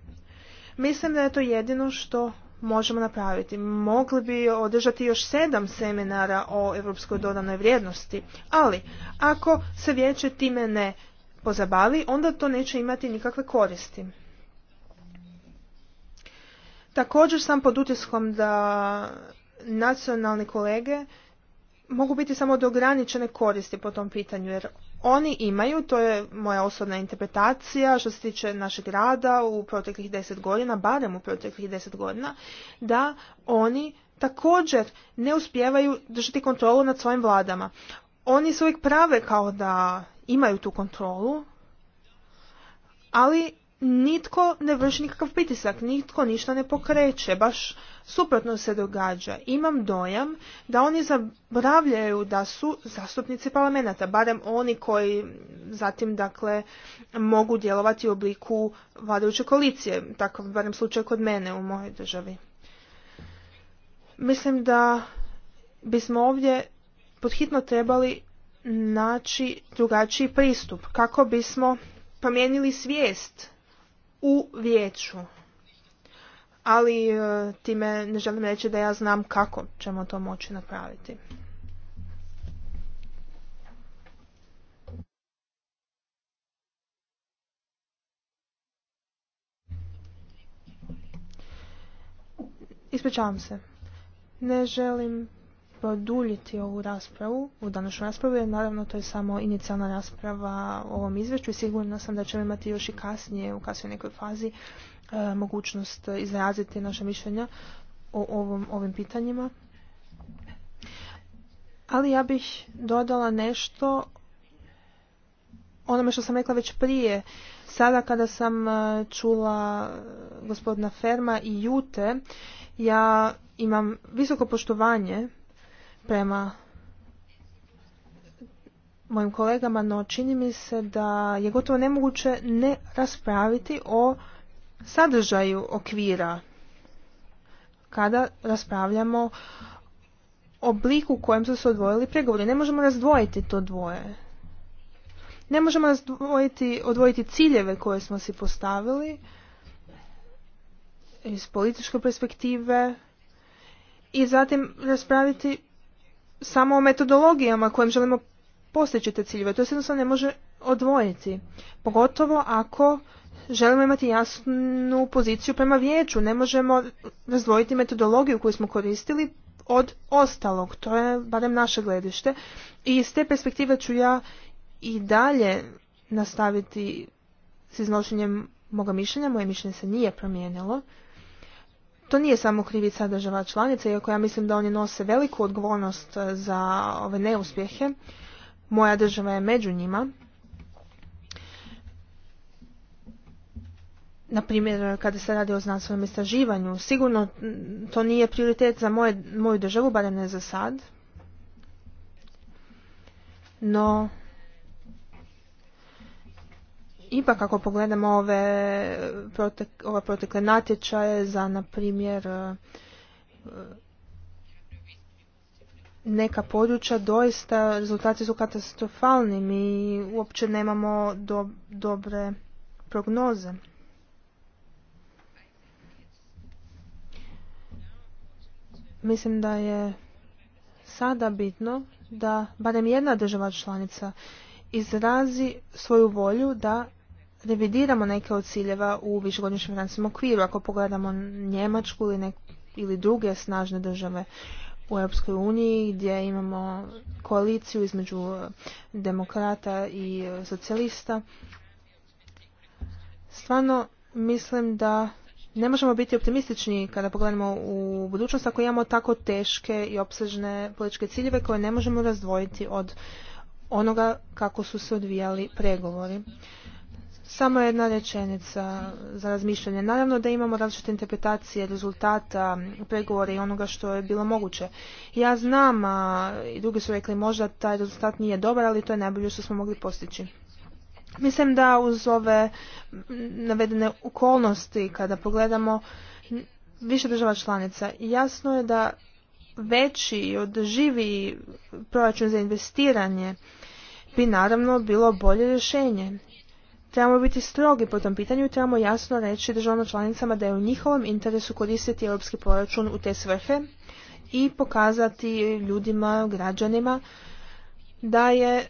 Mislim da je to jedino što možemo napraviti. Mogli bi održati još sedam seminara o europskoj dodanoj vrijednosti, ali ako se vijeće time ne pozabavi, onda to neće imati nikakve koristi. Također sam pod utiskom da nacionalni kolege mogu biti samo do ograničene koristi po tom pitanju, jer oni imaju, to je moja osobna interpretacija što se tiče našeg rada u proteklih deset godina, barem u proteklih deset godina, da oni također ne uspijevaju držati kontrolu nad svojim vladama. Oni se uvijek prave kao da imaju tu kontrolu, ali nitko ne vrši nikakav pritisak, nitko ništa ne pokreće, baš suprotno se događa. Imam dojam da oni zabravljaju da su zastupnici parlamenta, barem oni koji zatim dakle mogu djelovati u obliku vladajuće koalicije, takav barem slučaj kod mene u mojoj državi. Mislim da bismo ovdje podhitno trebali naći drugačiji pristup kako bismo promijenili svijest u vijeću. Ali e, time ne želim reći da ja znam kako ćemo to moći napraviti. Ispričavam se. Ne želim produljiti ovu raspravu, u današnju raspravu, jer naravno to je samo inicijalna rasprava o ovom izvješću i sigurna sam da ćemo imati još i kasnije, u kasnijoj nekoj fazi, e, mogućnost izraziti naše mišljenja o ovim pitanjima. Ali ja bih dodala nešto onome što sam rekla već prije. Sada kada sam e, čula e, gospodina Ferma i Jute, ja imam visoko poštovanje prema mojim kolegama, no čini mi se da je gotovo nemoguće ne raspraviti o sadržaju okvira kada raspravljamo obliku u kojem su se odvojili pregovori. Ne možemo razdvojiti to dvoje. Ne možemo razdvojiti, odvojiti ciljeve koje smo si postavili iz političke perspektive i zatim raspraviti samo o metodologijama kojim želimo postići te ciljeve. To se jednostavno ne može odvojiti. Pogotovo ako želimo imati jasnu poziciju prema vijeću. Ne možemo razdvojiti metodologiju koju smo koristili od ostalog. To je barem naše gledište. I iz te perspektive ću ja i dalje nastaviti s iznošenjem moga mišljenja. Moje mišljenje se nije promijenilo. To nije samo krivica država članica, iako ja mislim da oni nose veliku odgovornost e, za ove neuspjehe. Moja država je među njima. na kada se radi o znanstvenom istraživanju. Sigurno to nije prioritet za moje, moju državu, barem ne za sad. No, ipak ako pogledamo ove protekle natječaje za, na primjer, e, neka područja doista rezultati su katastrofalni. Mi uopće nemamo dobre prognoze. Mislim da je sada bitno da barem jedna država članica izrazi svoju volju da revidiramo neke od ciljeva u višegodišnjem financijskom okviru. Ako pogledamo Njemačku ili, ili druge snažne države u Europskoj uniji gdje imamo koaliciju između e, demokrata i e, socijalista, stvarno mislim da ne možemo biti optimistični kada pogledamo u budućnost ako imamo tako teške i opsežne političke ciljeve koje ne možemo razdvojiti od onoga kako su se odvijali pregovori. Samo jedna rečenica za razmišljanje. Naravno da imamo različite interpretacije rezultata pregovora i onoga što je bilo moguće. Ja znam, a i drugi su rekli možda taj rezultat nije dobar, ali to je najbolje što smo mogli postići. Mislim da uz ove navedene okolnosti kada pogledamo više država članica, jasno je da veći i odživi proračun za investiranje bi naravno bilo bolje rješenje. Trebamo biti strogi po tom pitanju i trebamo jasno reći državno članicama da je u njihovom interesu koristiti europski proračun u te svrhe i pokazati ljudima, građanima da je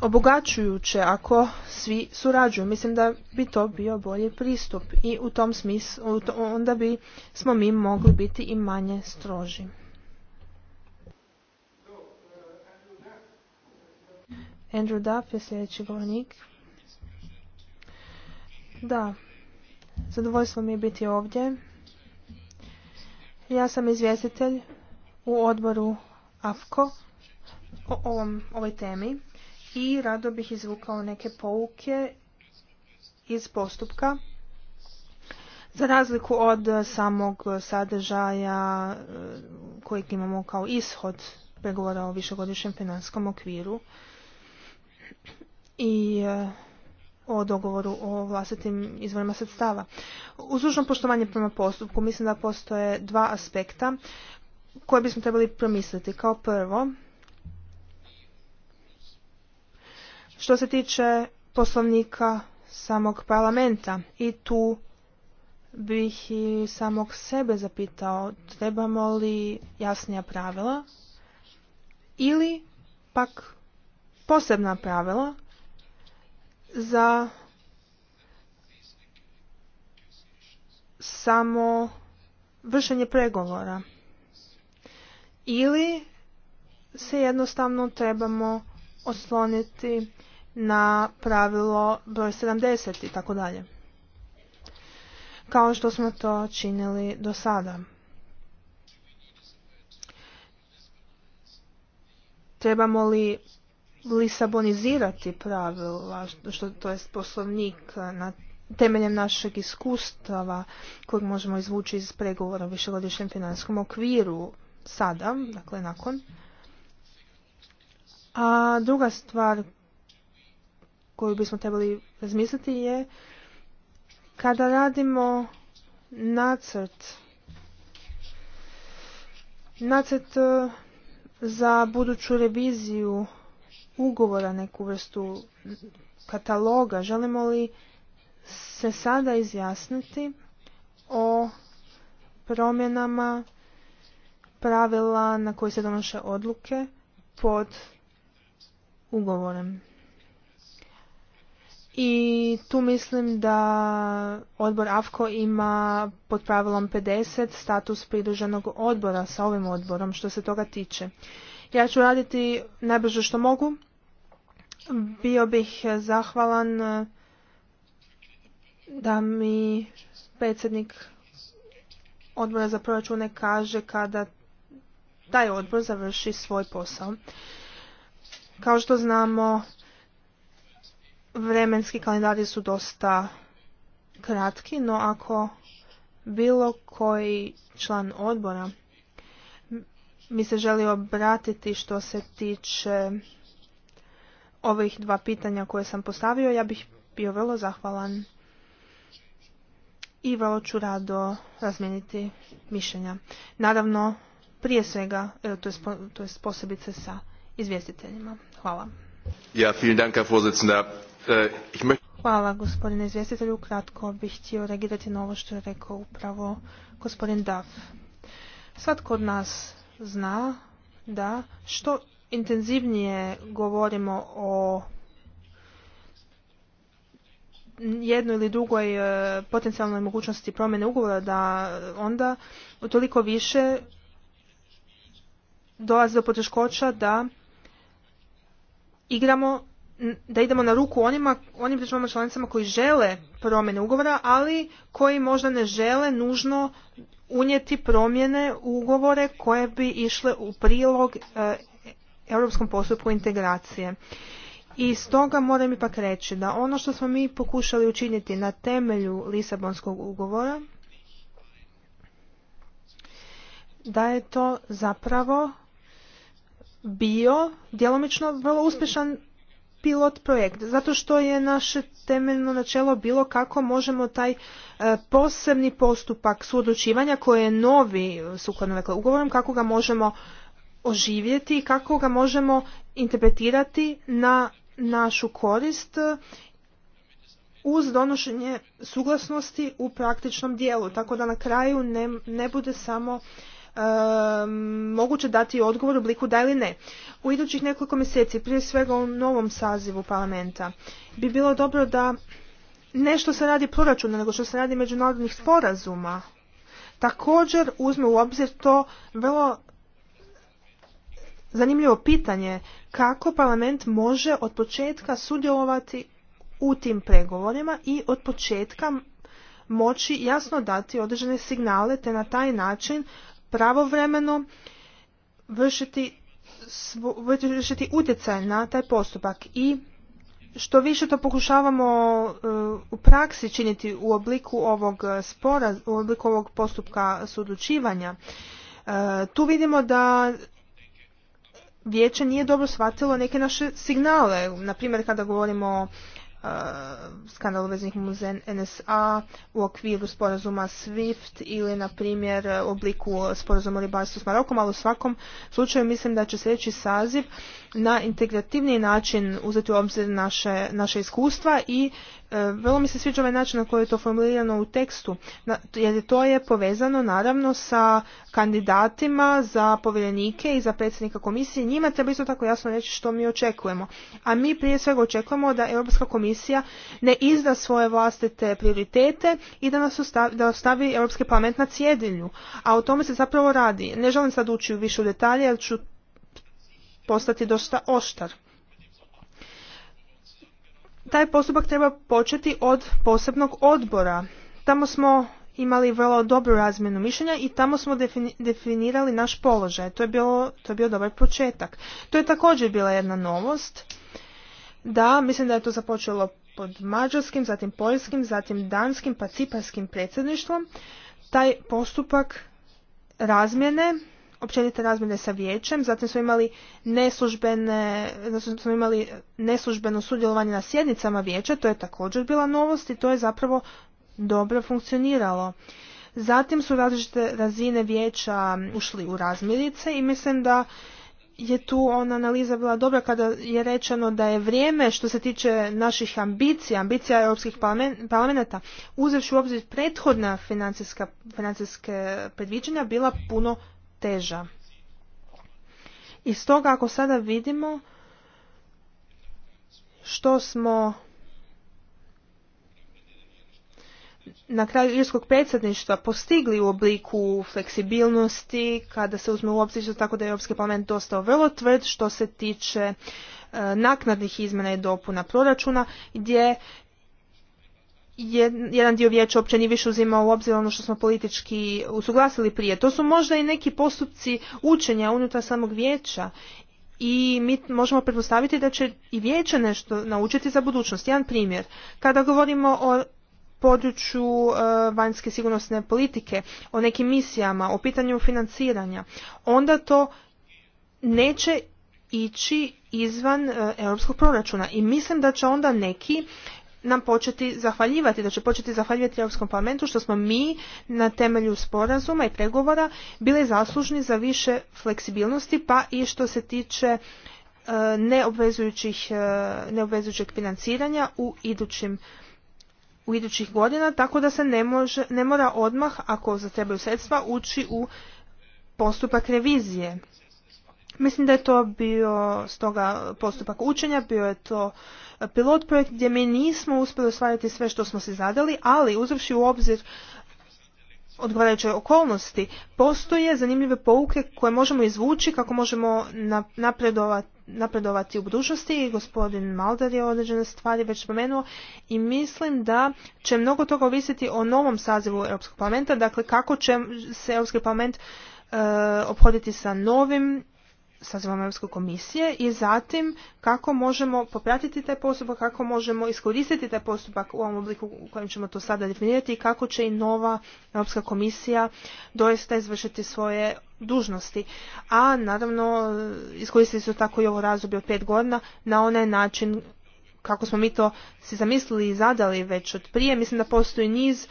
obogaćujuće ako svi surađuju. Mislim da bi to bio bolji pristup i u tom smislu onda bi smo mi mogli biti i manje stroži. Andrew Duff je sljedeći govornik. Da, zadovoljstvo mi je biti ovdje. Ja sam izvjestitelj u odboru AFKO o ovom, ovoj temi i rado bih izvukao neke pouke iz postupka za razliku od samog sadržaja e, kojeg imamo kao ishod pregovora o višegodišnjem finanskom okviru i e, o dogovoru o vlastitim izvorima sredstava. Uz dužno poštovanje prema postupku mislim da postoje dva aspekta koje bismo trebali promisliti. Kao prvo, što se tiče poslovnika samog parlamenta i tu bih i samog sebe zapitao trebamo li jasnija pravila ili pak posebna pravila za samo vršenje pregovora ili se jednostavno trebamo osloniti na pravilo broj 70 i tako dalje. Kao što smo to činili do sada. Trebamo li lisabonizirati pravila, što to jest poslovnik na temeljem našeg iskustava kojeg možemo izvući iz pregovora o višegodišnjem financijskom okviru sada, dakle nakon. A druga stvar koju bismo trebali razmisliti je kada radimo nacrt nacrt eh, za buduću reviziju ugovora, neku vrstu kataloga. Želimo li se sada izjasniti o promjenama pravila na koje se donoše odluke pod ugovorem. I tu mislim da odbor AFKO ima pod pravilom 50 status pridruženog odbora sa ovim odborom što se toga tiče. Ja ću raditi najbrže što mogu. Bio bih zahvalan e, da mi predsjednik odbora za proračune kaže kada taj odbor završi svoj posao. Kao što znamo, vremenski kalendari su dosta kratki, no ako bilo koji član odbora mi se želi obratiti što se tiče ovih dva pitanja koje sam postavio. Ja bih bio vrlo zahvalan i vrlo ću rado razmijeniti mišljenja. Naravno, prije svega, e, to je, posebice sa izvjestiteljima. Hvala. Ja, vielen äh, Hvala gospodine izvjestitelju. Kratko bih htio reagirati na ovo što je rekao upravo gospodin Duff. Svatko od nas zna da što intenzivnije govorimo o jednoj ili drugoj e, potencijalnoj mogućnosti promjene ugovora da onda toliko više dolazi do poteškoća da igramo da idemo na ruku onima, onim državama članicama koji žele promjene ugovora, ali koji možda ne žele nužno unijeti promjene ugovore koje bi išle u prilog eh, europskom postupku integracije. I stoga moram ipak reći da ono što smo mi pokušali učiniti na temelju Lisabonskog ugovora, da je to zapravo bio djelomično vrlo uspješan pilot projekt, zato što je naše temeljno načelo bilo kako možemo taj e, posebni postupak suodlučivanja koji je novi sukladno dakle, ugovorom, kako ga možemo oživjeti i kako ga možemo interpretirati na našu korist uz donošenje suglasnosti u praktičnom dijelu, tako da na kraju ne, ne bude samo moguće dati odgovor u obliku da ili ne. U idućih nekoliko mjeseci, prije svega u novom sazivu parlamenta, bi bilo dobro da ne što se radi proračuna, nego što se radi međunarodnih sporazuma, također uzme u obzir to vrlo zanimljivo pitanje kako parlament može od početka sudjelovati u tim pregovorima i od početka moći jasno dati određene signale te na taj način pravovremeno vršiti, vršiti utjecaj na taj postupak i što više to pokušavamo e, u praksi činiti u obliku ovog spora, u obliku ovog postupka sudučivanja, e, tu vidimo da vijeće nije dobro shvatilo neke naše signale. naprimjer kada govorimo o E, skandal veznih NSA u okviru sporazuma SWIFT ili na primjer u obliku sporazuma o ribarstvu s Marokom, ali u svakom slučaju mislim da će sljedeći saziv na integrativniji način uzeti u obzir naše, naše iskustva i e, vrlo mi se sviđa ovaj način na koji je to formulirano u tekstu, na, jer to je povezano naravno sa kandidatima za povjerenike i za predsjednika komisije. Njima treba isto tako jasno reći što mi očekujemo. A mi prije svega očekujemo da Europska komisija ne izda svoje vlastite prioritete i da nas ostavi, da Europski parlament na cjedilju. A o tome se zapravo radi. Ne želim sad ući više u detalje jer ću postati dosta oštar. Taj postupak treba početi od posebnog odbora. Tamo smo imali vrlo dobru razmjenu mišljenja i tamo smo definirali naš položaj. To je, bilo, to je bio dobar početak. To je također bila jedna novost. Da, mislim da je to započelo pod mađarskim, zatim poljskim, zatim danskim pa ciparskim predsjedništvom. Taj postupak razmjene općenite razmjene sa vijećem, zatim smo imali neslužbene, zatim smo imali neslužbeno sudjelovanje na sjednicama vijeća, to je također bila novost i to je zapravo dobro funkcioniralo. Zatim su različite razine vijeća ušli u razmirice i mislim da je tu ona analiza bila dobra kada je rečeno da je vrijeme što se tiče naših ambicija, ambicija europskih parlamenta, uzevši u obzir prethodna financijska, financijske predviđanja, bila puno teža. I stoga ako sada vidimo što smo na kraju irskog predsjedništva postigli u obliku fleksibilnosti kada se uzme u obzir tako da je Europski parlament dostao vrlo tvrd što se tiče e, naknadnih izmjena i dopuna proračuna gdje jedan dio vijeća uopće ni više uzima u obzir ono što smo politički usuglasili prije. To su možda i neki postupci učenja unutar samog vijeća i mi možemo pretpostaviti da će i vijeće nešto naučiti za budućnost. Jedan primjer, kada govorimo o području e, vanjske sigurnosne politike, o nekim misijama, o pitanju financiranja, onda to neće ići izvan e, europskog proračuna i mislim da će onda neki nam početi zahvaljivati, da će početi zahvaljivati Europskom parlamentu što smo mi na temelju sporazuma i pregovora bili zaslužni za više fleksibilnosti pa i što se tiče e, neobvezujućih, e, neobvezujućeg financiranja u idućim u idućih godina, tako da se ne, može, ne mora odmah, ako za sredstva, ući u postupak revizije. Mislim da je to bio stoga postupak učenja, bio je to pilot projekt gdje mi nismo uspjeli osvajati sve što smo se zadali, ali uzavši u obzir odgovarajuće okolnosti, postoje zanimljive pouke koje možemo izvući kako možemo napredovati, u budućnosti. Gospodin Maldar je određene stvari već spomenuo i mislim da će mnogo toga ovisiti o novom sazivu Europskog parlamenta, dakle kako će se Europski parlament e, obhoditi sa novim sazivom Europske komisije i zatim kako možemo popratiti taj postupak, kako možemo iskoristiti taj postupak u ovom obliku u kojem ćemo to sada definirati i kako će i nova Europska komisija doista izvršiti svoje dužnosti. A naravno iskoristili su tako i ovo razdoblje od pet godina na onaj način kako smo mi to si zamislili i zadali već od prije. Mislim da postoji niz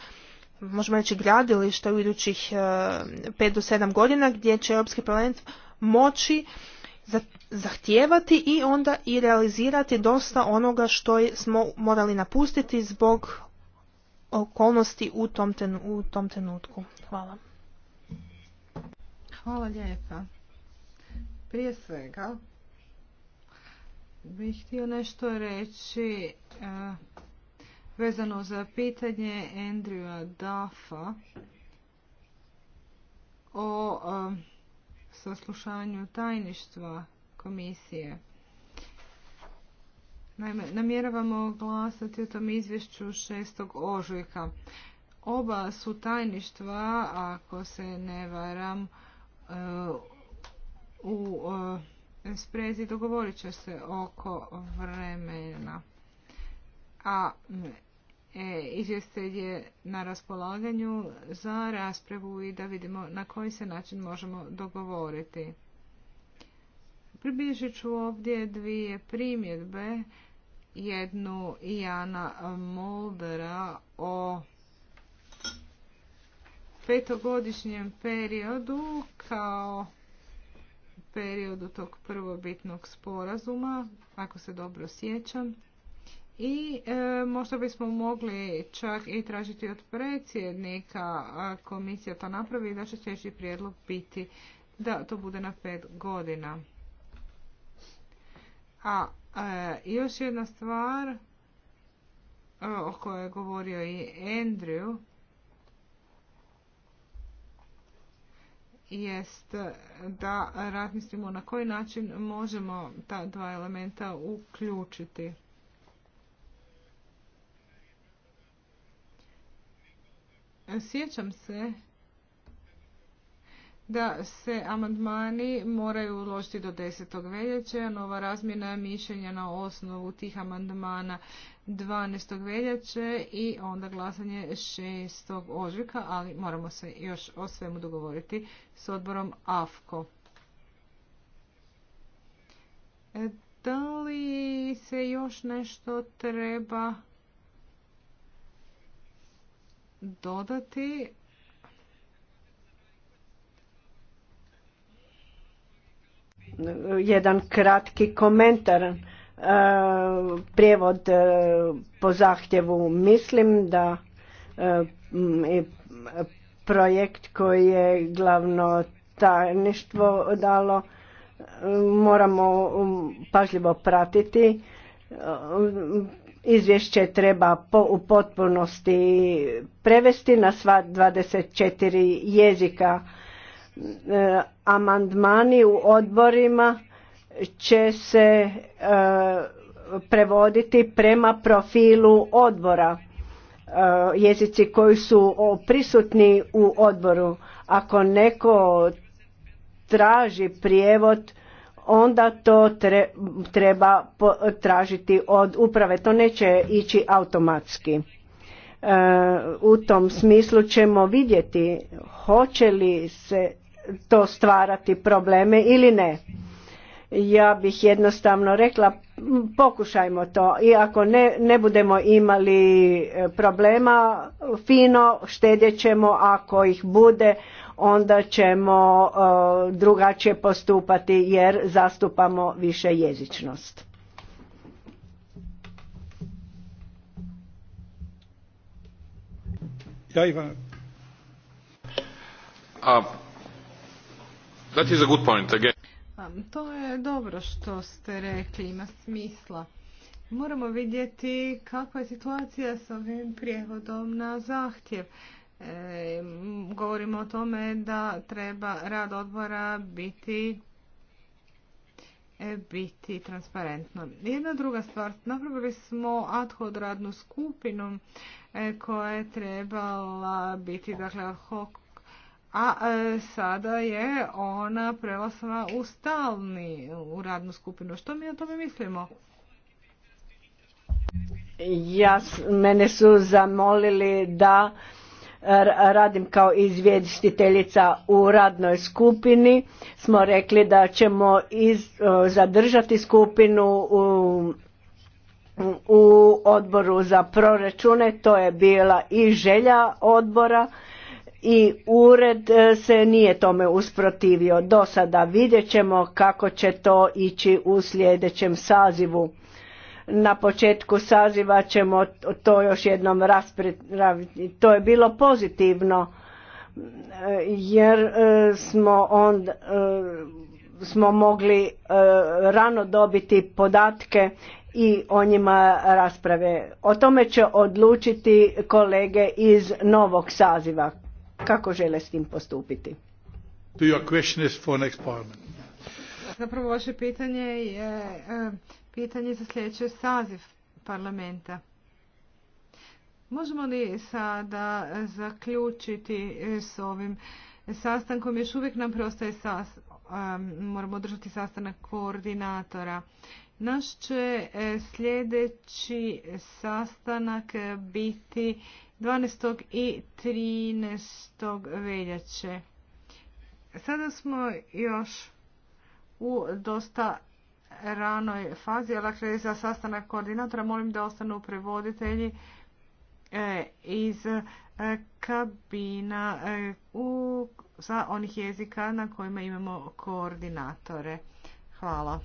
možemo reći gradilišta u idućih 5 eh, do 7 godina gdje će Europski parlament moći zahtijevati i onda i realizirati dosta onoga što smo morali napustiti zbog okolnosti u tom, ten, u tom trenutku. Hvala. Hvala lijepa. Prije svega bih htio nešto reći e, vezano za pitanje Andrewa Dafa o e, saslušanju tajništva komisije. namjeravamo glasati o tom izvješću 6. ožujka. Oba su tajništva, ako se ne varam, e, u e, sprezi dogovorit će se oko vremena. A E, izvjestelj je na raspolaganju za raspravu i da vidimo na koji se način možemo dogovoriti. Približit ću ovdje dvije primjedbe, jednu Jana Moldera o petogodišnjem periodu kao periodu tog prvobitnog sporazuma, ako se dobro sjećam. I e, možda bismo mogli čak i tražiti od predsjednika komisija to napravi i da će sljedeći prijedlog biti da to bude na pet godina. A e, još jedna stvar e, o kojoj je govorio i Andrew jest da razmislimo na koji način možemo ta dva elementa uključiti. Sjećam se da se amandmani moraju uložiti do 10. veljače, nova razmjena mišljenja na osnovu tih amandmana 12. veljače i onda glasanje 6. ožujka, ali moramo se još o svemu dogovoriti s odborom AFKO. E, da li se još nešto treba dodati jedan kratki komentar e, prijevod e, po zahtjevu mislim da e, projekt koji je glavno tajništvo dalo moramo pažljivo pratiti izvješće treba po, u potpunosti prevesti na sva 24 jezika. E, amandmani u odborima će se e, prevoditi prema profilu odbora. E, jezici koji su prisutni u odboru. Ako neko traži prijevod onda to treba tražiti od uprave. To neće ići automatski. E, u tom smislu ćemo vidjeti hoće li se to stvarati probleme ili ne. Ja bih jednostavno rekla pokušajmo to i ako ne, ne budemo imali e, problema fino štedjet ćemo ako ih bude onda ćemo e, drugačije postupati jer zastupamo više jezičnost. Ja Ivan. that is a good point again. To je dobro što ste rekli, ima smisla. Moramo vidjeti kakva je situacija s ovim prijevodom na zahtjev. E, govorimo o tome da treba rad odbora biti e, biti transparentno. Jedna druga stvar, napravili smo ad hoc radnu skupinu e, koja je trebala biti dakle a sada je ona prelasana u stalni u radnu skupinu. Što mi o tome mislimo? Ja, mene su zamolili da radim kao izvjestiteljica u radnoj skupini smo rekli da ćemo zadržati skupinu u, u odboru za proračune to je bila i želja odbora i ured e, se nije tome usprotivio do sada vidjet ćemo kako će to ići u sljedećem sazivu na početku saziva ćemo to još jednom raspraviti. To je bilo pozitivno e, jer e, smo onda e, smo mogli rano dobiti podatke i o njima rasprave. O tome će odlučiti kolege iz novog saziva kako žele s tim postupiti. Zapravo vaše pitanje je pitanje za sljedeći saziv parlamenta. Možemo li sada zaključiti s ovim sastankom? Još uvijek nam prostaje sas, moramo održati sastanak koordinatora. Naš će e, sljedeći sastanak e, biti 12. i 13. veljače. Sada smo još u dosta ranoj fazi, dakle za sastanak koordinatora molim da ostanu prevoditelji e, iz e, kabina e, u, sa onih jezika na kojima imamo koordinatore. Hvala.